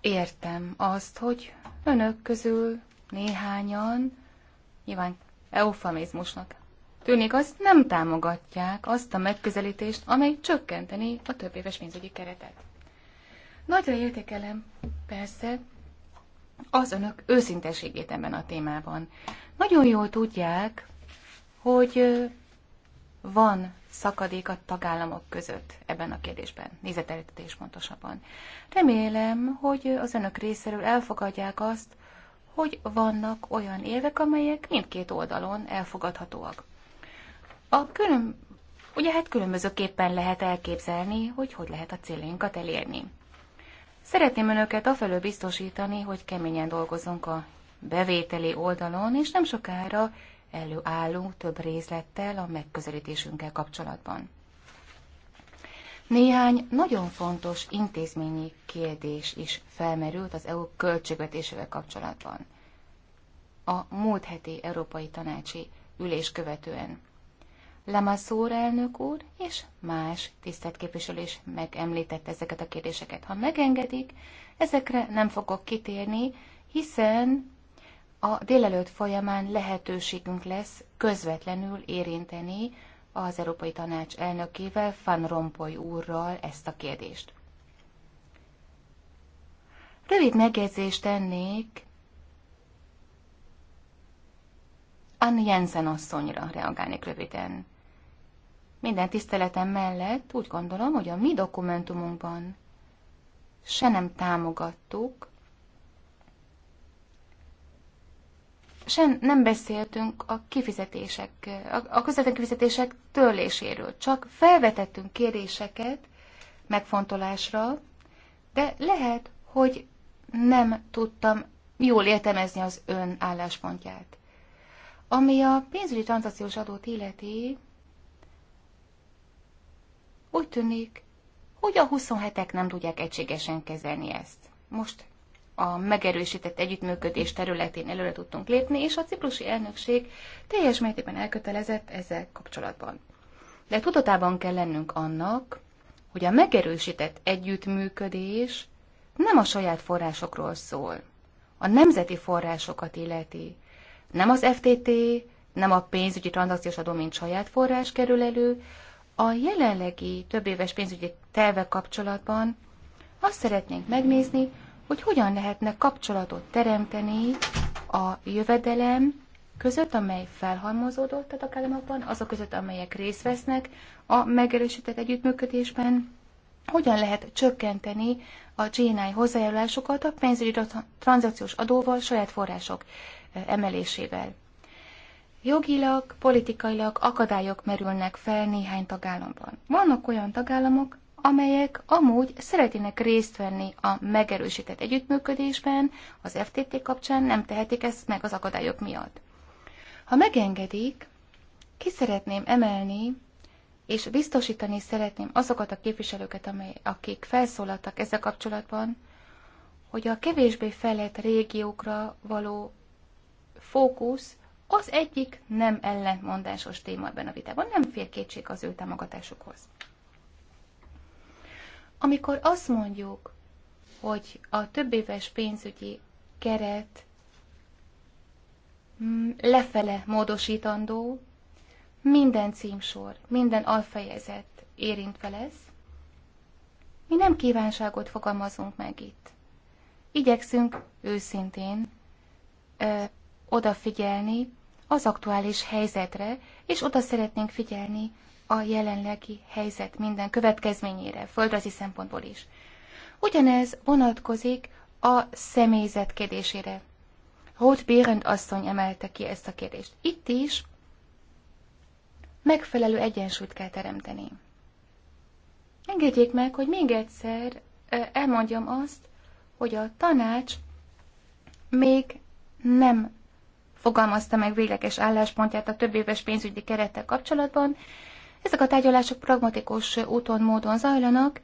Értem azt, hogy önök közül néhányan, nyilván eufemizmusnak tűnik, azt nem támogatják azt a megközelítést, amely csökkenteni a több éves pénzügyi keretet. Nagyra értékelem, persze, az önök őszinteségét ebben a témában. Nagyon jól tudják, hogy van szakadék a tagállamok között ebben a kérdésben, nézetelítés pontosabban. Remélem, hogy az önök részéről elfogadják azt, hogy vannak olyan érvek, amelyek mindkét oldalon elfogadhatóak. A külön, ugye hát különbözőképpen lehet elképzelni, hogy hogy lehet a céljainkat elérni. Szeretném önöket afelől biztosítani, hogy keményen dolgozunk a bevételi oldalon, és nem sokára előállunk több részlettel a megközelítésünkkel kapcsolatban. Néhány nagyon fontos intézményi kérdés is felmerült az EU költségvetésével kapcsolatban. A múlt heti Európai Tanácsi ülés követően Lamaszúr elnök úr és más tisztelt képviselő is megemlítette ezeket a kérdéseket. Ha megengedik, ezekre nem fogok kitérni, hiszen a délelőtt folyamán lehetőségünk lesz közvetlenül érinteni az Európai Tanács elnökével, Van Rompuy úrral ezt a kérdést. Rövid megjegyzést tennék Ann Jensen asszonyra reagálnék röviden. Minden tiszteletem mellett úgy gondolom, hogy a mi dokumentumunkban se nem támogattuk, se nem beszéltünk a kifizetések, a közvetlen kifizetések törléséről, csak felvetettünk kérdéseket megfontolásra, de lehet, hogy nem tudtam jól értelmezni az ön álláspontját. Ami a pénzügyi tranzakciós adót illeti, úgy tűnik, hogy a 27-ek nem tudják egységesen kezelni ezt. Most a megerősített együttműködés területén előre tudtunk lépni, és a ciprusi elnökség teljes mértékben elkötelezett ezzel kapcsolatban. De tudatában kell lennünk annak, hogy a megerősített együttműködés nem a saját forrásokról szól, a nemzeti forrásokat illeti. Nem az FTT, nem a pénzügyi tranzakciós adó, mint saját forrás kerül elő, a jelenlegi többéves pénzügyi terve kapcsolatban azt szeretnénk megnézni, hogy hogyan lehetne kapcsolatot teremteni a jövedelem között, amely felhalmozódott a tagállamokban, azok között, amelyek részt vesznek a megerősített együttműködésben, hogyan lehet csökkenteni a GNI hozzájárulásokat a pénzügyi tranzakciós adóval, saját források emelésével. Jogilag, politikailag akadályok merülnek fel néhány tagállamban. Vannak olyan tagállamok, amelyek amúgy szeretnének részt venni a megerősített együttműködésben, az FTT kapcsán nem tehetik ezt meg az akadályok miatt. Ha megengedik, ki szeretném emelni, és biztosítani szeretném azokat a képviselőket, amely, akik felszólaltak ezzel kapcsolatban, hogy a kevésbé fejlett régiókra való fókusz az egyik nem ellentmondásos téma ebben a vitában, nem fér kétség az ő támogatásukhoz. Amikor azt mondjuk, hogy a éves pénzügyi keret mm, lefele módosítandó, minden címsor, minden alfejezet érintve lesz. Mi nem kívánságot fogalmazunk meg itt. Igyekszünk őszintén ö, odafigyelni az aktuális helyzetre, és oda szeretnénk figyelni a jelenlegi helyzet minden következményére, földrajzi szempontból is. Ugyanez vonatkozik a személyzet kérdésére. Ruth Bérend asszony emelte ki ezt a kérdést. Itt is megfelelő egyensúlyt kell teremteni. Engedjék meg, hogy még egyszer elmondjam azt, hogy a tanács még nem fogalmazta meg végleges álláspontját a több éves pénzügyi kerettel kapcsolatban. Ezek a tárgyalások pragmatikus úton, módon zajlanak,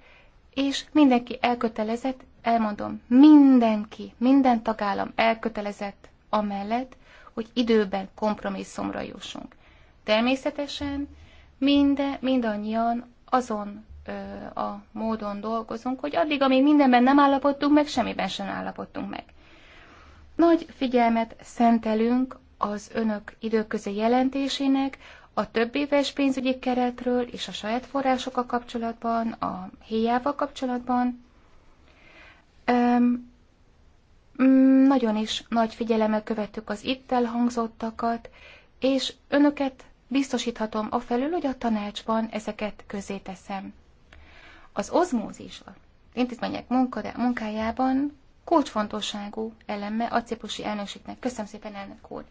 és mindenki elkötelezett, elmondom, mindenki, minden tagállam elkötelezett amellett, hogy időben kompromisszumra jussunk. Természetesen minde, mindannyian azon ö, a módon dolgozunk, hogy addig, amíg mindenben nem állapodtunk meg, semmiben sem állapodtunk meg. Nagy figyelmet szentelünk az önök időközi jelentésének, a több éves pénzügyi keretről és a saját forrásokkal kapcsolatban, a héjával kapcsolatban. Öm, nagyon is nagy figyelemmel követtük az itt elhangzottakat, és önöket biztosíthatom felül, hogy a tanácsban ezeket közé teszem. Az ozmózis intézmények munkájában kulcsfontosságú eleme a ciprusi elnökségnek. Köszönöm szépen, elnök úr!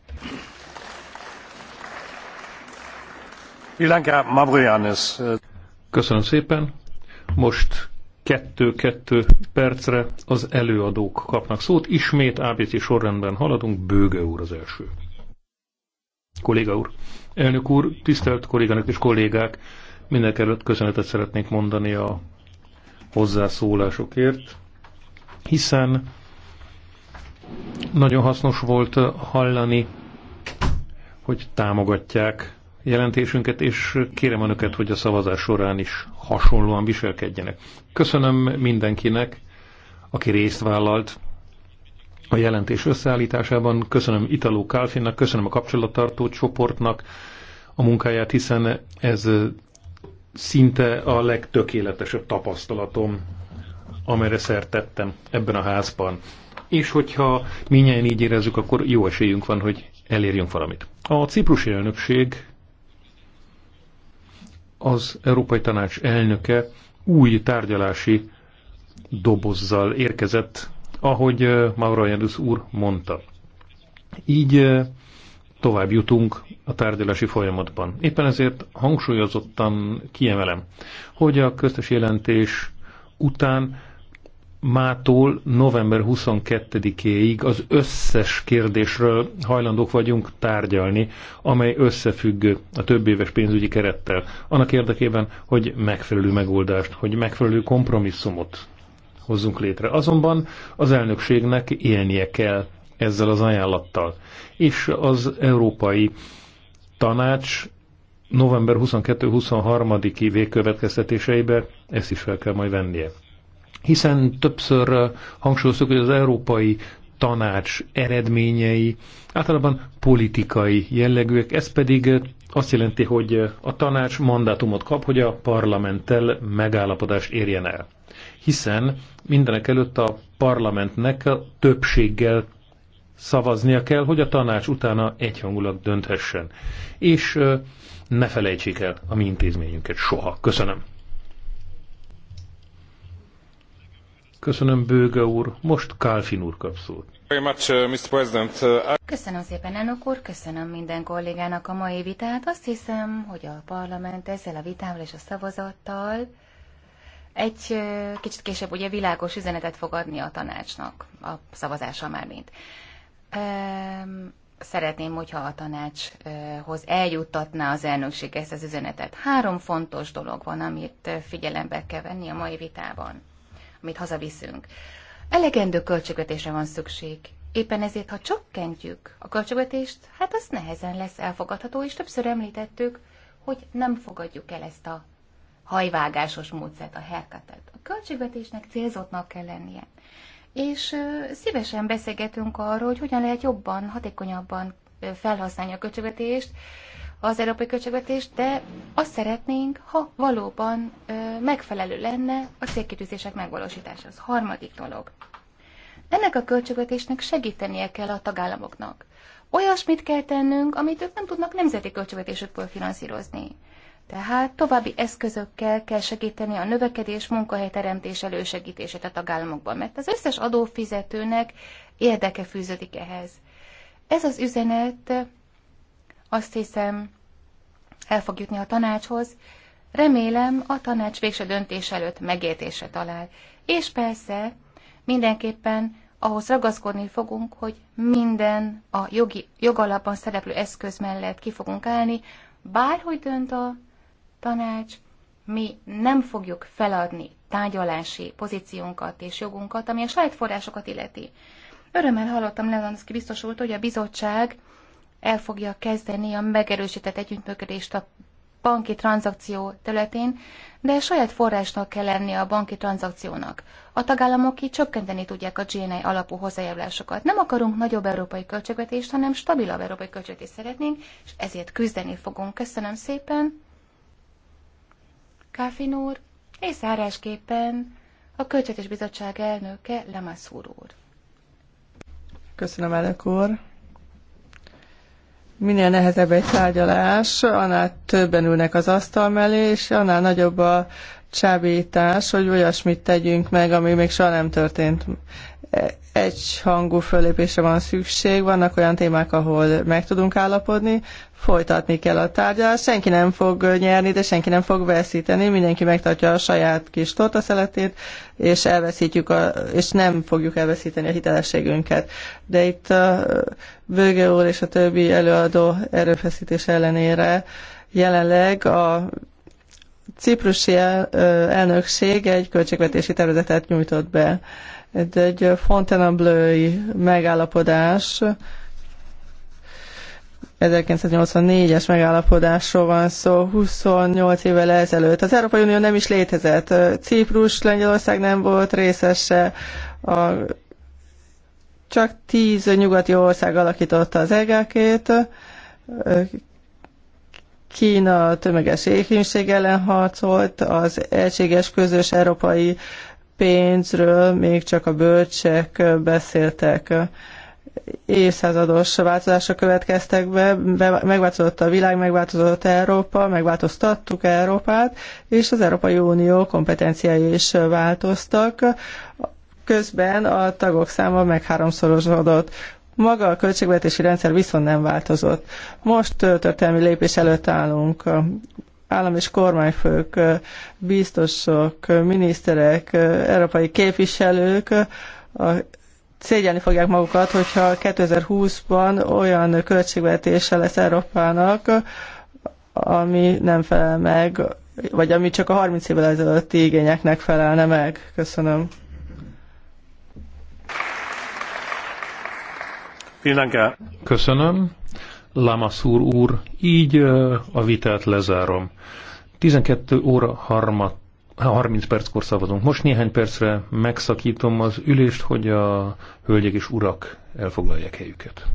Köszönöm szépen. Most kettő-kettő percre az előadók kapnak szót. Ismét ABC sorrendben haladunk. Bőge úr az első. Kolléga úr, elnök úr, tisztelt kolléganök és kollégák, mindenek előtt köszönetet szeretnék mondani a hozzászólásokért hiszen nagyon hasznos volt hallani, hogy támogatják jelentésünket, és kérem önöket, hogy a szavazás során is hasonlóan viselkedjenek. Köszönöm mindenkinek, aki részt vállalt a jelentés összeállításában, köszönöm Italo Kálfinnak, köszönöm a kapcsolattartó csoportnak a munkáját, hiszen ez szinte a legtökéletesebb tapasztalatom amelyre tettem ebben a házban. És hogyha minnyáján így érezzük, akkor jó esélyünk van, hogy elérjünk valamit. A ciprusi elnökség az Európai Tanács elnöke új tárgyalási dobozzal érkezett, ahogy Mauro Jandus úr mondta. Így tovább jutunk a tárgyalási folyamatban. Éppen ezért hangsúlyozottan kiemelem, hogy a köztes jelentés után mától november 22-éig az összes kérdésről hajlandók vagyunk tárgyalni, amely összefügg a több éves pénzügyi kerettel. Annak érdekében, hogy megfelelő megoldást, hogy megfelelő kompromisszumot hozzunk létre. Azonban az elnökségnek élnie kell ezzel az ajánlattal. És az Európai Tanács november 22-23-i végkövetkeztetéseibe ezt is fel kell majd vennie hiszen többször hangsúlyoztuk, hogy az európai tanács eredményei általában politikai jellegűek, ez pedig azt jelenti, hogy a tanács mandátumot kap, hogy a parlamenttel megállapodást érjen el. Hiszen mindenek előtt a parlamentnek a többséggel szavaznia kell, hogy a tanács utána egyhangulag dönthessen. És ne felejtsék el a mi intézményünket soha. Köszönöm. Köszönöm, Bőge úr. Most Kálfin úr kap szót. Uh, uh, köszönöm szépen, elnök úr, köszönöm minden kollégának a mai vitát. Azt hiszem, hogy a parlament ezzel a vitával és a szavazattal egy kicsit később ugye világos üzenetet fog adni a tanácsnak, a szavazása már mint. Szeretném, hogyha a tanácshoz eljuttatná az elnökség ezt az üzenetet. Három fontos dolog van, amit figyelembe kell venni a mai vitában amit hazaviszünk. Elegendő költségvetésre van szükség. Éppen ezért, ha csökkentjük a költségvetést, hát az nehezen lesz elfogadható, és többször említettük, hogy nem fogadjuk el ezt a hajvágásos módszert, a herkatet. A költségvetésnek célzottnak kell lennie. És szívesen beszélgetünk arról, hogy hogyan lehet jobban, hatékonyabban felhasználni a költségvetést, az európai költségvetést, de azt szeretnénk, ha valóban megfelelő lenne a célkitűzések megvalósítása. Az harmadik dolog. Ennek a költségvetésnek segítenie kell a tagállamoknak. Olyasmit kell tennünk, amit ők nem tudnak nemzeti költségvetésükből finanszírozni. Tehát további eszközökkel kell segíteni a növekedés munkahelyteremtés elősegítését a tagállamokban, mert az összes adófizetőnek érdeke fűződik ehhez. Ez az üzenet azt hiszem, el fog jutni a tanácshoz. Remélem, a tanács végső döntés előtt megértésre talál. És persze, mindenképpen ahhoz ragaszkodni fogunk, hogy minden a jogi, jogalapban szereplő eszköz mellett ki fogunk állni, bárhogy dönt a tanács, mi nem fogjuk feladni tárgyalási pozíciónkat és jogunkat, ami a saját forrásokat illeti. Örömmel hallottam Lewandowski biztos úrt, hogy a bizottság el fogja kezdeni a megerősített együttműködést a banki tranzakció területén, de saját forrásnak kell lenni a banki tranzakciónak. A tagállamok így csökkenteni tudják a GNI alapú hozzájárulásokat. Nem akarunk nagyobb európai költségvetést, hanem stabilabb európai költségvetést szeretnénk, és ezért küzdeni fogunk. Köszönöm szépen! Káfin úr, és szárásképpen a Költségvetés Bizottság elnöke Lemasz úr. Köszönöm, elnök úr! minél nehezebb egy tárgyalás, annál többen ülnek az asztal mellé, és annál nagyobb a csábítás, hogy olyasmit tegyünk meg, ami még soha nem történt egyhangú fölépésre van szükség, vannak olyan témák, ahol meg tudunk állapodni, folytatni kell a tárgyalást, senki nem fog nyerni, de senki nem fog veszíteni, mindenki megtartja a saját kis szeletét, és elveszítjük a, és nem fogjuk elveszíteni a hitelességünket. De itt a Bőge úr és a többi előadó erőfeszítés ellenére jelenleg a ciprusi elnökség egy költségvetési tervezetet nyújtott be ez egy Fontainebleau-i megállapodás, 1984-es megállapodásról van szó, 28 évvel ezelőtt. Az Európai Unió nem is létezett. Ciprus, Lengyelország nem volt részese. A, csak 10 nyugati ország alakította az EGK-t. Kína tömeges éhínség ellen harcolt, az egységes közös európai pénzről még csak a bölcsek beszéltek. Évszázados változása következtek be, megváltozott a világ, megváltozott Európa, megváltoztattuk Európát, és az Európai Unió kompetenciái is változtak. Közben a tagok száma megháromszorosodott. Maga a költségvetési rendszer viszont nem változott. Most történelmi lépés előtt állunk állam és kormányfők, biztosok, miniszterek, európai képviselők a szégyelni fogják magukat, hogyha 2020-ban olyan költségvetése lesz Európának, ami nem felel meg, vagy ami csak a 30 évvel ezelőtti igényeknek felelne meg. Köszönöm. Köszönöm. Lamaszúr úr, így a vitát lezárom. 12 óra 30 perckor szavazunk. Most néhány percre megszakítom az ülést, hogy a hölgyek és urak elfoglalják helyüket.